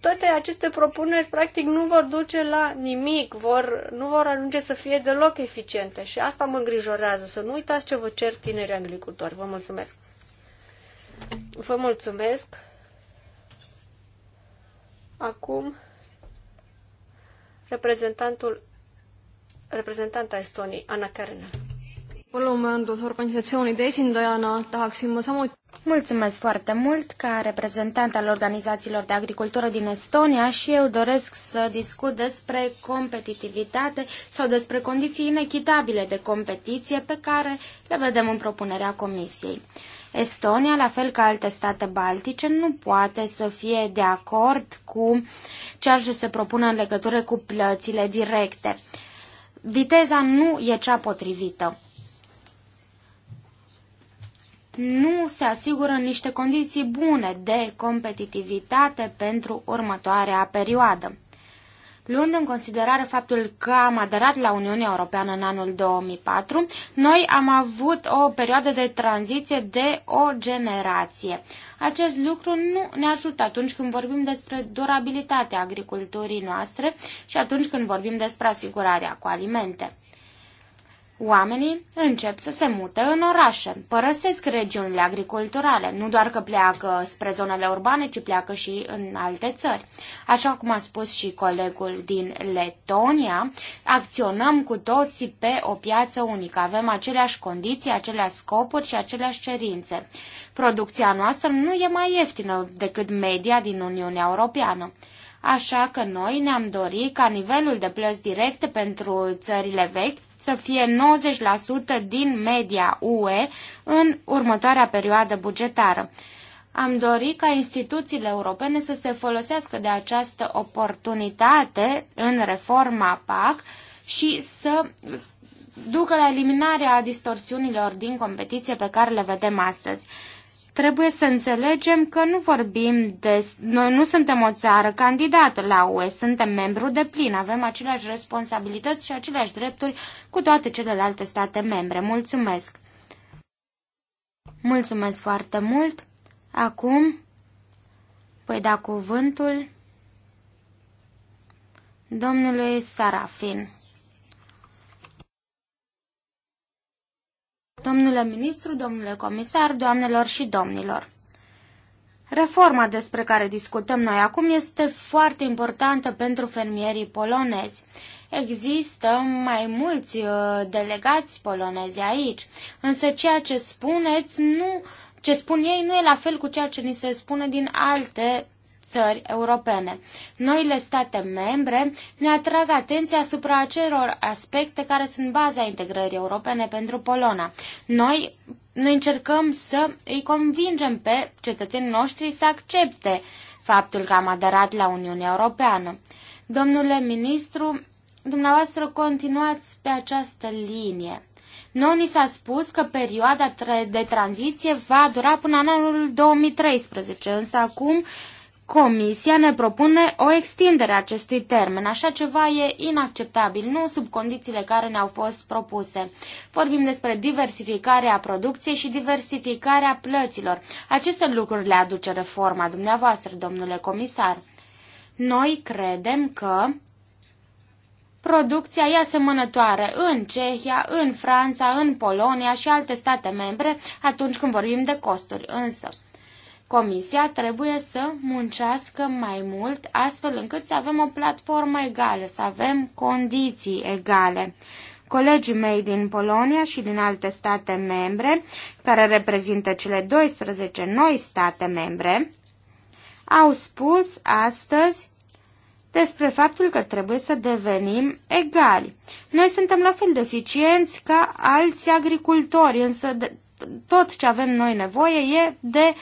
toate aceste propuneri practic nu vor duce la nimic, vor, nu vor ajunge să fie deloc eficiente și asta mă îngrijorează. Să nu uitați ce vă cer tinerii agricultori. Vă mulțumesc! Vă mulțumesc! Acum, reprezentantul reprezentanta Estoniei, Anna Kärnä. Põllumajandusorganisatsioonide esindajana tahaksin ma samuti Mulțumesc foarte mult ca reprezentant al organizațiilor de agricultură din Estonia și eu doresc să discut despre competitivitate sau despre condiții inechitabile de competiție pe care le vedem în propunerea Comisiei. Estonia, la fel ca alte state baltice, nu poate să fie de acord cu ceea ce se propune în legătură cu plățile directe viteza nu e cea potrivită. Nu se asigură niște condiții bune de competitivitate pentru următoarea perioadă. Luând în considerare faptul că am aderat la Uniunea Europeană în anul 2004, noi am avut o perioadă de tranziție de o generație. Acest lucru nu ne ajută atunci când vorbim despre durabilitatea agriculturii noastre și atunci când vorbim despre asigurarea cu alimente. Oamenii încep să se mute în orașe, părăsesc regiunile agriculturale, nu doar că pleacă spre zonele urbane, ci pleacă și în alte țări. Așa cum a spus și colegul din Letonia, acționăm cu toții pe o piață unică, avem aceleași condiții, aceleași scopuri și aceleași cerințe. Producția noastră nu e mai ieftină decât media din Uniunea Europeană. Așa că noi ne-am dorit ca nivelul de plăți directe pentru țările vechi să fie 90% din media UE în următoarea perioadă bugetară. Am dorit ca instituțiile europene să se folosească de această oportunitate în reforma PAC și să ducă la eliminarea distorsiunilor din competiție pe care le vedem astăzi. Trebuie să înțelegem că nu vorbim de... Noi nu suntem o țară candidată la UE, suntem membru de plin, avem aceleași responsabilități și aceleași drepturi cu toate celelalte state membre. Mulțumesc! Mulțumesc foarte mult! Acum voi da cuvântul domnului Sarafin. Domnule ministru, domnule comisar, doamnelor și domnilor, reforma despre care discutăm noi acum este foarte importantă pentru fermierii polonezi. Există mai mulți uh, delegați polonezi aici, însă ceea ce spuneți nu, ce spun ei nu e la fel cu ceea ce ni se spune din alte țări europene. Noile state membre ne atrag atenția asupra acelor aspecte care sunt baza integrării europene pentru Polona. Noi, noi încercăm să îi convingem pe cetățenii noștri să accepte faptul că am aderat la Uniunea Europeană. Domnule ministru, dumneavoastră continuați pe această linie. Noi ni s-a spus că perioada de tranziție va dura până în anul 2013, însă acum Comisia ne propune o extindere a acestui termen. Așa ceva e inacceptabil, nu sub condițiile care ne-au fost propuse. Vorbim despre diversificarea producției și diversificarea plăților. Aceste lucruri le aduce reforma dumneavoastră, domnule comisar. Noi credem că producția e asemănătoare în Cehia, în Franța, în Polonia și alte state membre atunci când vorbim de costuri. Însă, Comisia trebuie să muncească mai mult astfel încât să avem o platformă egală, să avem condiții egale. Colegii mei din Polonia și din alte state membre, care reprezintă cele 12 noi state membre, au spus astăzi despre faptul că trebuie să devenim egali. Noi suntem la fel de eficienți ca alți agricultori, însă tot ce avem noi nevoie e de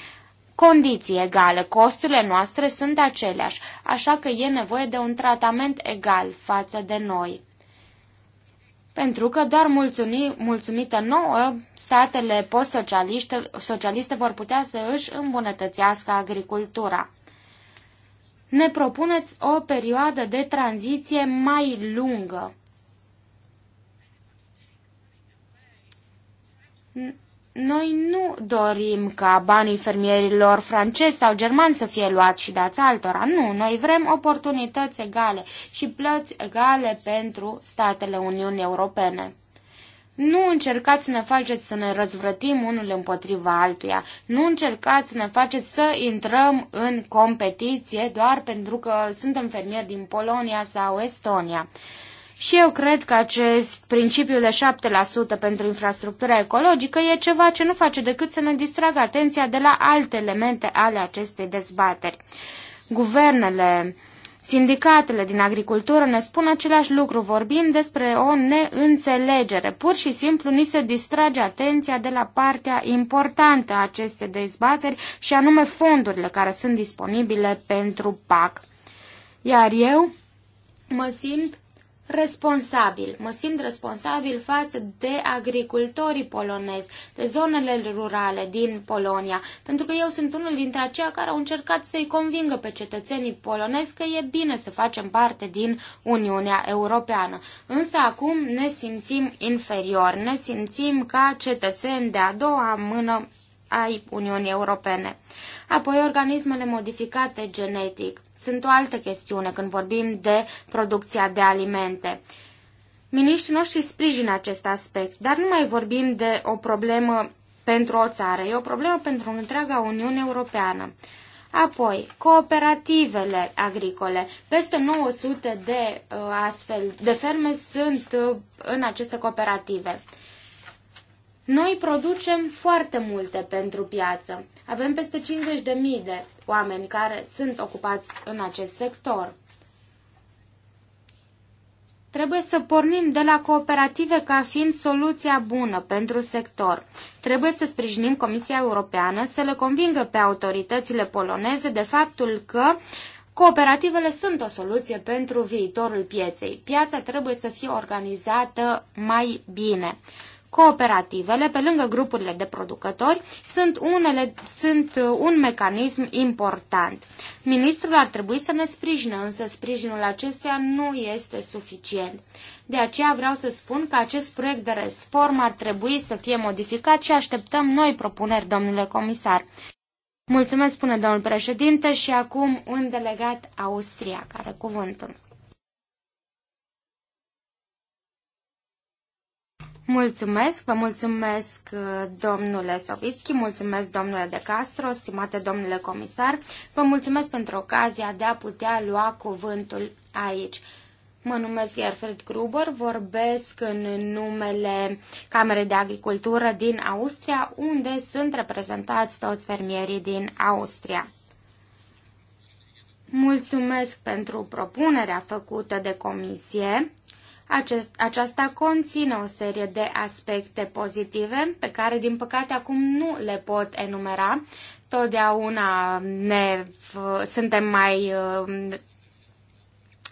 condiții egale, costurile noastre sunt aceleași, așa că e nevoie de un tratament egal față de noi. Pentru că doar mulțumi, mulțumită nouă, statele post-socialiste socialiste vor putea să își îmbunătățească agricultura. Ne propuneți o perioadă de tranziție mai lungă. Noi nu dorim ca banii fermierilor francezi sau germani să fie luați și dați altora. Nu, noi vrem oportunități egale și plăți egale pentru statele Uniunii Europene. Nu încercați să ne faceți să ne răzvrătim unul împotriva altuia. Nu încercați să ne faceți să intrăm în competiție doar pentru că suntem fermieri din Polonia sau Estonia. Și eu cred că acest principiu de 7% pentru infrastructura ecologică e ceva ce nu face decât să ne distragă atenția de la alte elemente ale acestei dezbateri. Guvernele, sindicatele din agricultură ne spun același lucru, vorbim despre o neînțelegere. Pur și simplu ni se distrage atenția de la partea importantă a acestei dezbateri și anume fondurile care sunt disponibile pentru PAC. Iar eu mă simt responsabil. Mă simt responsabil față de agricultorii polonezi, de zonele rurale din Polonia, pentru că eu sunt unul dintre aceia care au încercat să-i convingă pe cetățenii polonezi că e bine să facem parte din Uniunea Europeană. Însă acum ne simțim inferior, ne simțim ca cetățeni de a doua mână ai Uniunii Europene. Apoi, organismele modificate genetic sunt o altă chestiune când vorbim de producția de alimente. Miniștrii noștri sprijină acest aspect, dar nu mai vorbim de o problemă pentru o țară, e o problemă pentru întreaga Uniune Europeană. Apoi, cooperativele agricole. Peste 900 de uh, astfel de ferme sunt uh, în aceste cooperative. Noi producem foarte multe pentru piață. Avem peste 50.000 de oameni care sunt ocupați în acest sector. Trebuie să pornim de la cooperative ca fiind soluția bună pentru sector. Trebuie să sprijinim Comisia Europeană să le convingă pe autoritățile poloneze de faptul că cooperativele sunt o soluție pentru viitorul pieței. Piața trebuie să fie organizată mai bine. Cooperativele, pe lângă grupurile de producători, sunt, unele, sunt uh, un mecanism important. Ministrul ar trebui să ne sprijine, însă sprijinul acestuia nu este suficient. De aceea vreau să spun că acest proiect de reformă ar trebui să fie modificat și așteptăm noi propuneri, domnule comisar. Mulțumesc, spune domnul președinte, și acum un delegat austriac are cuvântul. Mulțumesc, vă mulțumesc uh, domnule Sovitski, mulțumesc domnule De Castro, stimate domnule comisar, vă mulțumesc pentru ocazia de a putea lua cuvântul aici. Mă numesc Gerfried Gruber, vorbesc în numele Camerei de Agricultură din Austria, unde sunt reprezentați toți fermierii din Austria. Mulțumesc pentru propunerea făcută de comisie acest, aceasta conține o serie de aspecte pozitive pe care, din păcate, acum nu le pot enumera. Totdeauna ne, uh, suntem mai uh,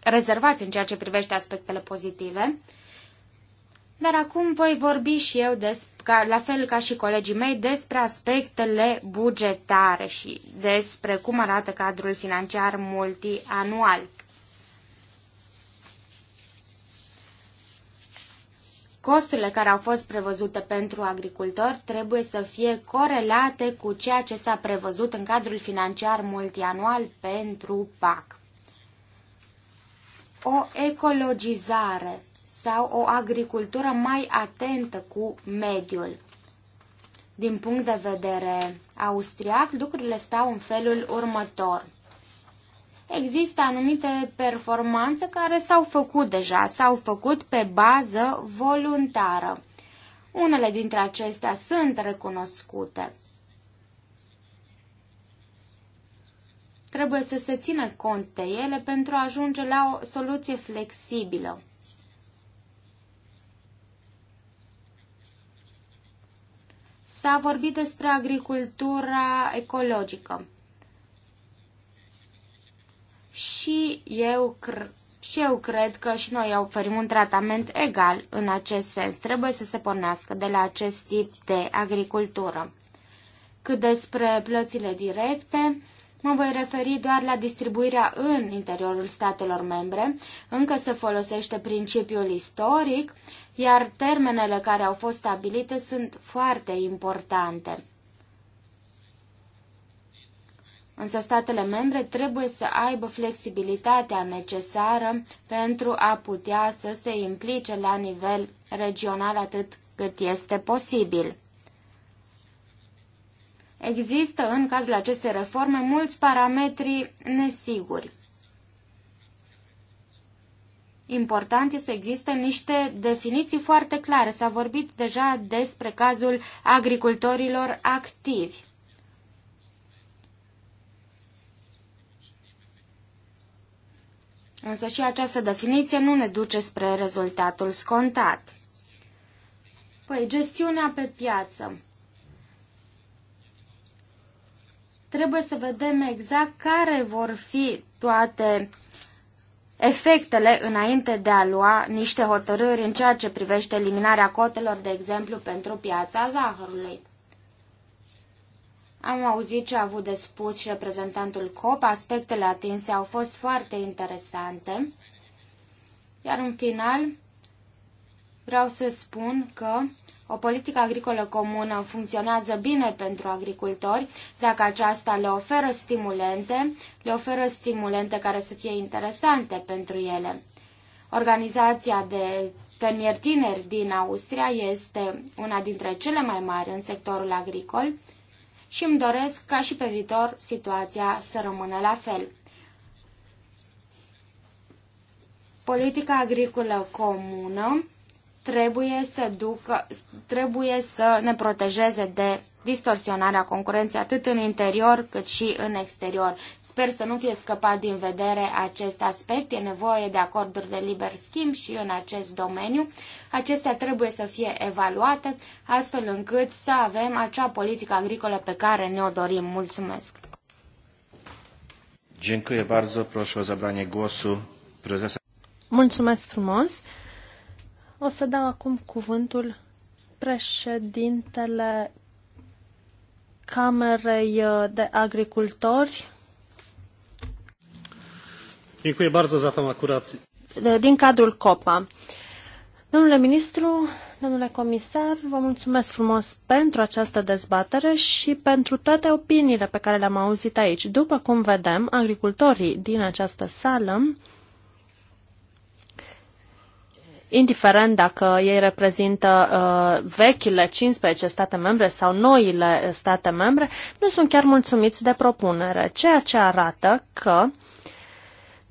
rezervați în ceea ce privește aspectele pozitive. Dar acum voi vorbi și eu, despre, la fel ca și colegii mei, despre aspectele bugetare și despre cum arată cadrul financiar multianual. costurile care au fost prevăzute pentru agricultori trebuie să fie corelate cu ceea ce s-a prevăzut în cadrul financiar multianual pentru PAC. O ecologizare sau o agricultură mai atentă cu mediul. Din punct de vedere austriac, lucrurile stau în felul următor – Există anumite performanțe care s-au făcut deja, s-au făcut pe bază voluntară. Unele dintre acestea sunt recunoscute. Trebuie să se țină cont de ele pentru a ajunge la o soluție flexibilă. S-a vorbit despre agricultura ecologică și eu, și eu cred că și noi oferim un tratament egal în acest sens. Trebuie să se pornească de la acest tip de agricultură. Cât despre plățile directe, Mă voi referi doar la distribuirea în interiorul statelor membre, încă se folosește principiul istoric, iar termenele care au fost stabilite sunt foarte importante. Însă statele membre trebuie să aibă flexibilitatea necesară pentru a putea să se implice la nivel regional atât cât este posibil. Există în cadrul acestei reforme mulți parametri nesiguri. Important este să existe niște definiții foarte clare. S-a vorbit deja despre cazul agricultorilor activi. Însă și această definiție nu ne duce spre rezultatul scontat. Păi, gestiunea pe piață. Trebuie să vedem exact care vor fi toate efectele înainte de a lua niște hotărâri în ceea ce privește eliminarea cotelor, de exemplu, pentru piața zahărului. Am auzit ce a avut de spus și reprezentantul COP. Aspectele atinse au fost foarte interesante. Iar în final, vreau să spun că o politică agricolă comună funcționează bine pentru agricultori dacă aceasta le oferă stimulente, le oferă stimulente care să fie interesante pentru ele. Organizația de fermieri tineri din Austria este una dintre cele mai mari în sectorul agricol și îmi doresc ca și pe viitor situația să rămână la fel. Politica agricolă comună trebuie să, ducă, trebuie să ne protejeze de distorsionarea concurenței atât în interior cât și în exterior. Sper să nu fie scăpat din vedere acest aspect. E nevoie de acorduri de liber schimb și în acest domeniu. Acestea trebuie să fie evaluate astfel încât să avem acea politică agricolă pe care ne-o dorim. Mulțumesc! Mulțumesc frumos. O să dau acum cuvântul președintele Camerei uh, de Agricultori. Dziękuję bardzo za tą akurat. Din cadrul COPA. Domnule ministru, domnule comisar, vă mulțumesc frumos pentru această dezbatere și pentru toate opiniile pe care le-am auzit aici. După cum vedem, agricultorii din această sală indiferent dacă ei reprezintă uh, vechile 15 state membre sau noile state membre, nu sunt chiar mulțumiți de propunere, ceea ce arată că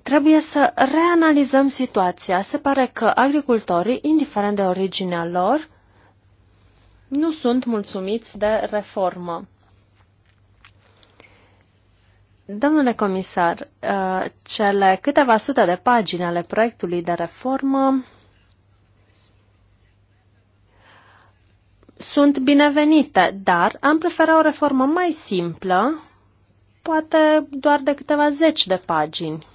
trebuie să reanalizăm situația. Se pare că agricultorii, indiferent de originea lor, nu sunt mulțumiți de reformă. Domnule comisar, uh, cele câteva sute de pagini ale proiectului de reformă sunt binevenite, dar am preferat o reformă mai simplă, poate doar de câteva zeci de pagini.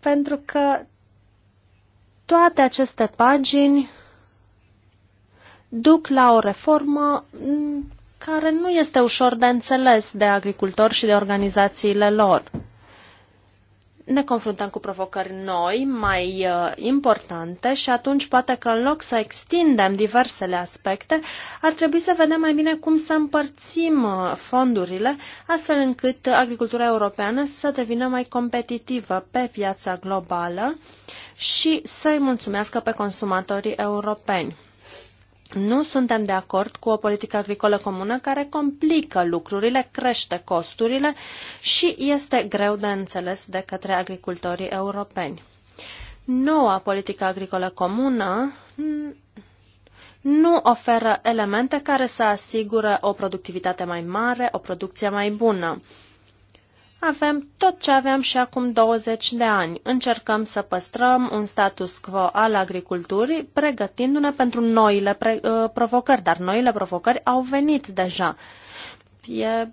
Pentru că toate aceste pagini duc la o reformă mm, care nu este ușor de înțeles de agricultori și de organizațiile lor ne confruntăm cu provocări noi, mai uh, importante și atunci poate că în loc să extindem diversele aspecte, ar trebui să vedem mai bine cum să împărțim uh, fondurile, astfel încât agricultura europeană să devină mai competitivă pe piața globală și să-i mulțumească pe consumatorii europeni nu suntem de acord cu o politică agricolă comună care complică lucrurile, crește costurile și este greu de înțeles de către agricultorii europeni. Noua politică agricolă comună nu oferă elemente care să asigură o productivitate mai mare, o producție mai bună. Avem tot ce aveam și acum 20 de ani. Încercăm să păstrăm un status quo al agriculturii, pregătindu-ne pentru noile pre- uh, provocări, dar noile provocări au venit deja. E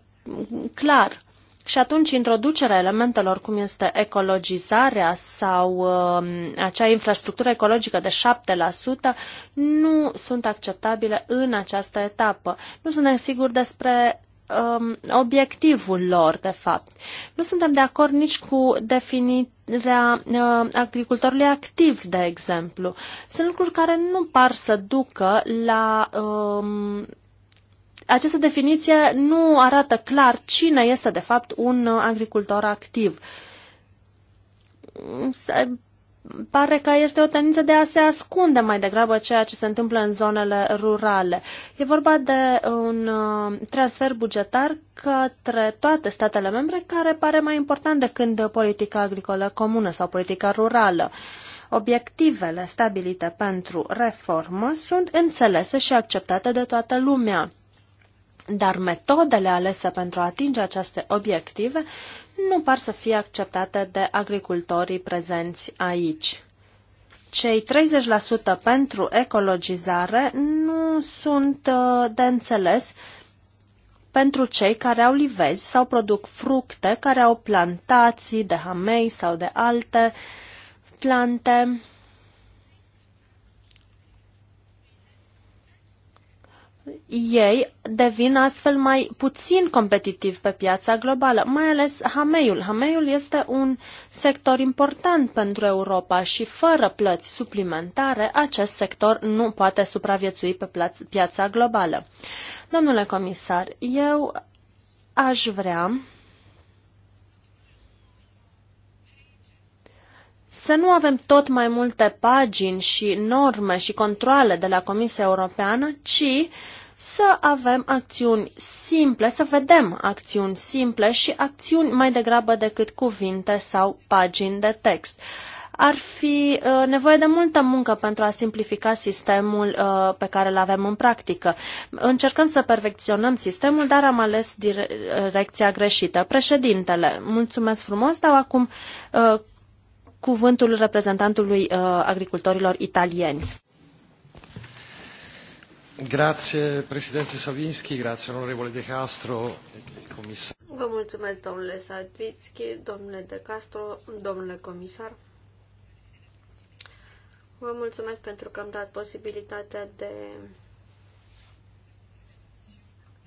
clar. Și atunci introducerea elementelor cum este ecologizarea sau uh, acea infrastructură ecologică de 7% nu sunt acceptabile în această etapă. Nu sunt sigur despre um, obiectivul lor, de fapt. Nu suntem de acord nici cu definirea uh, agricultorului activ, de exemplu. Sunt lucruri care nu par să ducă la. Um, această definiție nu arată clar cine este, de fapt, un uh, agricultor activ pare că este o tendință de a se ascunde mai degrabă ceea ce se întâmplă în zonele rurale. E vorba de un uh, transfer bugetar către toate statele membre care pare mai important decât politica agricolă comună sau politica rurală. Obiectivele stabilite pentru reformă sunt înțelese și acceptate de toată lumea dar metodele alese pentru a atinge aceste obiective nu par să fie acceptate de agricultorii prezenți aici. Cei 30% pentru ecologizare nu sunt uh, de înțeles pentru cei care au livezi sau produc fructe care au plantații de hamei sau de alte plante ei devin astfel mai puțin competitivi pe piața globală, mai ales hameiul. Hameiul este un sector important pentru Europa și fără plăți suplimentare, acest sector nu poate supraviețui pe piața globală. Domnule comisar, eu aș vrea să nu avem tot mai multe pagini și norme și controle de la Comisia Europeană, ci să avem acțiuni simple, să vedem acțiuni simple și acțiuni mai degrabă decât cuvinte sau pagini de text. Ar fi uh, nevoie de multă muncă pentru a simplifica sistemul uh, pe care îl avem în practică. Încercăm să perfecționăm sistemul, dar am ales uh, direcția greșită. Președintele, mulțumesc frumos, dar acum uh, cuvântul reprezentantului uh, agricultorilor italieni. Grazie, președinte Savinski, grazie, onorevole De Castro, comisar. Vă mulțumesc, domnule Savinski, domnule De Castro, domnule comisar. Vă mulțumesc pentru că îmi dați posibilitatea de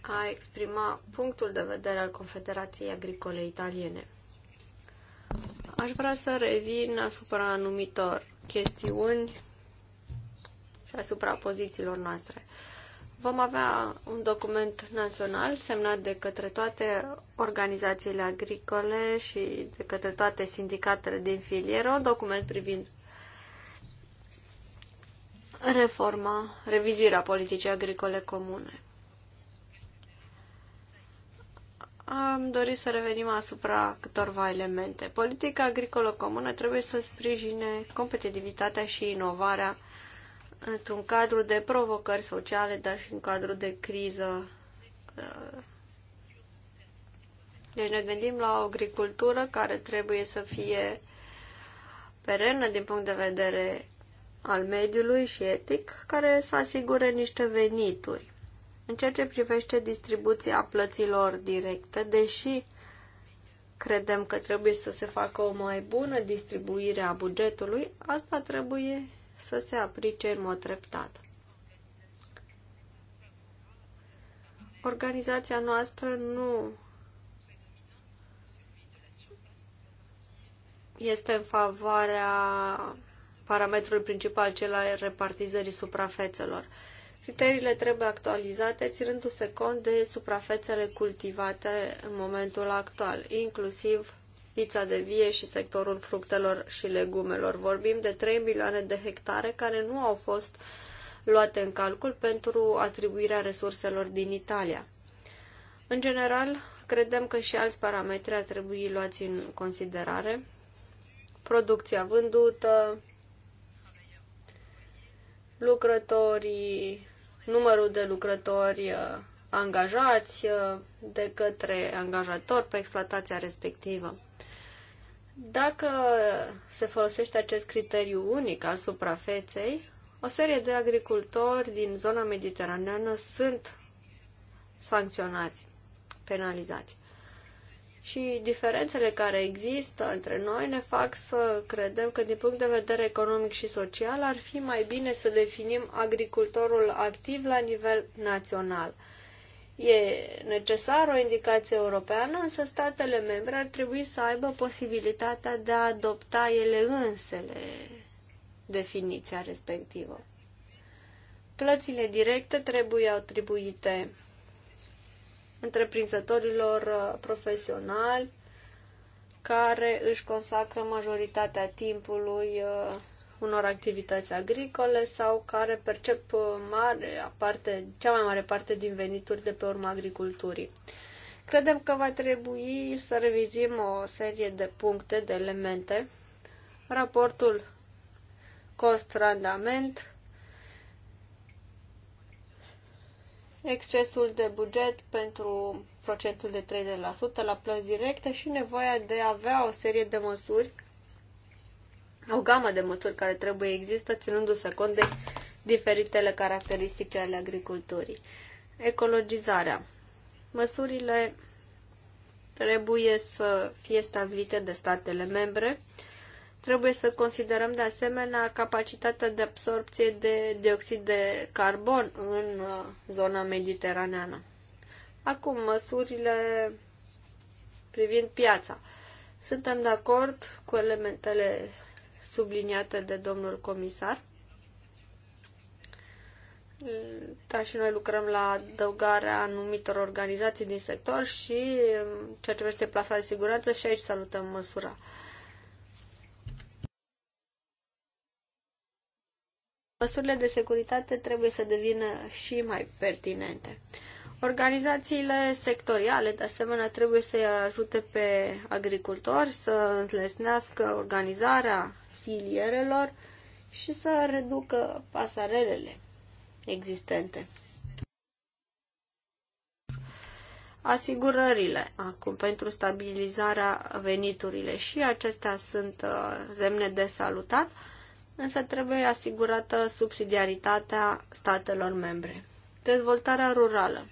a exprima punctul de vedere al Confederației Agricole Italiene. Aș vrea să revin asupra anumitor chestiuni și asupra pozițiilor noastre. Vom avea un document național semnat de către toate organizațiile agricole și de către toate sindicatele din filieră, un document privind reforma, revizuirea politicii agricole comune. am dorit să revenim asupra câtorva elemente. Politica agricolă comună trebuie să sprijine competitivitatea și inovarea într-un cadru de provocări sociale, dar și în cadru de criză. Uh. Deci ne gândim la o agricultură care trebuie să fie perenă din punct de vedere al mediului și etic, care să asigure niște venituri în ceea ce privește distribuția plăților directe, deși credem că trebuie să se facă o mai bună distribuire a bugetului, asta trebuie să se aplice în mod treptat. Organizația noastră nu este în favoarea parametrului principal, cel al repartizării suprafețelor. Criteriile trebuie actualizate ținându-se cont de suprafețele cultivate în momentul actual, inclusiv vița de vie și sectorul fructelor și legumelor. Vorbim de 3 milioane de hectare care nu au fost luate în calcul pentru atribuirea resurselor din Italia. În general, credem că și alți parametri ar trebui luați în considerare. Producția vândută, lucrătorii numărul de lucrători uh, angajați uh, de către angajator pe exploatația respectivă. Dacă se folosește acest criteriu unic al suprafeței, o serie de agricultori din zona mediteraneană sunt sancționați, penalizați și diferențele care există între noi ne fac să credem că din punct de vedere economic și social ar fi mai bine să definim agricultorul activ la nivel național. E necesară o indicație europeană, însă statele membre ar trebui să aibă posibilitatea de a adopta ele însele definiția respectivă. Plățile directe trebuie atribuite întreprinzătorilor uh, profesionali care își consacră majoritatea timpului uh, unor activități agricole sau care percep uh, mare parte, cea mai mare parte din venituri de pe urma agriculturii. Credem că va trebui să revizim o serie de puncte, de elemente. Raportul cost-randament, excesul de buget pentru procentul de 30% la plăți directe și nevoia de a avea o serie de măsuri, o gamă de măsuri care trebuie există, ținându-se cont de diferitele caracteristici ale agriculturii. Ecologizarea. Măsurile trebuie să fie stabilite de statele membre, Trebuie să considerăm de asemenea capacitatea de absorpție de dioxid de carbon în uh, zona mediteraneană. Acum, măsurile privind piața. Suntem de acord cu elementele subliniate de domnul comisar. Da, și noi lucrăm la adăugarea anumitor organizații din sector și ceea ce privește plasa de siguranță și aici salutăm măsura. măsurile de securitate trebuie să devină și mai pertinente. Organizațiile sectoriale, de asemenea, trebuie să ajute pe agricultori să înlesnească organizarea filierelor și să reducă pasarelele existente. Asigurările acum pentru stabilizarea veniturile și acestea sunt demne uh, de salutat însă trebuie asigurată subsidiaritatea statelor membre. Dezvoltarea rurală.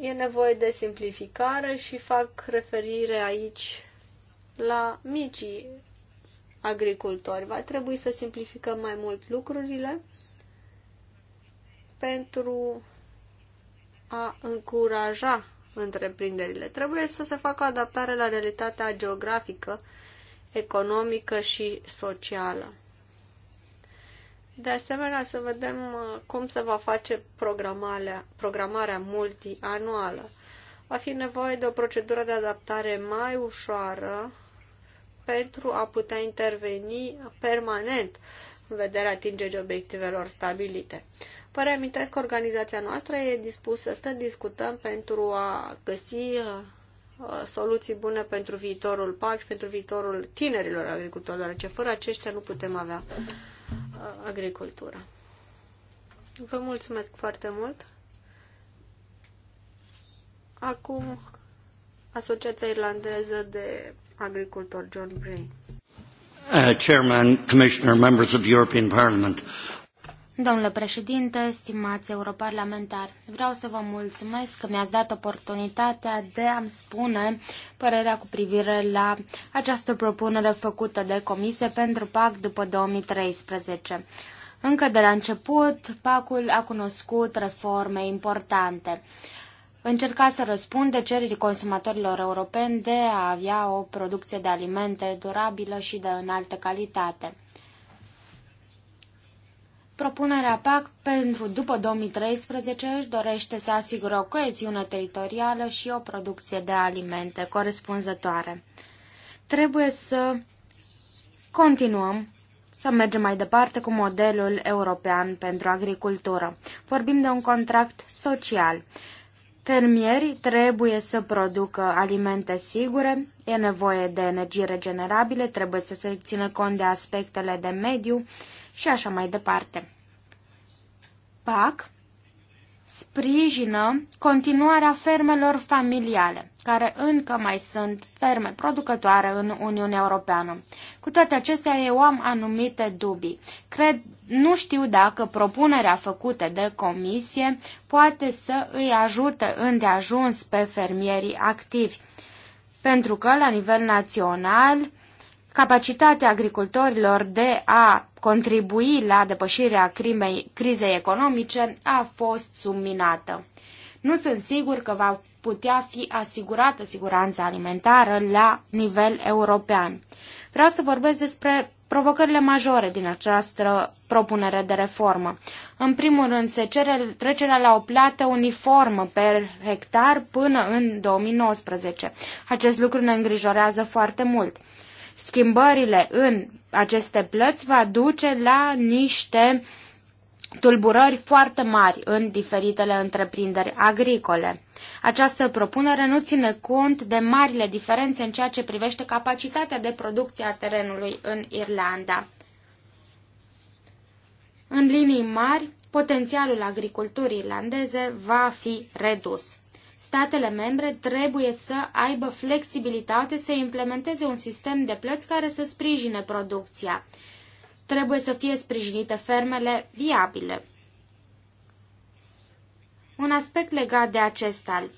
E nevoie de simplificare și fac referire aici la micii agricultori. Va trebui să simplificăm mai mult lucrurile pentru a încuraja întreprinderile. Trebuie să se facă o adaptare la realitatea geografică, economică și socială. De asemenea, să vedem uh, cum se va face programarea, programarea multianuală. Va fi nevoie de o procedură de adaptare mai ușoară pentru a putea interveni permanent în vederea atingerii obiectivelor stabilite. Vă reamintesc că organizația noastră e dispusă să discutăm pentru a găsi uh, soluții bune pentru viitorul PAC și pentru viitorul tinerilor agricultori, deoarece fără aceștia nu putem avea agricultura. Vă mulțumesc foarte mult. Acum, Asociația Irlandeză de Agricultori John Bray. Uh, Chairman, Commissioner, members of the European Parliament. Domnule președinte, stimați europarlamentari, vreau să vă mulțumesc că mi-ați dat oportunitatea de a-mi spune părerea cu privire la această propunere făcută de comisie pentru PAC după 2013. Încă de la început, PAC-ul a cunoscut reforme importante. Încerca să răspunde cererii consumatorilor europeni de a avea o producție de alimente durabilă și de înaltă calitate. Propunerea PAC pentru după 2013 își dorește să asigure o coeziune teritorială și o producție de alimente corespunzătoare. Trebuie să continuăm să mergem mai departe cu modelul european pentru agricultură. Vorbim de un contract social. Fermierii trebuie să producă alimente sigure, e nevoie de energii regenerabile, trebuie să se țină cont de aspectele de mediu, și așa mai departe. PAC sprijină continuarea fermelor familiale, care încă mai sunt ferme producătoare în Uniunea Europeană. Cu toate acestea, eu am anumite dubii. Cred, nu știu dacă propunerea făcută de comisie poate să îi ajute îndeajuns pe fermierii activi, pentru că, la nivel național, Capacitatea agricultorilor de a contribui la depășirea crimei, crizei economice a fost subminată. Nu sunt sigur că va putea fi asigurată siguranța alimentară la nivel european. Vreau să vorbesc despre provocările majore din această propunere de reformă. În primul rând, se cere trecerea la o plată uniformă per hectar până în 2019. Acest lucru ne îngrijorează foarte mult schimbările în aceste plăți va duce la niște tulburări foarte mari în diferitele întreprinderi agricole. Această propunere nu ține cont de marile diferențe în ceea ce privește capacitatea de producție a terenului în Irlanda. În linii mari, potențialul agriculturii irlandeze va fi redus. Statele membre trebuie să aibă flexibilitate să implementeze un sistem de plăți care să sprijine producția. Trebuie să fie sprijinite fermele viabile. Un aspect legat de acesta.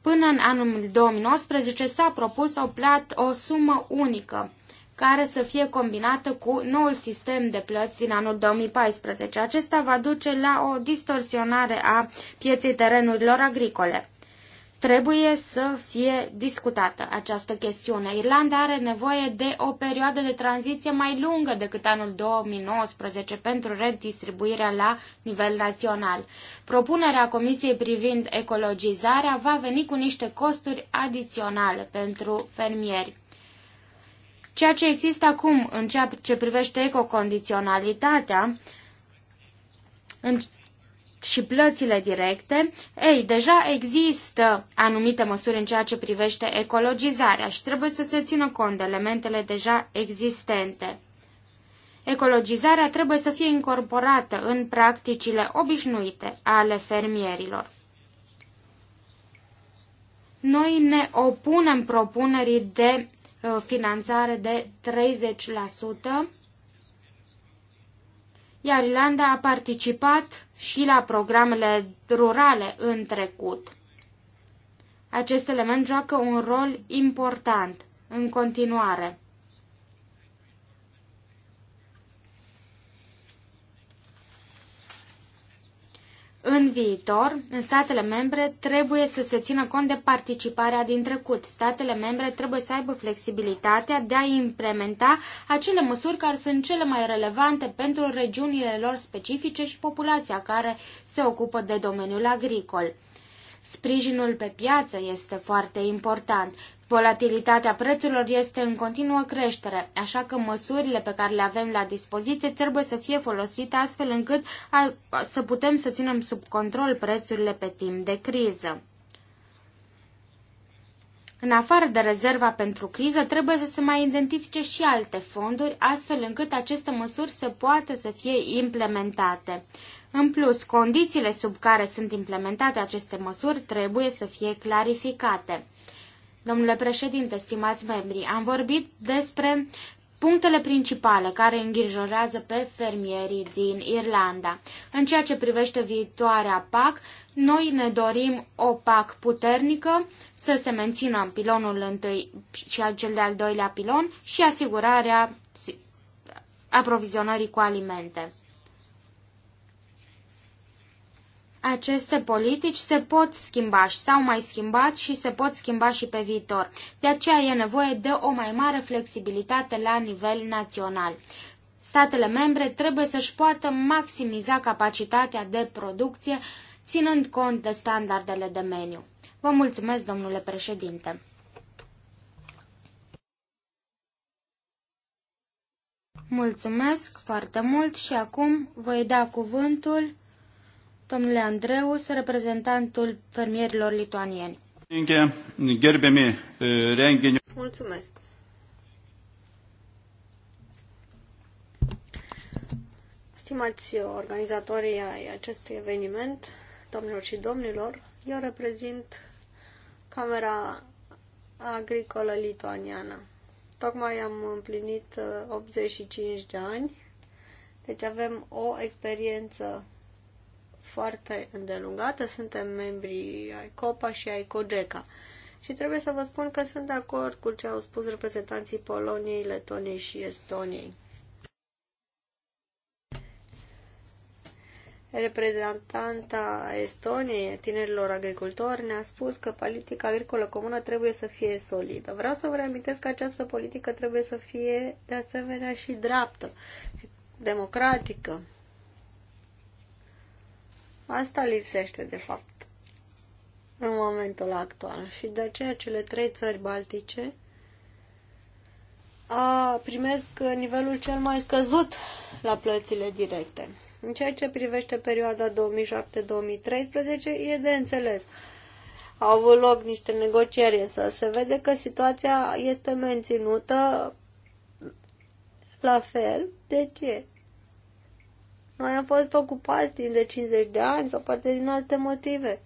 Până în anul 2019 s-a propus o, plat, o sumă unică care să fie combinată cu noul sistem de plăți din anul 2014. Acesta va duce la o distorsionare a pieței terenurilor agricole. Trebuie să fie discutată această chestiune. Irlanda are nevoie de o perioadă de tranziție mai lungă decât anul 2019 pentru redistribuirea la nivel național. Propunerea Comisiei privind ecologizarea va veni cu niște costuri adiționale pentru fermieri. Ceea ce există acum în ceea ce privește ecocondiționalitatea, în și plățile directe, ei, deja există anumite măsuri în ceea ce privește ecologizarea și trebuie să se țină cont de elementele deja existente. Ecologizarea trebuie să fie incorporată în practicile obișnuite ale fermierilor. Noi ne opunem propunerii de uh, finanțare de iar Irlanda a participat și la programele rurale în trecut. Acest element joacă un rol important în continuare. În viitor, în statele membre trebuie să se țină cont de participarea din trecut. Statele membre trebuie să aibă flexibilitatea de a implementa acele măsuri care sunt cele mai relevante pentru regiunile lor specifice și populația care se ocupă de domeniul agricol. Sprijinul pe piață este foarte important. Volatilitatea prețurilor este în continuă creștere, așa că măsurile pe care le avem la dispoziție trebuie să fie folosite astfel încât a, a, să putem să ținem sub control prețurile pe timp de criză. În afară de rezerva pentru criză, trebuie să se mai identifice și alte fonduri, astfel încât aceste măsuri să poată să fie implementate. În plus, condițiile sub care sunt implementate aceste măsuri trebuie să fie clarificate. Domnule președinte, stimați membri, am vorbit despre punctele principale care îngrijorează pe fermierii din Irlanda. În ceea ce privește viitoarea PAC, noi ne dorim o PAC puternică, să se mențină pilonul întâi și cel de-al doilea pilon și asigurarea aprovizionării cu alimente. aceste politici se pot schimba și s-au mai schimbat și se pot schimba și pe viitor. De aceea e nevoie de o mai mare flexibilitate la nivel național. Statele membre trebuie să-și poată maximiza capacitatea de producție, ținând cont de standardele de meniu. Vă mulțumesc, domnule președinte. Mulțumesc foarte mult și acum voi da cuvântul Domnule Andreus, reprezentantul fermierilor lituanieni. Mulțumesc. Stimați organizatorii ai acestui eveniment, domnilor și domnilor, eu reprezint Camera Agricolă Lituaniană. Tocmai am împlinit 85 uh, de ani, deci avem o experiență foarte îndelungată, suntem membri ai COPA și ai COGECA. Și trebuie să vă spun că sunt de acord cu ce au spus reprezentanții Poloniei, Letoniei și Estoniei. Reprezentanta Estoniei, tinerilor agricultori, ne-a spus că politica agricolă comună trebuie să fie solidă. Vreau să vă reamintesc că această politică trebuie să fie de asemenea și dreaptă, democratică, Asta lipsește, de fapt, în momentul actual. Și de aceea cele trei țări baltice a, primesc nivelul cel mai scăzut la plățile directe. În ceea ce privește perioada 2007-2013, e de înțeles. Au avut loc niște negocieri, însă se vede că situația este menținută la fel. De deci ce? Noi am fost ocupați timp de 50 de ani sau poate din alte motive.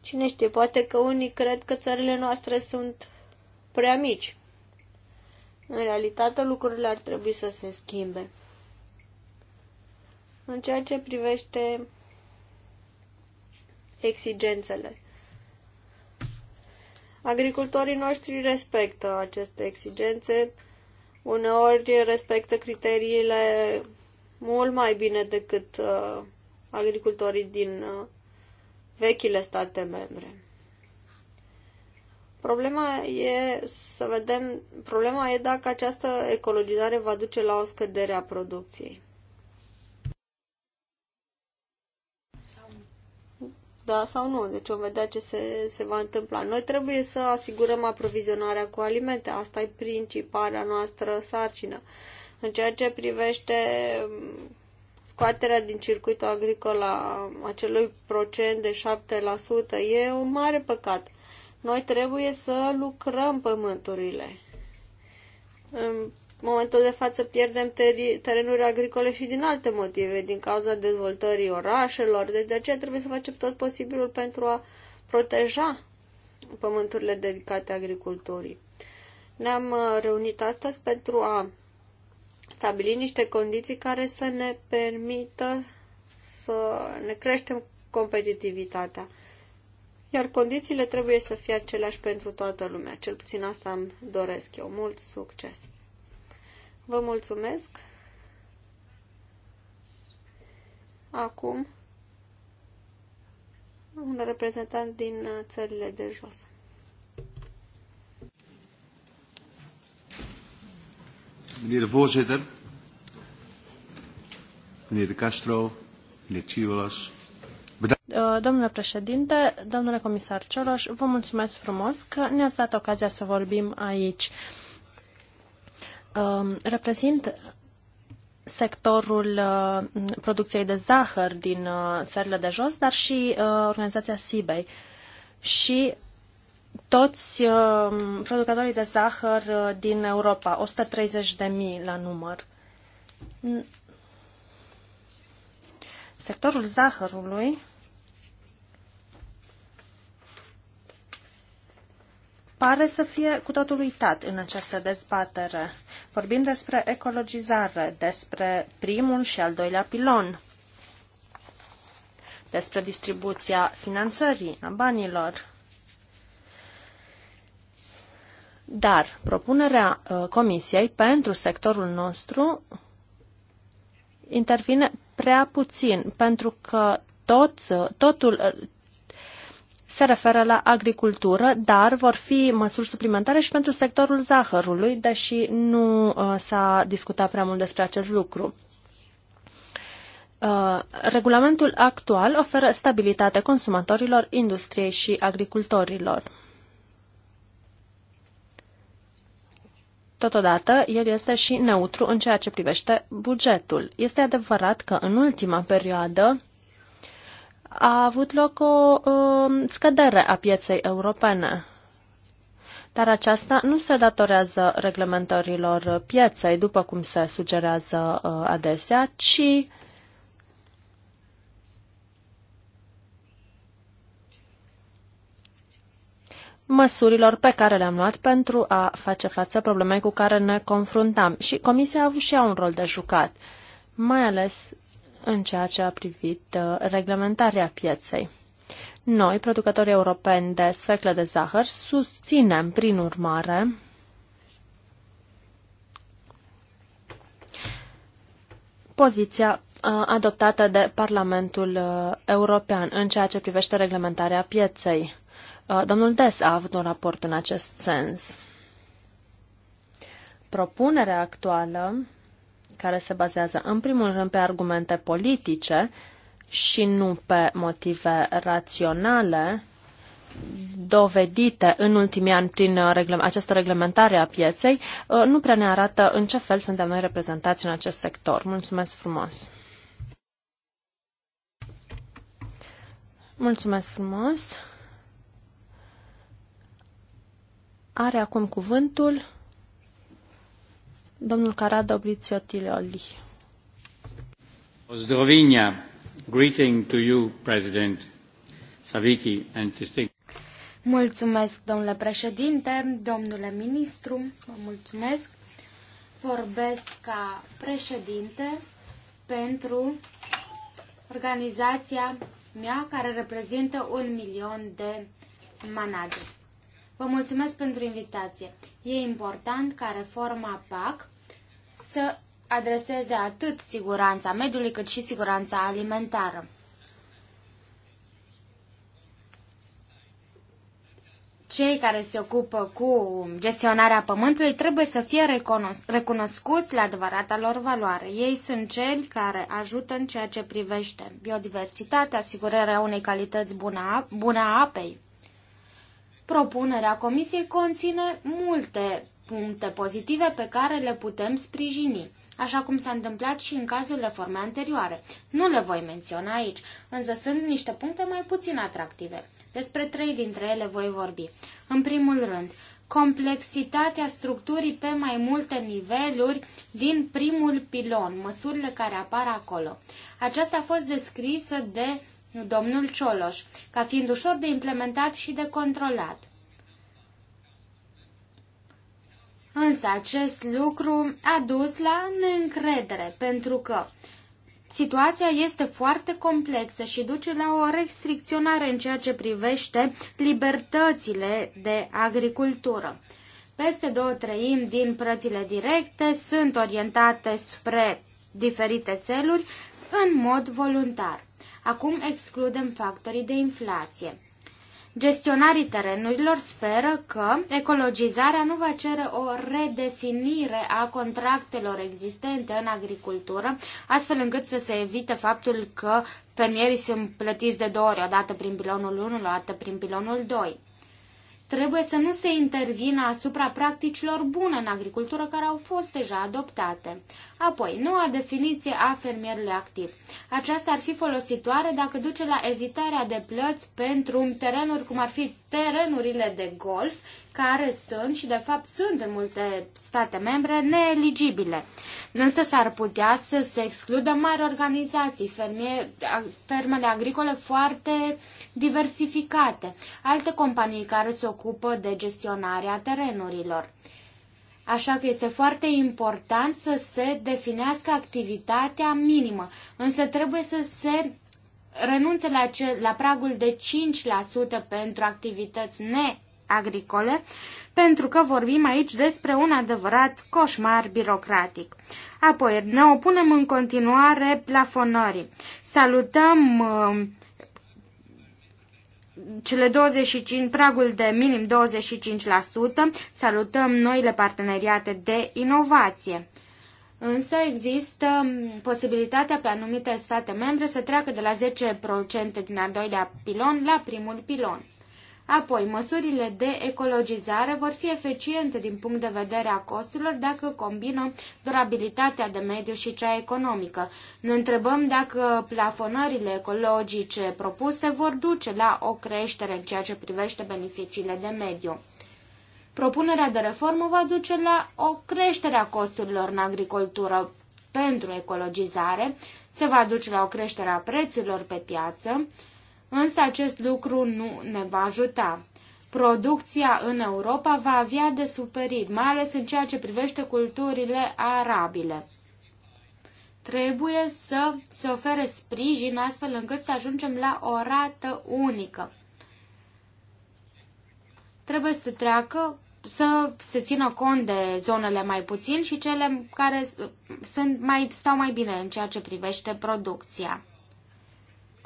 Cine știe, poate că unii cred că țările noastre sunt prea mici. În realitate, lucrurile ar trebui să se schimbe. În ceea ce privește exigențele. Agricultorii noștri respectă aceste exigențe, uneori respectă criteriile mult mai bine decât uh, agricultorii din uh, vechile state membre. Problema e să vedem, problema e dacă această ecologizare va duce la o scădere a producției. Da sau nu, deci vom vedea ce se, se va întâmpla. Noi trebuie să asigurăm aprovizionarea cu alimente, asta e principala noastră sarcină. Uh, în ceea ce privește um, scoaterea din circuitul agricol a acelui procent de 7%, e un mare păcat. Noi trebuie să lucrăm pământurile. În momentul de față pierdem terenuri agricole și din alte motive, din cauza dezvoltării orașelor, deci de aceea trebuie să facem tot posibilul pentru a proteja pământurile dedicate agriculturii. Ne-am uh, reunit astăzi pentru a stabili niște condiții care să ne permită să ne creștem competitivitatea. Iar condițiile trebuie să fie aceleași pentru toată lumea. Cel puțin asta îmi doresc eu. Mult succes! Vă mulțumesc! Acum, un reprezentant din uh, țările de jos. Meneer de voorzitter, meneer de Castro, meneer uh, Domnule președinte, domnule comisar Cioloș, vă mulțumesc frumos că ne-ați dat ocazia să vorbim aici. Um, reprezint sectorul uh, producției de zahăr din uh, țările de jos, dar și organizația SIBEI. Și toți uh, producătorii de zahăr uh, din Europa, 130 de mii la număr. Sectorul zahărului pare să fie cu totul uitat în această dezbatere. Vorbim despre ecologizare, despre primul și al doilea pilon, despre distribuția finanțării a banilor. Dar propunerea uh, Comisiei pentru sectorul nostru intervine prea puțin, pentru că tot, uh, totul uh, se referă la agricultură, dar vor fi măsuri suplimentare și pentru sectorul zahărului, deși nu s-a discutat prea mult despre acest lucru. Regulamentul actual oferă stabilitate consumatorilor, industriei și agricultorilor. Totodată, el este și neutru în ceea ce privește bugetul. Este adevărat că în ultima perioadă a avut loc o uh, scădere a pieței europene. Dar aceasta nu se datorează reglementărilor pieței, după cum se sugerează uh, adesea, ci măsurilor pe care le-am luat pentru a face față problemei cu care ne confruntam. Și Comisia a avut și ea un rol de jucat, mai ales în ceea ce a privit uh, reglementarea pieței. Noi, producătorii europeni de sfeclă de zahăr, susținem, prin urmare, poziția uh, adoptată de Parlamentul uh, European în ceea ce privește reglementarea pieței. Uh, domnul Des a avut un raport în acest sens. Propunerea actuală, care se bazează în primul rând pe argumente politice și nu pe motive raționale, dovedite în ultimii ani prin uh, această reglementare a pieței, uh, nu prea ne arată în ce fel suntem noi reprezentați în acest sector. Mulțumesc frumos! Mulțumesc frumos! Are acum cuvântul domnul Carada Oblițiotileoli. Ozdrovinia, greeting to you, President Saviki, and distinct... Mulțumesc, domnule președinte, domnule ministru, vă mulțumesc. Vorbesc ca președinte pentru organizația mea care reprezintă un milion de manageri. Vă mulțumesc pentru invitație. E important ca reforma PAC să adreseze atât siguranța mediului cât și siguranța alimentară. Cei care se ocupă cu gestionarea pământului trebuie să fie recunoscuți la adevărata lor valoare. Ei sunt cei care ajută în ceea ce privește biodiversitatea, asigurarea unei calități bune a apei, Propunerea Comisiei conține multe puncte pozitive pe care le putem sprijini, așa cum s-a întâmplat și în cazul reformei anterioare. Nu le voi menționa aici, însă sunt niște puncte mai puțin atractive. Despre trei dintre ele voi vorbi. În primul rând, complexitatea structurii pe mai multe niveluri din primul pilon, măsurile care apar acolo. Aceasta a fost descrisă de domnul Cioloș, ca fiind ușor de implementat și de controlat. Însă acest lucru a dus la neîncredere, pentru că situația este foarte complexă și duce la o restricționare în ceea ce privește libertățile de agricultură. Peste două treimi din prățile directe sunt orientate spre diferite țeluri în mod voluntar. Acum excludem factorii de inflație. Gestionarii terenurilor speră că ecologizarea nu va cere o redefinire a contractelor existente în agricultură, astfel încât să se evite faptul că fermierii sunt plătiți de două ori, o dată prin pilonul 1, o dată prin pilonul 2. Trebuie să nu se intervină asupra practicilor bune în agricultură care au fost deja adoptate. Apoi, noua definiție a fermierului activ. Aceasta ar fi folositoare dacă duce la evitarea de plăți pentru terenuri cum ar fi terenurile de golf care sunt și de fapt sunt în multe state membre neeligibile. Însă s-ar putea să se excludă mari organizații, fermie, fermele agricole foarte diversificate, alte companii care se ocupă de gestionarea terenurilor. Așa că este foarte important să se definească activitatea minimă, însă trebuie să se renunțe la, ce, la pragul de 5% pentru activități ne agricole, pentru că vorbim aici despre un adevărat coșmar birocratic. Apoi, ne opunem în continuare plafonării. Salutăm uh, cele 25, pragul de minim 25%, salutăm noile parteneriate de inovație. Însă există um, posibilitatea pe anumite state membre să treacă de la 10% din al doilea pilon la primul pilon. Apoi, măsurile de ecologizare vor fi eficiente din punct de vedere a costurilor dacă combină durabilitatea de mediu și cea economică. Ne întrebăm dacă plafonările ecologice propuse vor duce la o creștere în ceea ce privește beneficiile de mediu. Propunerea de reformă va duce la o creștere a costurilor în agricultură pentru ecologizare, se va duce la o creștere a prețurilor pe piață, Însă acest lucru nu ne va ajuta. Producția în Europa va avea de suferit, mai ales în ceea ce privește culturile arabile. Trebuie să se ofere sprijin astfel încât să ajungem la o rată unică. Trebuie să treacă să se țină cont de zonele mai puțin și cele care sunt mai, stau mai bine în ceea ce privește producția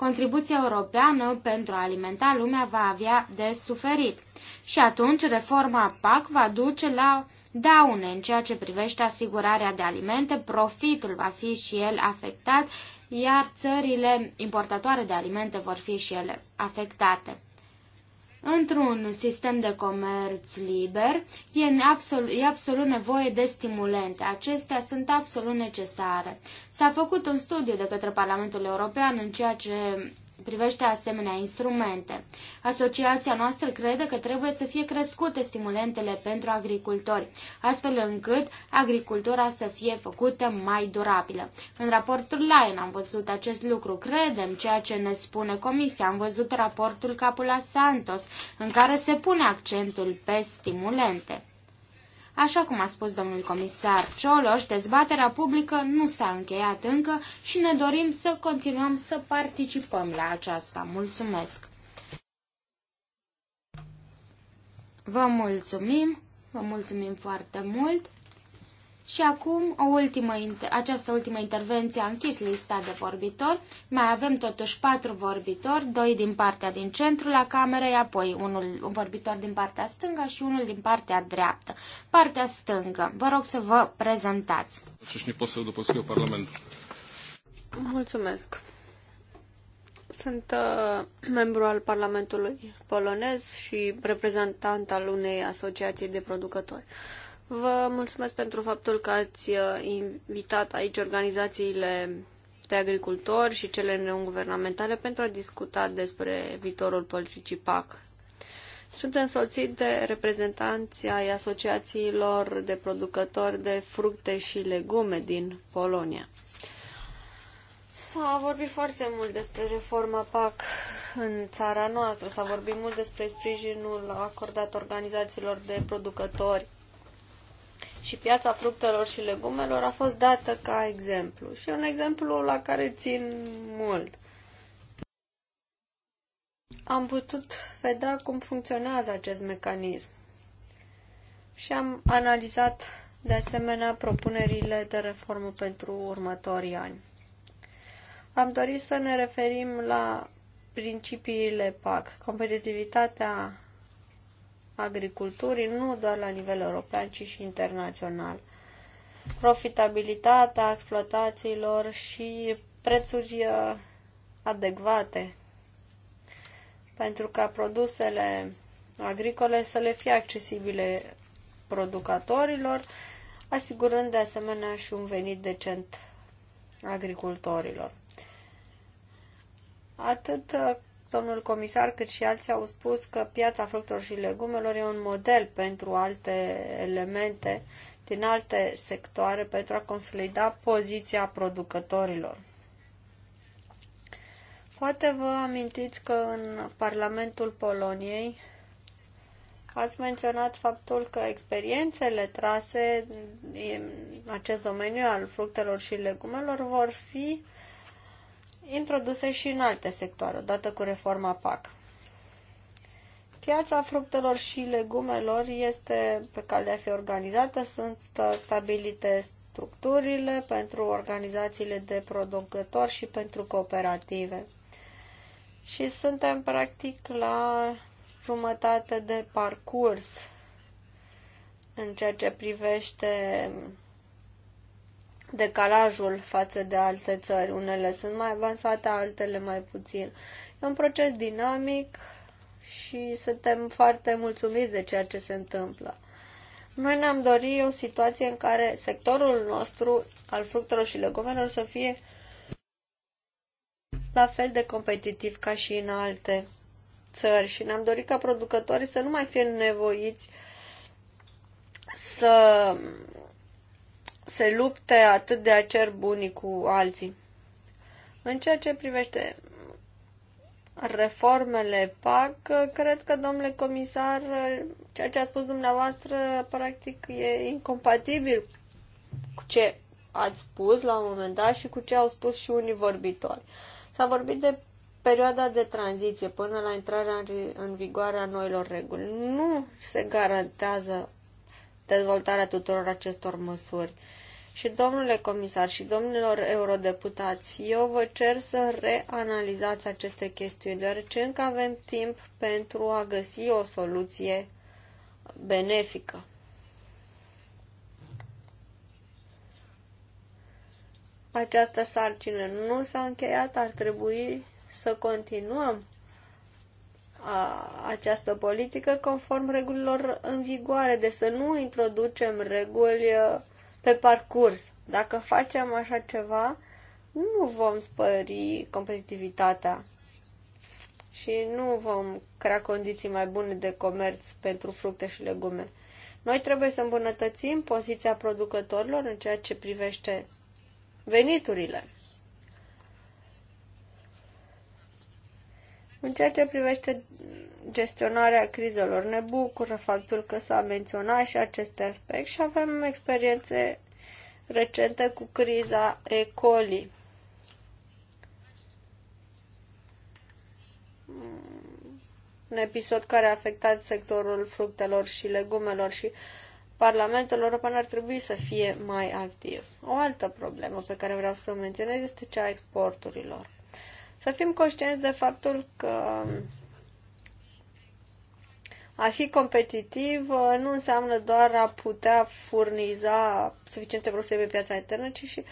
contribuția europeană pentru a alimenta lumea va avea de suferit. Și atunci reforma PAC va duce la daune în ceea ce privește asigurarea de alimente, profitul va fi și el afectat, iar țările importatoare de alimente vor fi și ele afectate. Într-un sistem de comerț liber e absolut, e absolut nevoie de stimulente. Acestea sunt absolut necesare. S-a făcut un studiu de către Parlamentul European în ceea ce privește asemenea instrumente. Asociația noastră crede că trebuie să fie crescute stimulentele pentru agricultori, astfel încât agricultura să fie făcută mai durabilă. În raportul Lion am văzut acest lucru, credem ceea ce ne spune Comisia, am văzut raportul Capula Santos, în care se pune accentul pe stimulente. Așa cum a spus domnul comisar Cioloș, dezbaterea publică nu s-a încheiat încă și ne dorim să continuăm să participăm la aceasta. Mulțumesc! Vă mulțumim, vă mulțumim foarte mult! Și acum o ultimă, această ultimă intervenție a închis lista de vorbitori. Mai avem totuși patru vorbitori, doi din partea din centru la camerei, apoi unul, un vorbitor din partea stângă și unul din partea dreaptă. Partea stângă, vă rog să vă prezentați. Mulțumesc. Sunt uh, membru al Parlamentului polonez și reprezentant al unei asociații de producători. Uh, Vă mulțumesc pentru faptul că ați uh, invitat aici organizațiile de agricultori și cele non-guvernamentale pentru a discuta despre viitorul politicii PAC. Sunt însoțit de reprezentanții ai asociațiilor de producători de fructe și legume din Polonia. S-a vorbit foarte mult despre reforma PAC în țara noastră, s-a vorbit mult despre sprijinul acordat organizațiilor de producători și piața fructelor și legumelor a fost dată ca exemplu. Și un exemplu la care țin mult. Am putut vedea cum funcționează acest mecanism și am analizat de asemenea propunerile de reformă pentru următorii ani. Am dorit să ne referim la principiile PAC, competitivitatea agriculturii, nu doar la nivel european, ci și internațional. Profitabilitatea exploatațiilor și prețuri uh, adecvate pentru ca produsele agricole să le fie accesibile producătorilor, asigurând de asemenea și un venit decent agricultorilor. Atât uh, domnul comisar cât și alții au spus că piața fructelor și legumelor e un model pentru alte elemente din alte sectoare pentru a consolida poziția producătorilor. Poate vă amintiți că în Parlamentul Poloniei ați menționat faptul că experiențele trase în acest domeniu al fructelor și legumelor vor fi introduse și în alte sectoare, odată cu reforma PAC. Piața fructelor și legumelor este pe cale de a fi organizată, sunt stabilite structurile pentru organizațiile de producători și pentru cooperative. Și suntem practic la jumătate de parcurs în ceea ce privește decalajul față de alte țări. Unele sunt mai avansate, altele mai puțin. E un proces dinamic și suntem foarte mulțumiți de ceea ce se întâmplă. Noi ne-am dorit o situație în care sectorul nostru al fructelor și legumelor să fie la fel de competitiv ca și în alte țări și ne-am dorit ca producătorii să nu mai fie nevoiți să se lupte atât de acerb unii cu alții. În ceea ce privește reformele PAC, cred că, domnule comisar, ceea ce a spus dumneavoastră, practic, e incompatibil cu ce ați spus la un moment dat și cu ce au spus și unii vorbitori. S-a vorbit de perioada de tranziție până la intrarea în, în vigoare a noilor reguli. Nu se garantează dezvoltarea tuturor acestor măsuri. Și domnule comisar și domnilor eurodeputați, eu vă cer să reanalizați aceste chestiuni, deoarece încă avem timp pentru a găsi o soluție benefică. Această sarcină nu s-a încheiat, ar trebui să continuăm a, această politică conform regulilor în vigoare, de deci să nu introducem reguli pe parcurs. Dacă facem așa ceva, nu vom spări competitivitatea și nu vom crea condiții mai bune de comerț pentru fructe și legume. Noi trebuie să îmbunătățim poziția producătorilor în ceea ce privește veniturile. În ceea ce privește gestionarea crizelor, ne bucură faptul că s-a menționat și acest aspect și avem experiențe recente cu criza E. coli. Un episod care a afectat sectorul fructelor și legumelor și Parlamentul European ar trebui să fie mai activ. O altă problemă pe care vreau să o menționez este cea a exporturilor. Să fim conștienți de faptul că a fi competitiv nu înseamnă doar a putea furniza suficiente produse pe piața internă, ci și uh,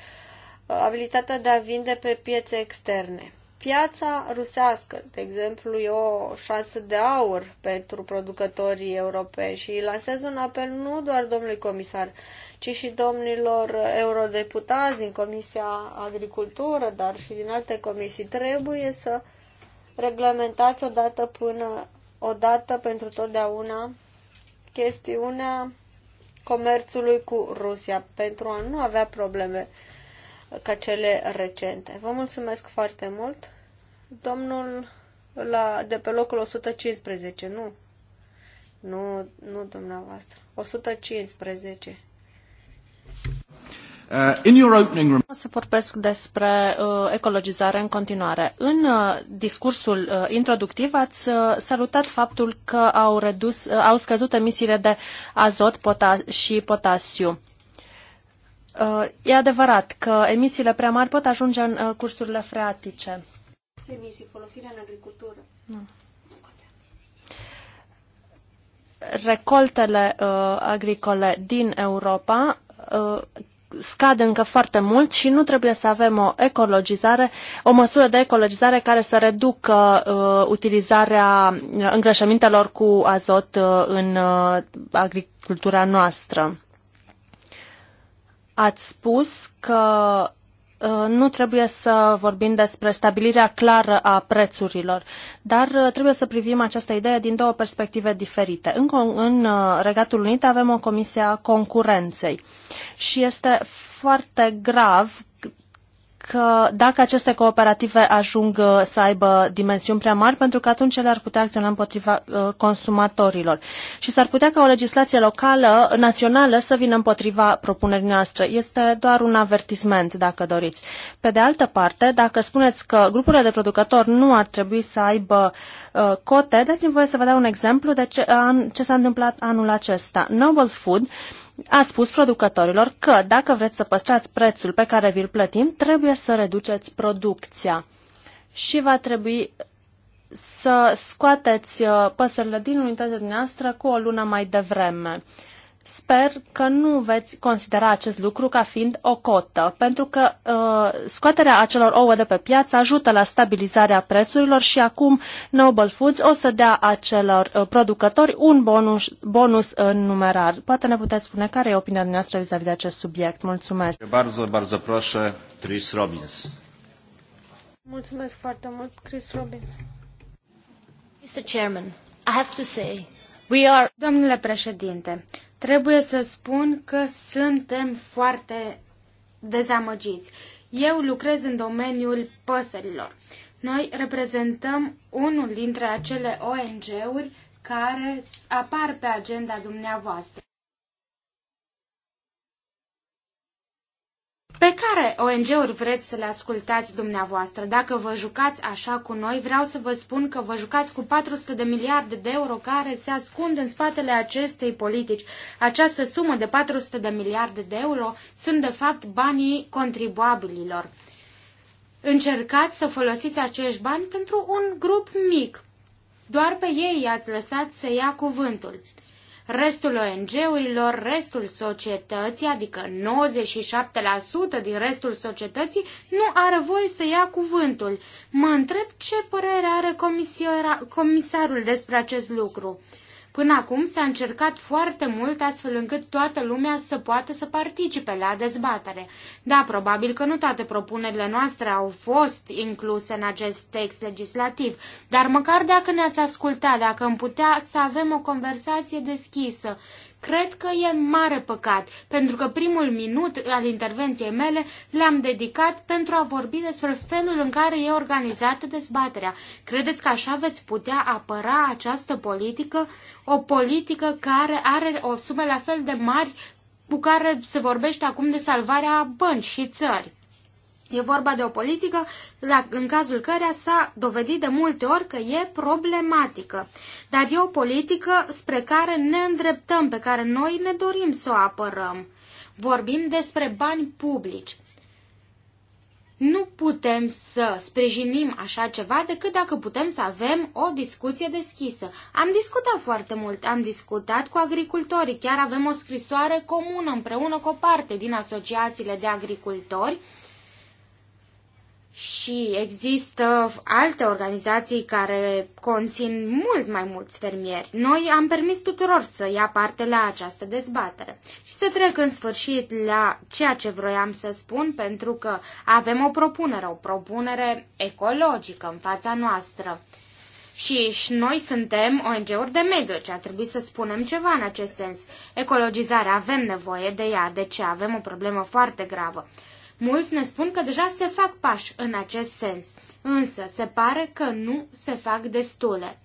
abilitatea de a vinde pe piețe externe. Piața rusească, de exemplu, e o șansă de aur pentru producătorii europeni și lansez un apel nu doar domnului comisar, ci și domnilor eurodeputați din Comisia Agricultură, dar și din alte comisii. Trebuie să reglementați odată până odată pentru totdeauna chestiunea comerțului cu Rusia pentru a nu avea probleme ca cele recente. Vă mulțumesc foarte mult. Domnul la, de pe locul 115, nu? Nu, nu dumneavoastră. 115. Uh, in your opening room. Să vorbesc despre uh, ecologizare în continuare. În uh, discursul uh, introductiv ați uh, salutat faptul că au, redus, uh, au scăzut emisiile de azot pota- și potasiu. Uh, e adevărat că emisiile prea mari pot ajunge în uh, cursurile freatice. Emisii, folosirea în agricultură. Nu. Recoltele uh, agricole din Europa uh, scad încă foarte mult și nu trebuie să avem o ecologizare, o măsură de ecologizare care să reducă uh, utilizarea uh, îngrășămintelor cu azot uh, în uh, agricultura noastră. Ați spus că uh, nu trebuie să vorbim despre stabilirea clară a prețurilor, dar uh, trebuie să privim această idee din două perspective diferite. În, în uh, Regatul Unit avem o comisie a concurenței și este foarte grav că dacă aceste cooperative ajung uh, să aibă dimensiuni prea mari, pentru că atunci ele ar putea acționa împotriva uh, consumatorilor. Și s-ar putea ca o legislație locală, națională, să vină împotriva propunerii noastre. Este doar un avertisment, dacă doriți. Pe de altă parte, dacă spuneți că grupurile de producători nu ar trebui să aibă uh, cote, dați-mi voie să vă dau un exemplu de ce, ce s-a întâmplat anul acesta. Noble Food a spus producătorilor că dacă vreți să păstrați prețul pe care vi-l plătim, trebuie să reduceți producția și va trebui să scoateți uh, păsările din unitatea noastră cu o lună mai devreme. Sper că nu veți considera acest lucru ca fiind o cotă, pentru că uh, scoaterea acelor ouă de pe piață ajută la stabilizarea prețurilor și acum Noble Foods o să dea acelor uh, producători un bonus, bonus în numerar. Poate ne puteți spune care e opinia noastră vis-a-vis de acest subiect. Mulțumesc! Bardzo, bardzo proszę, Chris Robbins. Mulțumesc foarte mult, Chris Robbins. Mr. Chairman, I have to say, we are... Domnule președinte, Trebuie să spun că suntem foarte dezamăgiți. Eu lucrez în domeniul păsărilor. Noi reprezentăm unul dintre acele ONG-uri care apar pe agenda dumneavoastră. pe care ONG-uri vreți să le ascultați dumneavoastră. Dacă vă jucați așa cu noi, vreau să vă spun că vă jucați cu 400 de miliarde de euro care se ascund în spatele acestei politici. Această sumă de 400 de miliarde de euro sunt de fapt banii contribuabililor. Încercați să folosiți acești bani pentru un grup mic. Doar pe ei i-ați lăsat să ia cuvântul restul ONG-urilor, restul societății, adică 97% din restul societății, nu are voie să ia cuvântul. Mă întreb ce părere are comisarul despre acest lucru. Până acum s-a încercat foarte mult astfel încât toată lumea să poată să participe la dezbatere. Da, probabil că nu toate propunerile noastre au fost incluse în acest text legislativ, dar măcar dacă ne-ați ascultat, dacă am putea să avem o conversație deschisă Cred că e mare păcat, pentru că primul minut al intervenției mele le-am dedicat pentru a vorbi despre felul în care e organizată dezbaterea. Credeți că așa veți putea apăra această politică? O politică care are o sumă la fel de mari cu care se vorbește acum de salvarea bănci și țări. E vorba de o politică la, în cazul căreia s-a dovedit de multe ori că e problematică, dar e o politică spre care ne îndreptăm, pe care noi ne dorim să o apărăm. Vorbim despre bani publici. Nu putem să sprijinim așa ceva decât dacă putem să avem o discuție deschisă. Am discutat foarte mult, am discutat cu agricultorii, chiar avem o scrisoare comună împreună cu o parte din asociațiile de agricultori, și există alte organizații care conțin mult mai mulți fermieri. Noi am permis tuturor să ia parte la această dezbatere. Și să trec în sfârșit la ceea ce vroiam să spun, pentru că avem o propunere, o propunere ecologică în fața noastră. Și, noi suntem ONG-uri de mediu, ce deci a trebuit să spunem ceva în acest sens. Ecologizarea, avem nevoie de ea, de ce avem o problemă foarte gravă. Mulți ne spun că deja se fac pași în acest sens, însă se pare că nu se fac destule.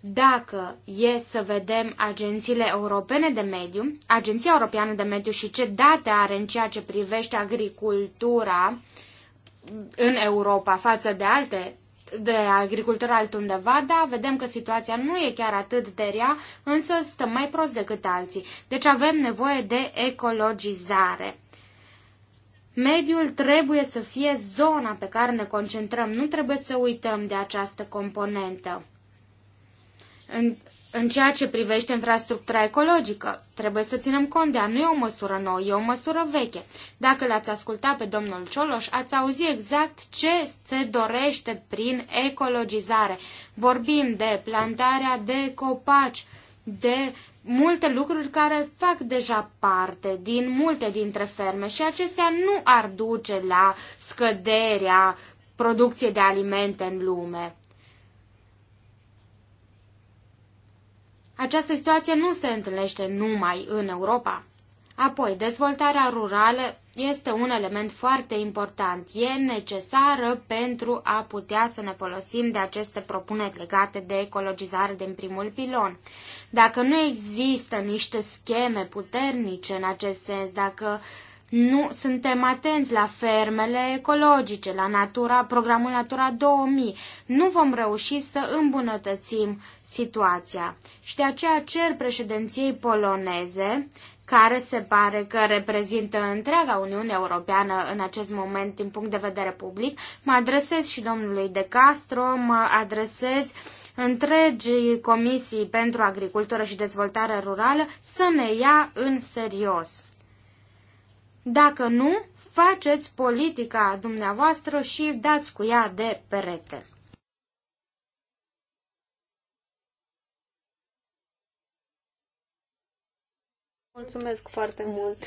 Dacă e să vedem agențiile europene de mediu, Agenția Europeană de Mediu și ce date are în ceea ce privește agricultura în Europa față de alte de agricultură altundeva, da, vedem că situația nu e chiar atât de rea, însă stăm mai prost decât alții. Deci avem nevoie de ecologizare. Mediul trebuie să fie zona pe care ne concentrăm, nu trebuie să uităm de această componentă. În, în ceea ce privește infrastructura ecologică, trebuie să ținem cont de ea. Nu e o măsură nouă, e o măsură veche. Dacă l-ați ascultat pe domnul Cioloș, ați auzit exact ce se dorește prin ecologizare. Vorbim de plantarea de copaci, de multe lucruri care fac deja parte din multe dintre ferme și acestea nu ar duce la scăderea producției de alimente în lume. Această situație nu se întâlnește numai în Europa. Apoi, dezvoltarea rurală este un element foarte important. E necesară pentru a putea să ne folosim de aceste propuneri legate de ecologizare din primul pilon. Dacă nu există niște scheme puternice în acest sens, dacă nu suntem atenți la fermele ecologice, la natura, programul Natura 2000. Nu vom reuși să îmbunătățim situația. Și de aceea cer președinției poloneze care se pare că reprezintă întreaga Uniune Europeană în acest moment din punct de vedere public. Mă adresez și domnului De Castro, mă adresez întregii comisii pentru agricultură și dezvoltare rurală să ne ia în serios. Dacă nu, faceți politica dumneavoastră și dați cu ea de perete. Mulțumesc foarte mult!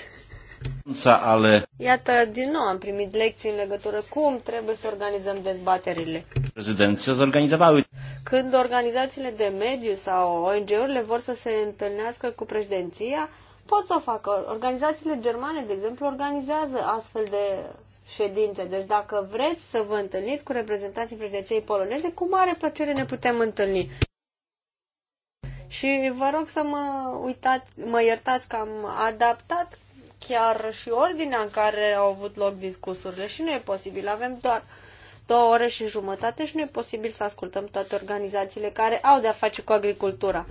Ale... Iată, din nou am primit lecții în legătură cum trebuie să organizăm dezbaterile. Când organizațiile de mediu sau ONG-urile vor să se întâlnească cu președinția, pot să o facă. Organizațiile germane, de exemplu, organizează astfel de ședințe. Deci dacă vreți să vă întâlniți cu reprezentanții președinției poloneze, cu mare plăcere ne putem întâlni. Și vă rog să mă, uitați, mă iertați că am adaptat chiar și ordinea în care au avut loc discursurile și nu e posibil. Avem doar două ore și jumătate și nu e posibil să ascultăm toate organizațiile care au de-a face cu agricultura.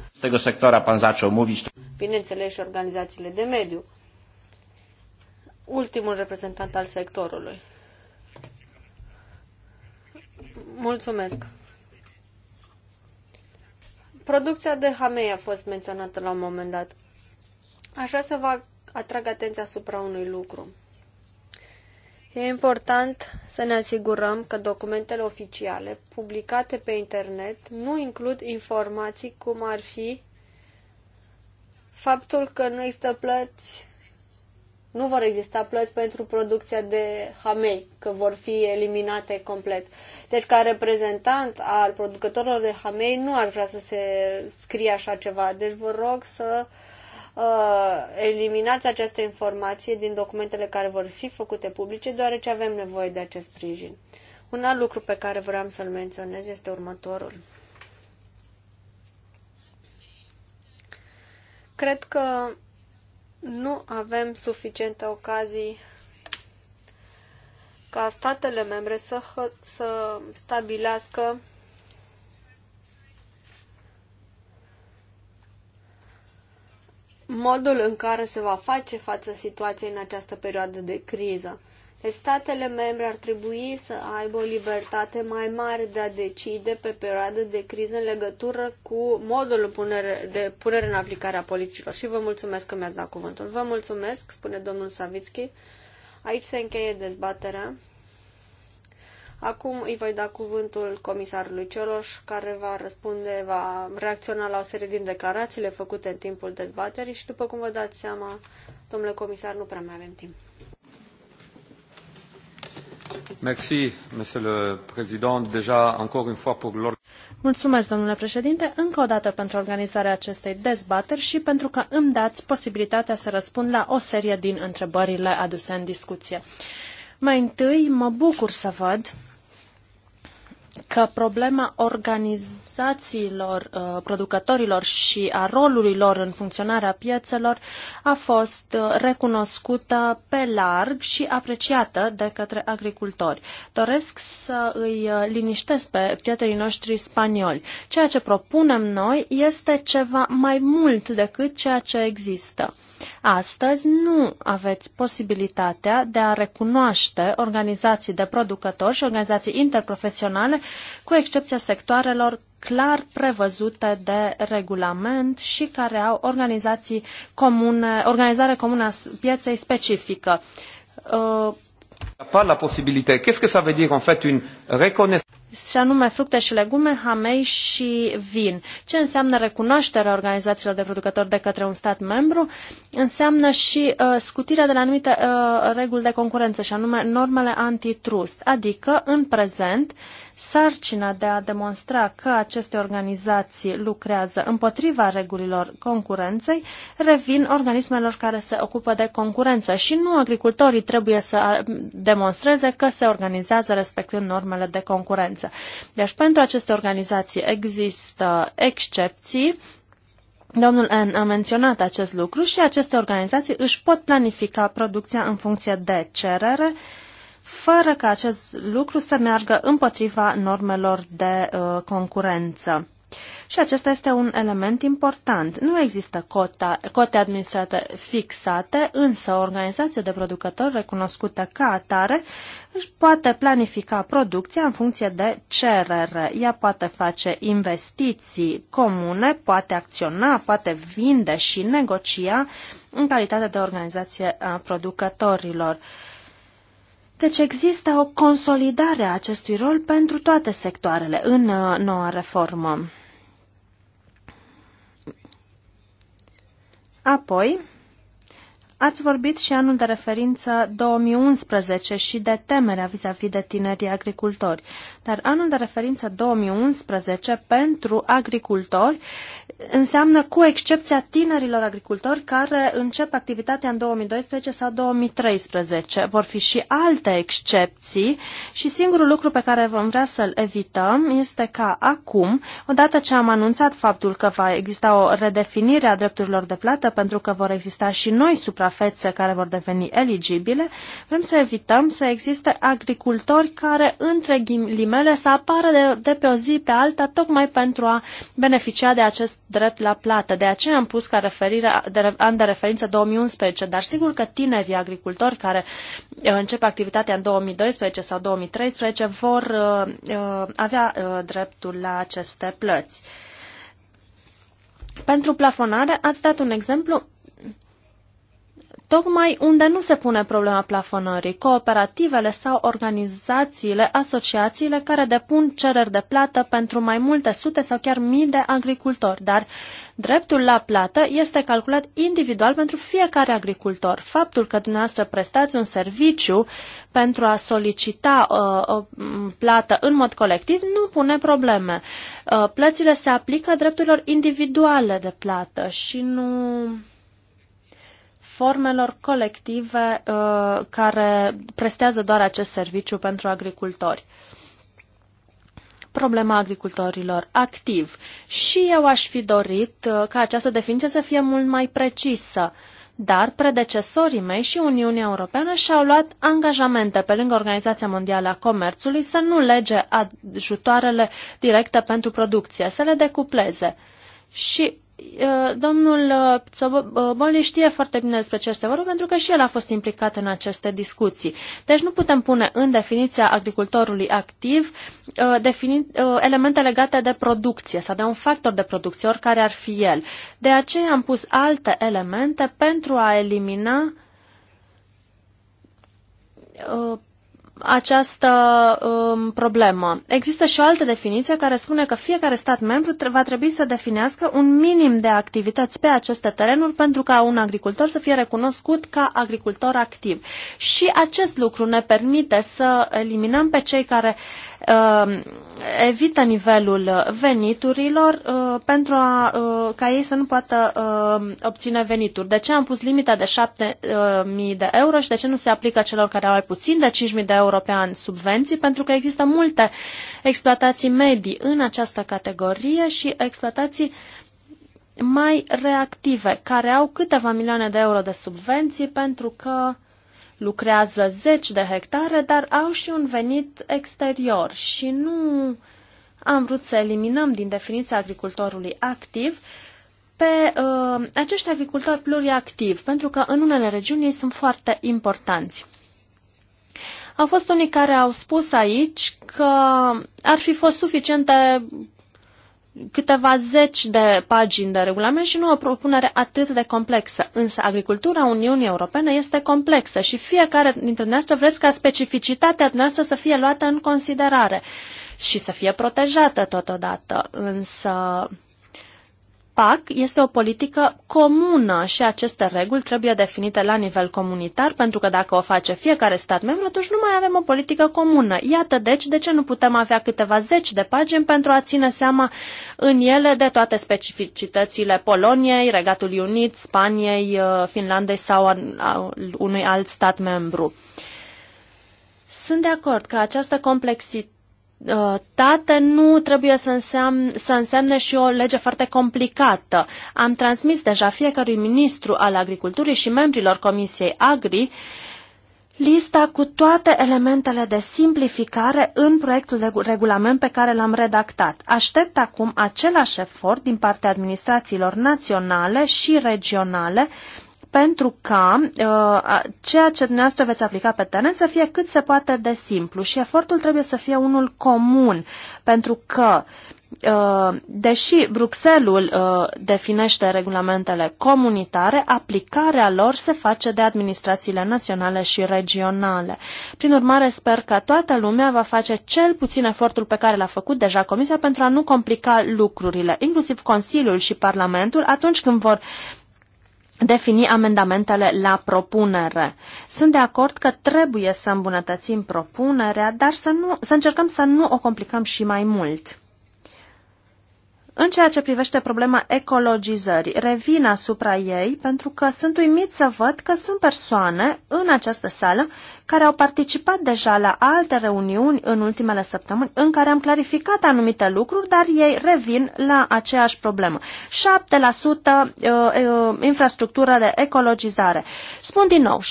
Bineînțeles și organizațiile de mediu. Ultimul reprezentant al sectorului. Mulțumesc. Producția de hamei a fost menționată la un moment dat. Aș vrea să vă atrag atenția asupra unui lucru. E important să ne asigurăm că documentele oficiale publicate pe internet nu includ informații cum ar fi faptul că nu există plăți nu vor exista plăți pentru producția de hamei, că vor fi eliminate complet. Deci, ca reprezentant al producătorilor de hamei, nu ar vrea să se scrie așa ceva. Deci, vă rog să uh, eliminați această informație din documentele care vor fi făcute publice, deoarece avem nevoie de acest sprijin. Un alt lucru pe care vreau să-l menționez este următorul. Cred că nu avem suficiente ocazii ca statele membre să, să stabilească modul în care se va face față situației în această perioadă de criză. Deci statele membre ar trebui să aibă o libertate mai mare de a decide pe perioadă de criză în legătură cu modul punere, de punere în aplicare a politicilor. Și vă mulțumesc că mi-ați dat cuvântul. Vă mulțumesc, spune domnul Savitski. Aici se încheie dezbaterea. Acum îi voi da cuvântul comisarului Cioloș, care va răspunde, va reacționa la o serie din declarațiile făcute în timpul dezbaterii și, după cum vă dați seama, domnule comisar, nu prea mai avem timp. Merci, Monsieur le Président, déjà encore une fois pour l'or... Mulțumesc, domnule președinte, încă o dată pentru organizarea acestei dezbateri și pentru că îmi dați posibilitatea să răspund la o serie din întrebările aduse în discuție. Mai întâi, mă bucur să văd că problema organizațiilor uh, producătorilor și a rolului lor în funcționarea piețelor a fost uh, recunoscută pe larg și apreciată de către agricultori. Doresc să îi uh, liniștesc pe prietenii noștri spanioli. Ceea ce propunem noi este ceva mai mult decât ceea ce există. Astăzi nu aveți posibilitatea de a recunoaște organizații de producători și organizații interprofesionale, cu excepția sectoarelor clar prevăzute de regulament și care au organizații comune, organizare comună a pieței specifică. Uh, pas la Qu'est-ce que ça veut dire en fait une reconnaissance și anume fructe și legume, hamei și vin. Ce înseamnă recunoașterea organizațiilor de producători de către un stat membru? Înseamnă și uh, scutirea de la anumite uh, reguli de concurență, și anume normele antitrust, adică în prezent uh, sarcina de a demonstra că aceste organizații lucrează împotriva regulilor concurenței revin organismelor care se ocupă de concurență și nu agricultorii trebuie să demonstreze că se organizează respectând normele de concurență. Deci pentru aceste organizații există excepții Domnul N a menționat acest lucru și aceste organizații își pot planifica producția în funcție de cerere fără ca acest lucru să meargă împotriva normelor de uh, concurență. Și acesta este un element important. Nu există cota, cote administrate fixate, însă o organizație de producători recunoscută ca atare își poate planifica producția în funcție de cerere. Ea poate face investiții comune, poate acționa, poate vinde și negocia în calitate de organizație a producătorilor. Uh, deci există o consolidare a acestui rol pentru toate sectoarele în uh, noua reformă. Apoi, Ați vorbit și anul de referință 2011 și de temerea vis-a-vis -vis de tinerii agricultori. Dar anul de referință 2011 pentru agricultori înseamnă cu excepția tinerilor agricultori care încep activitatea în 2012 sau 2013. Vor fi și alte excepții și singurul lucru pe care vom vrea să-l evităm este ca acum, odată ce am anunțat faptul că va exista o redefinire a drepturilor de plată pentru că vor exista și noi supra suprafețe care vor deveni eligibile, vrem să evităm să existe agricultori care, între ghilimele, să apară de, de pe o zi pe alta tocmai pentru a beneficia de acest drept la plată. De aceea am pus ca referire, de, an de referință 2011, dar sigur că tinerii agricultori care uh, încep activitatea în 2012 sau 2013 vor uh, uh, avea uh, dreptul la aceste plăți. Pentru plafonare ați dat un exemplu tocmai unde nu se pune problema plafonării, cooperativele sau organizațiile, asociațiile care depun cereri de plată pentru mai multe sute sau chiar mii de agricultori, dar dreptul la plată este calculat individual pentru fiecare agricultor. Faptul că dumneavoastră prestați un serviciu pentru a solicita uh, o plată în mod colectiv nu pune probleme. Uh, plățile se aplică drepturilor individuale de plată și nu platformelor colective uh, care prestează doar acest serviciu pentru agricultori. Problema agricultorilor activ. Și eu aș fi dorit uh, ca această definiție să fie mult mai precisă. Dar predecesorii mei și Uniunea Europeană și-au luat angajamente pe lângă Organizația Mondială a Comerțului să nu lege ajutoarele directe pentru producție, să le decupleze. Și Eh, domnul eh, eh, Bolli știe foarte bine despre ce este vorba, pentru că și el a fost implicat în aceste discuții. Deci nu putem pune în definiția agricultorului activ elemente legate de producție sau de un factor de producție, oricare ar fi el. De aceea am pus alte elemente pentru a elimina această um, problemă. Există și o altă definiție care spune că fiecare stat membru va trebui să definească un minim de activități pe aceste terenuri pentru ca un agricultor să fie recunoscut ca agricultor activ. Și acest lucru ne permite să eliminăm pe cei care um, evită nivelul veniturilor uh, pentru a, uh, ca ei să nu poată uh, obține venituri. De ce am pus limita de 7.000 uh, de euro și de ce nu se aplică celor care au mai puțin de 5.000 de euro european subvenții, pentru că există multe exploatații medii în această categorie și exploatații mai reactive, care au câteva milioane de euro de subvenții pentru că lucrează zeci de hectare, dar au și un venit exterior și nu am vrut să eliminăm din definiția agricultorului activ pe uh, acești agricultori pluriactivi, pentru că în unele regiuni ei sunt foarte importanți. Au fost unii care au spus aici că ar fi fost suficiente câteva zeci de pagini de regulament și nu o propunere atât de complexă. Însă agricultura Uniunii Europene este complexă și fiecare dintre noastre vreți ca specificitatea noastră să fie luată în considerare și să fie protejată totodată. Însă PAC este o politică comună și aceste reguli trebuie definite la nivel comunitar, pentru că dacă o face fiecare stat membru, atunci nu mai avem o politică comună. Iată deci de ce nu putem avea câteva zeci de pagini pentru a ține seama în ele de toate specificitățile Poloniei, Regatului Unit, Spaniei, uh, Finlandei sau a unui alt stat membru. Sunt de acord că această complexitate Uh, tată nu trebuie să, înseam, să însemne și o lege foarte complicată. Am transmis deja fiecărui ministru al agriculturii și membrilor Comisiei Agri lista cu toate elementele de simplificare în proiectul de regulament pe care l-am redactat. Aștept acum același efort din partea administrațiilor naționale și regionale pentru ca uh, ceea ce dumneavoastră veți aplica pe teren să fie cât se poate de simplu și efortul trebuie să fie unul comun, pentru că uh, Deși Bruxelles uh, definește regulamentele comunitare, aplicarea lor se face de administrațiile naționale și regionale. Prin urmare, sper că toată lumea va face cel puțin efortul pe care l-a făcut deja Comisia pentru a nu complica lucrurile, inclusiv Consiliul și Parlamentul, atunci când vor uh, defini amendamentele la propunere. Sunt de acord că trebuie să îmbunătățim propunerea, dar să, nu, să încercăm să nu o complicăm și mai mult. În ceea ce privește problema ecologizării, revin asupra ei pentru că sunt uimit să văd că sunt persoane în această sală care au participat deja la alte reuniuni în ultimele săptămâni în care am clarificat anumite lucruri, dar ei revin la aceeași problemă. 7% uh, uh, infrastructură de ecologizare. Spun din nou, 7%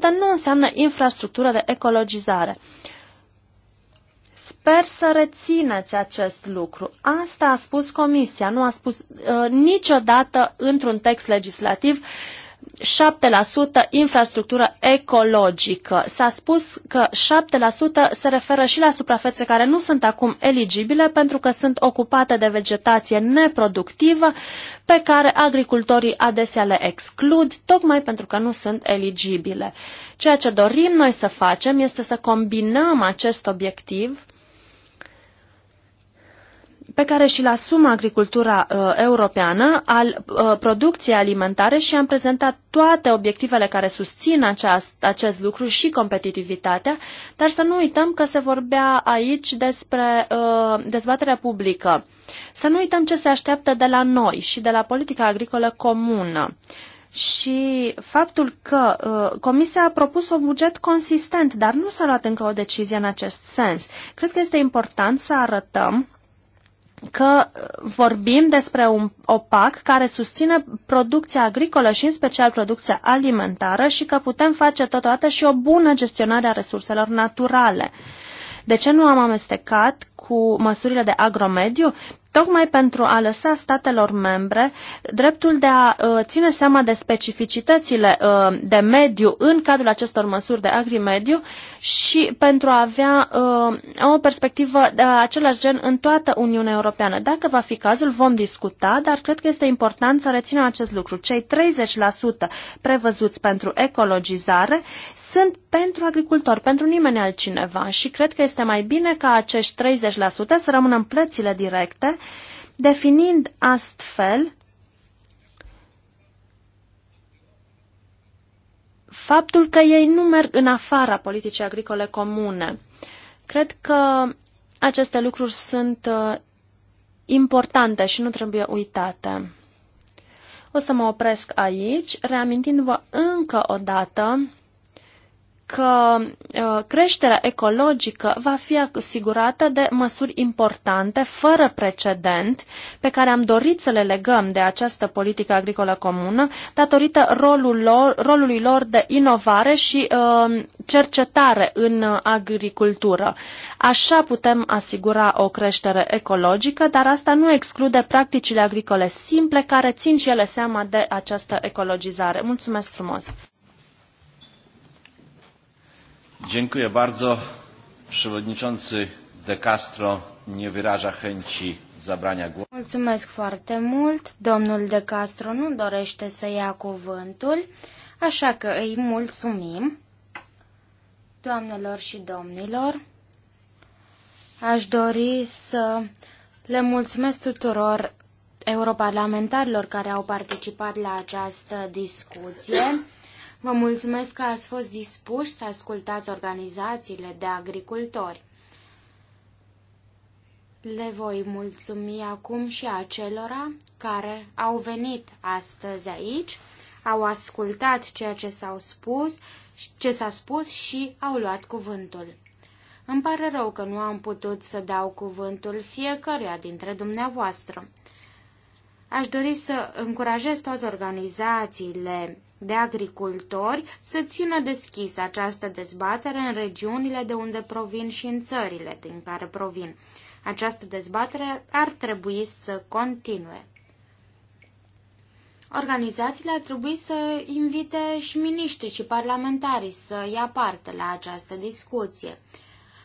nu înseamnă infrastructură de ecologizare. Sper să rețineți acest lucru. Asta a spus Comisia, nu a spus uh, niciodată într-un text legislativ 7% infrastructură ecologică. S-a spus că 7% se referă și la suprafețe care nu sunt acum eligibile pentru că sunt ocupate de vegetație neproductivă pe care agricultorii adesea le exclud tocmai pentru că nu sunt eligibile. Ceea ce dorim noi să facem este să combinăm acest obiectiv pe care și-l asumă agricultura uh, europeană al uh, producției alimentare și am prezentat toate obiectivele care susțin aceast, acest lucru și competitivitatea, dar să nu uităm că se vorbea aici despre uh, dezbaterea publică. Să nu uităm ce se așteaptă de la noi și de la politica agricolă comună. Și faptul că uh, Comisia a propus un buget consistent, dar nu s-a luat încă o decizie în acest sens. Cred că este important să arătăm că vorbim despre un, opac care susține producția agricolă și în special producția alimentară și că putem face totodată și o bună gestionare a resurselor naturale. De ce nu am amestecat cu măsurile de agromediu? tocmai pentru a lăsa statelor membre dreptul de a uh, ține seama de specificitățile uh, de mediu în cadrul acestor măsuri de agrimediu și pentru a avea uh, o perspectivă de același gen în toată Uniunea Europeană. Dacă va fi cazul, vom discuta, dar cred că este important să reținem acest lucru. Cei 30% prevăzuți pentru ecologizare sunt pentru agricultori, pentru nimeni altcineva și cred că este mai bine ca acești 30% să rămână în plățile directe definind astfel faptul că ei nu merg în afara politicii agricole comune. Cred că aceste lucruri sunt uh, importante și nu trebuie uitate. O să mă opresc aici, reamintindu-vă încă o dată că uh, creșterea ecologică va fi asigurată de măsuri importante, fără precedent, pe care am dorit să le legăm de această politică agricolă comună, datorită rolul lor, rolului lor de inovare și uh, cercetare în agricultură. Așa putem asigura o creștere ecologică, dar asta nu exclude practicile agricole simple, care țin și ele seama de această ecologizare. Mulțumesc frumos! Dziękuję bardzo. Przewodniczący De Castro nie wyraża chęci zabrania głosu. Mulțumesc foarte mult. Domnul De Castro nu dorește să ia cuvântul, așa că îi mulțumim. Doamnelor și domnilor, aș dori să le mulțumesc tuturor europarlamentarilor care au participat la această discuție. Vă mulțumesc că ați fost dispuși să ascultați organizațiile de agricultori. Le voi mulțumi acum și acelora care au venit astăzi aici, au ascultat ceea ce s-au spus, ce s-a spus și au luat cuvântul. Îmi pare rău că nu am putut să dau cuvântul fiecăruia dintre dumneavoastră. Aș dori să încurajez toate organizațiile de agricultori să țină deschis această dezbatere în regiunile de unde provin și în țările din care provin. Această dezbatere ar trebui să continue. Organizațiile ar trebui să invite și miniștri și parlamentarii să ia parte la această discuție.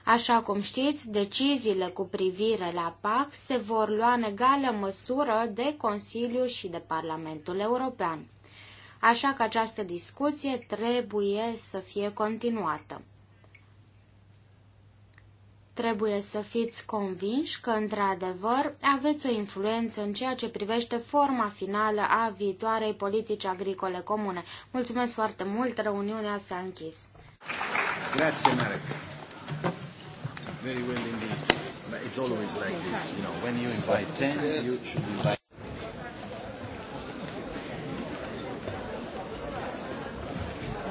Așa cum știți, deciziile cu privire la PAC se vor lua în egală măsură de Consiliu și de Parlamentul European așa că această discuție trebuie să fie continuată. Trebuie să fiți convinși că, într-adevăr, aveți o influență în ceea ce privește forma finală a viitoarei politici agricole comune. Mulțumesc foarte mult, reuniunea s-a închis. Grazie, Marek. Very well indeed. it's always like this, you know, when you invite 10, you should invite...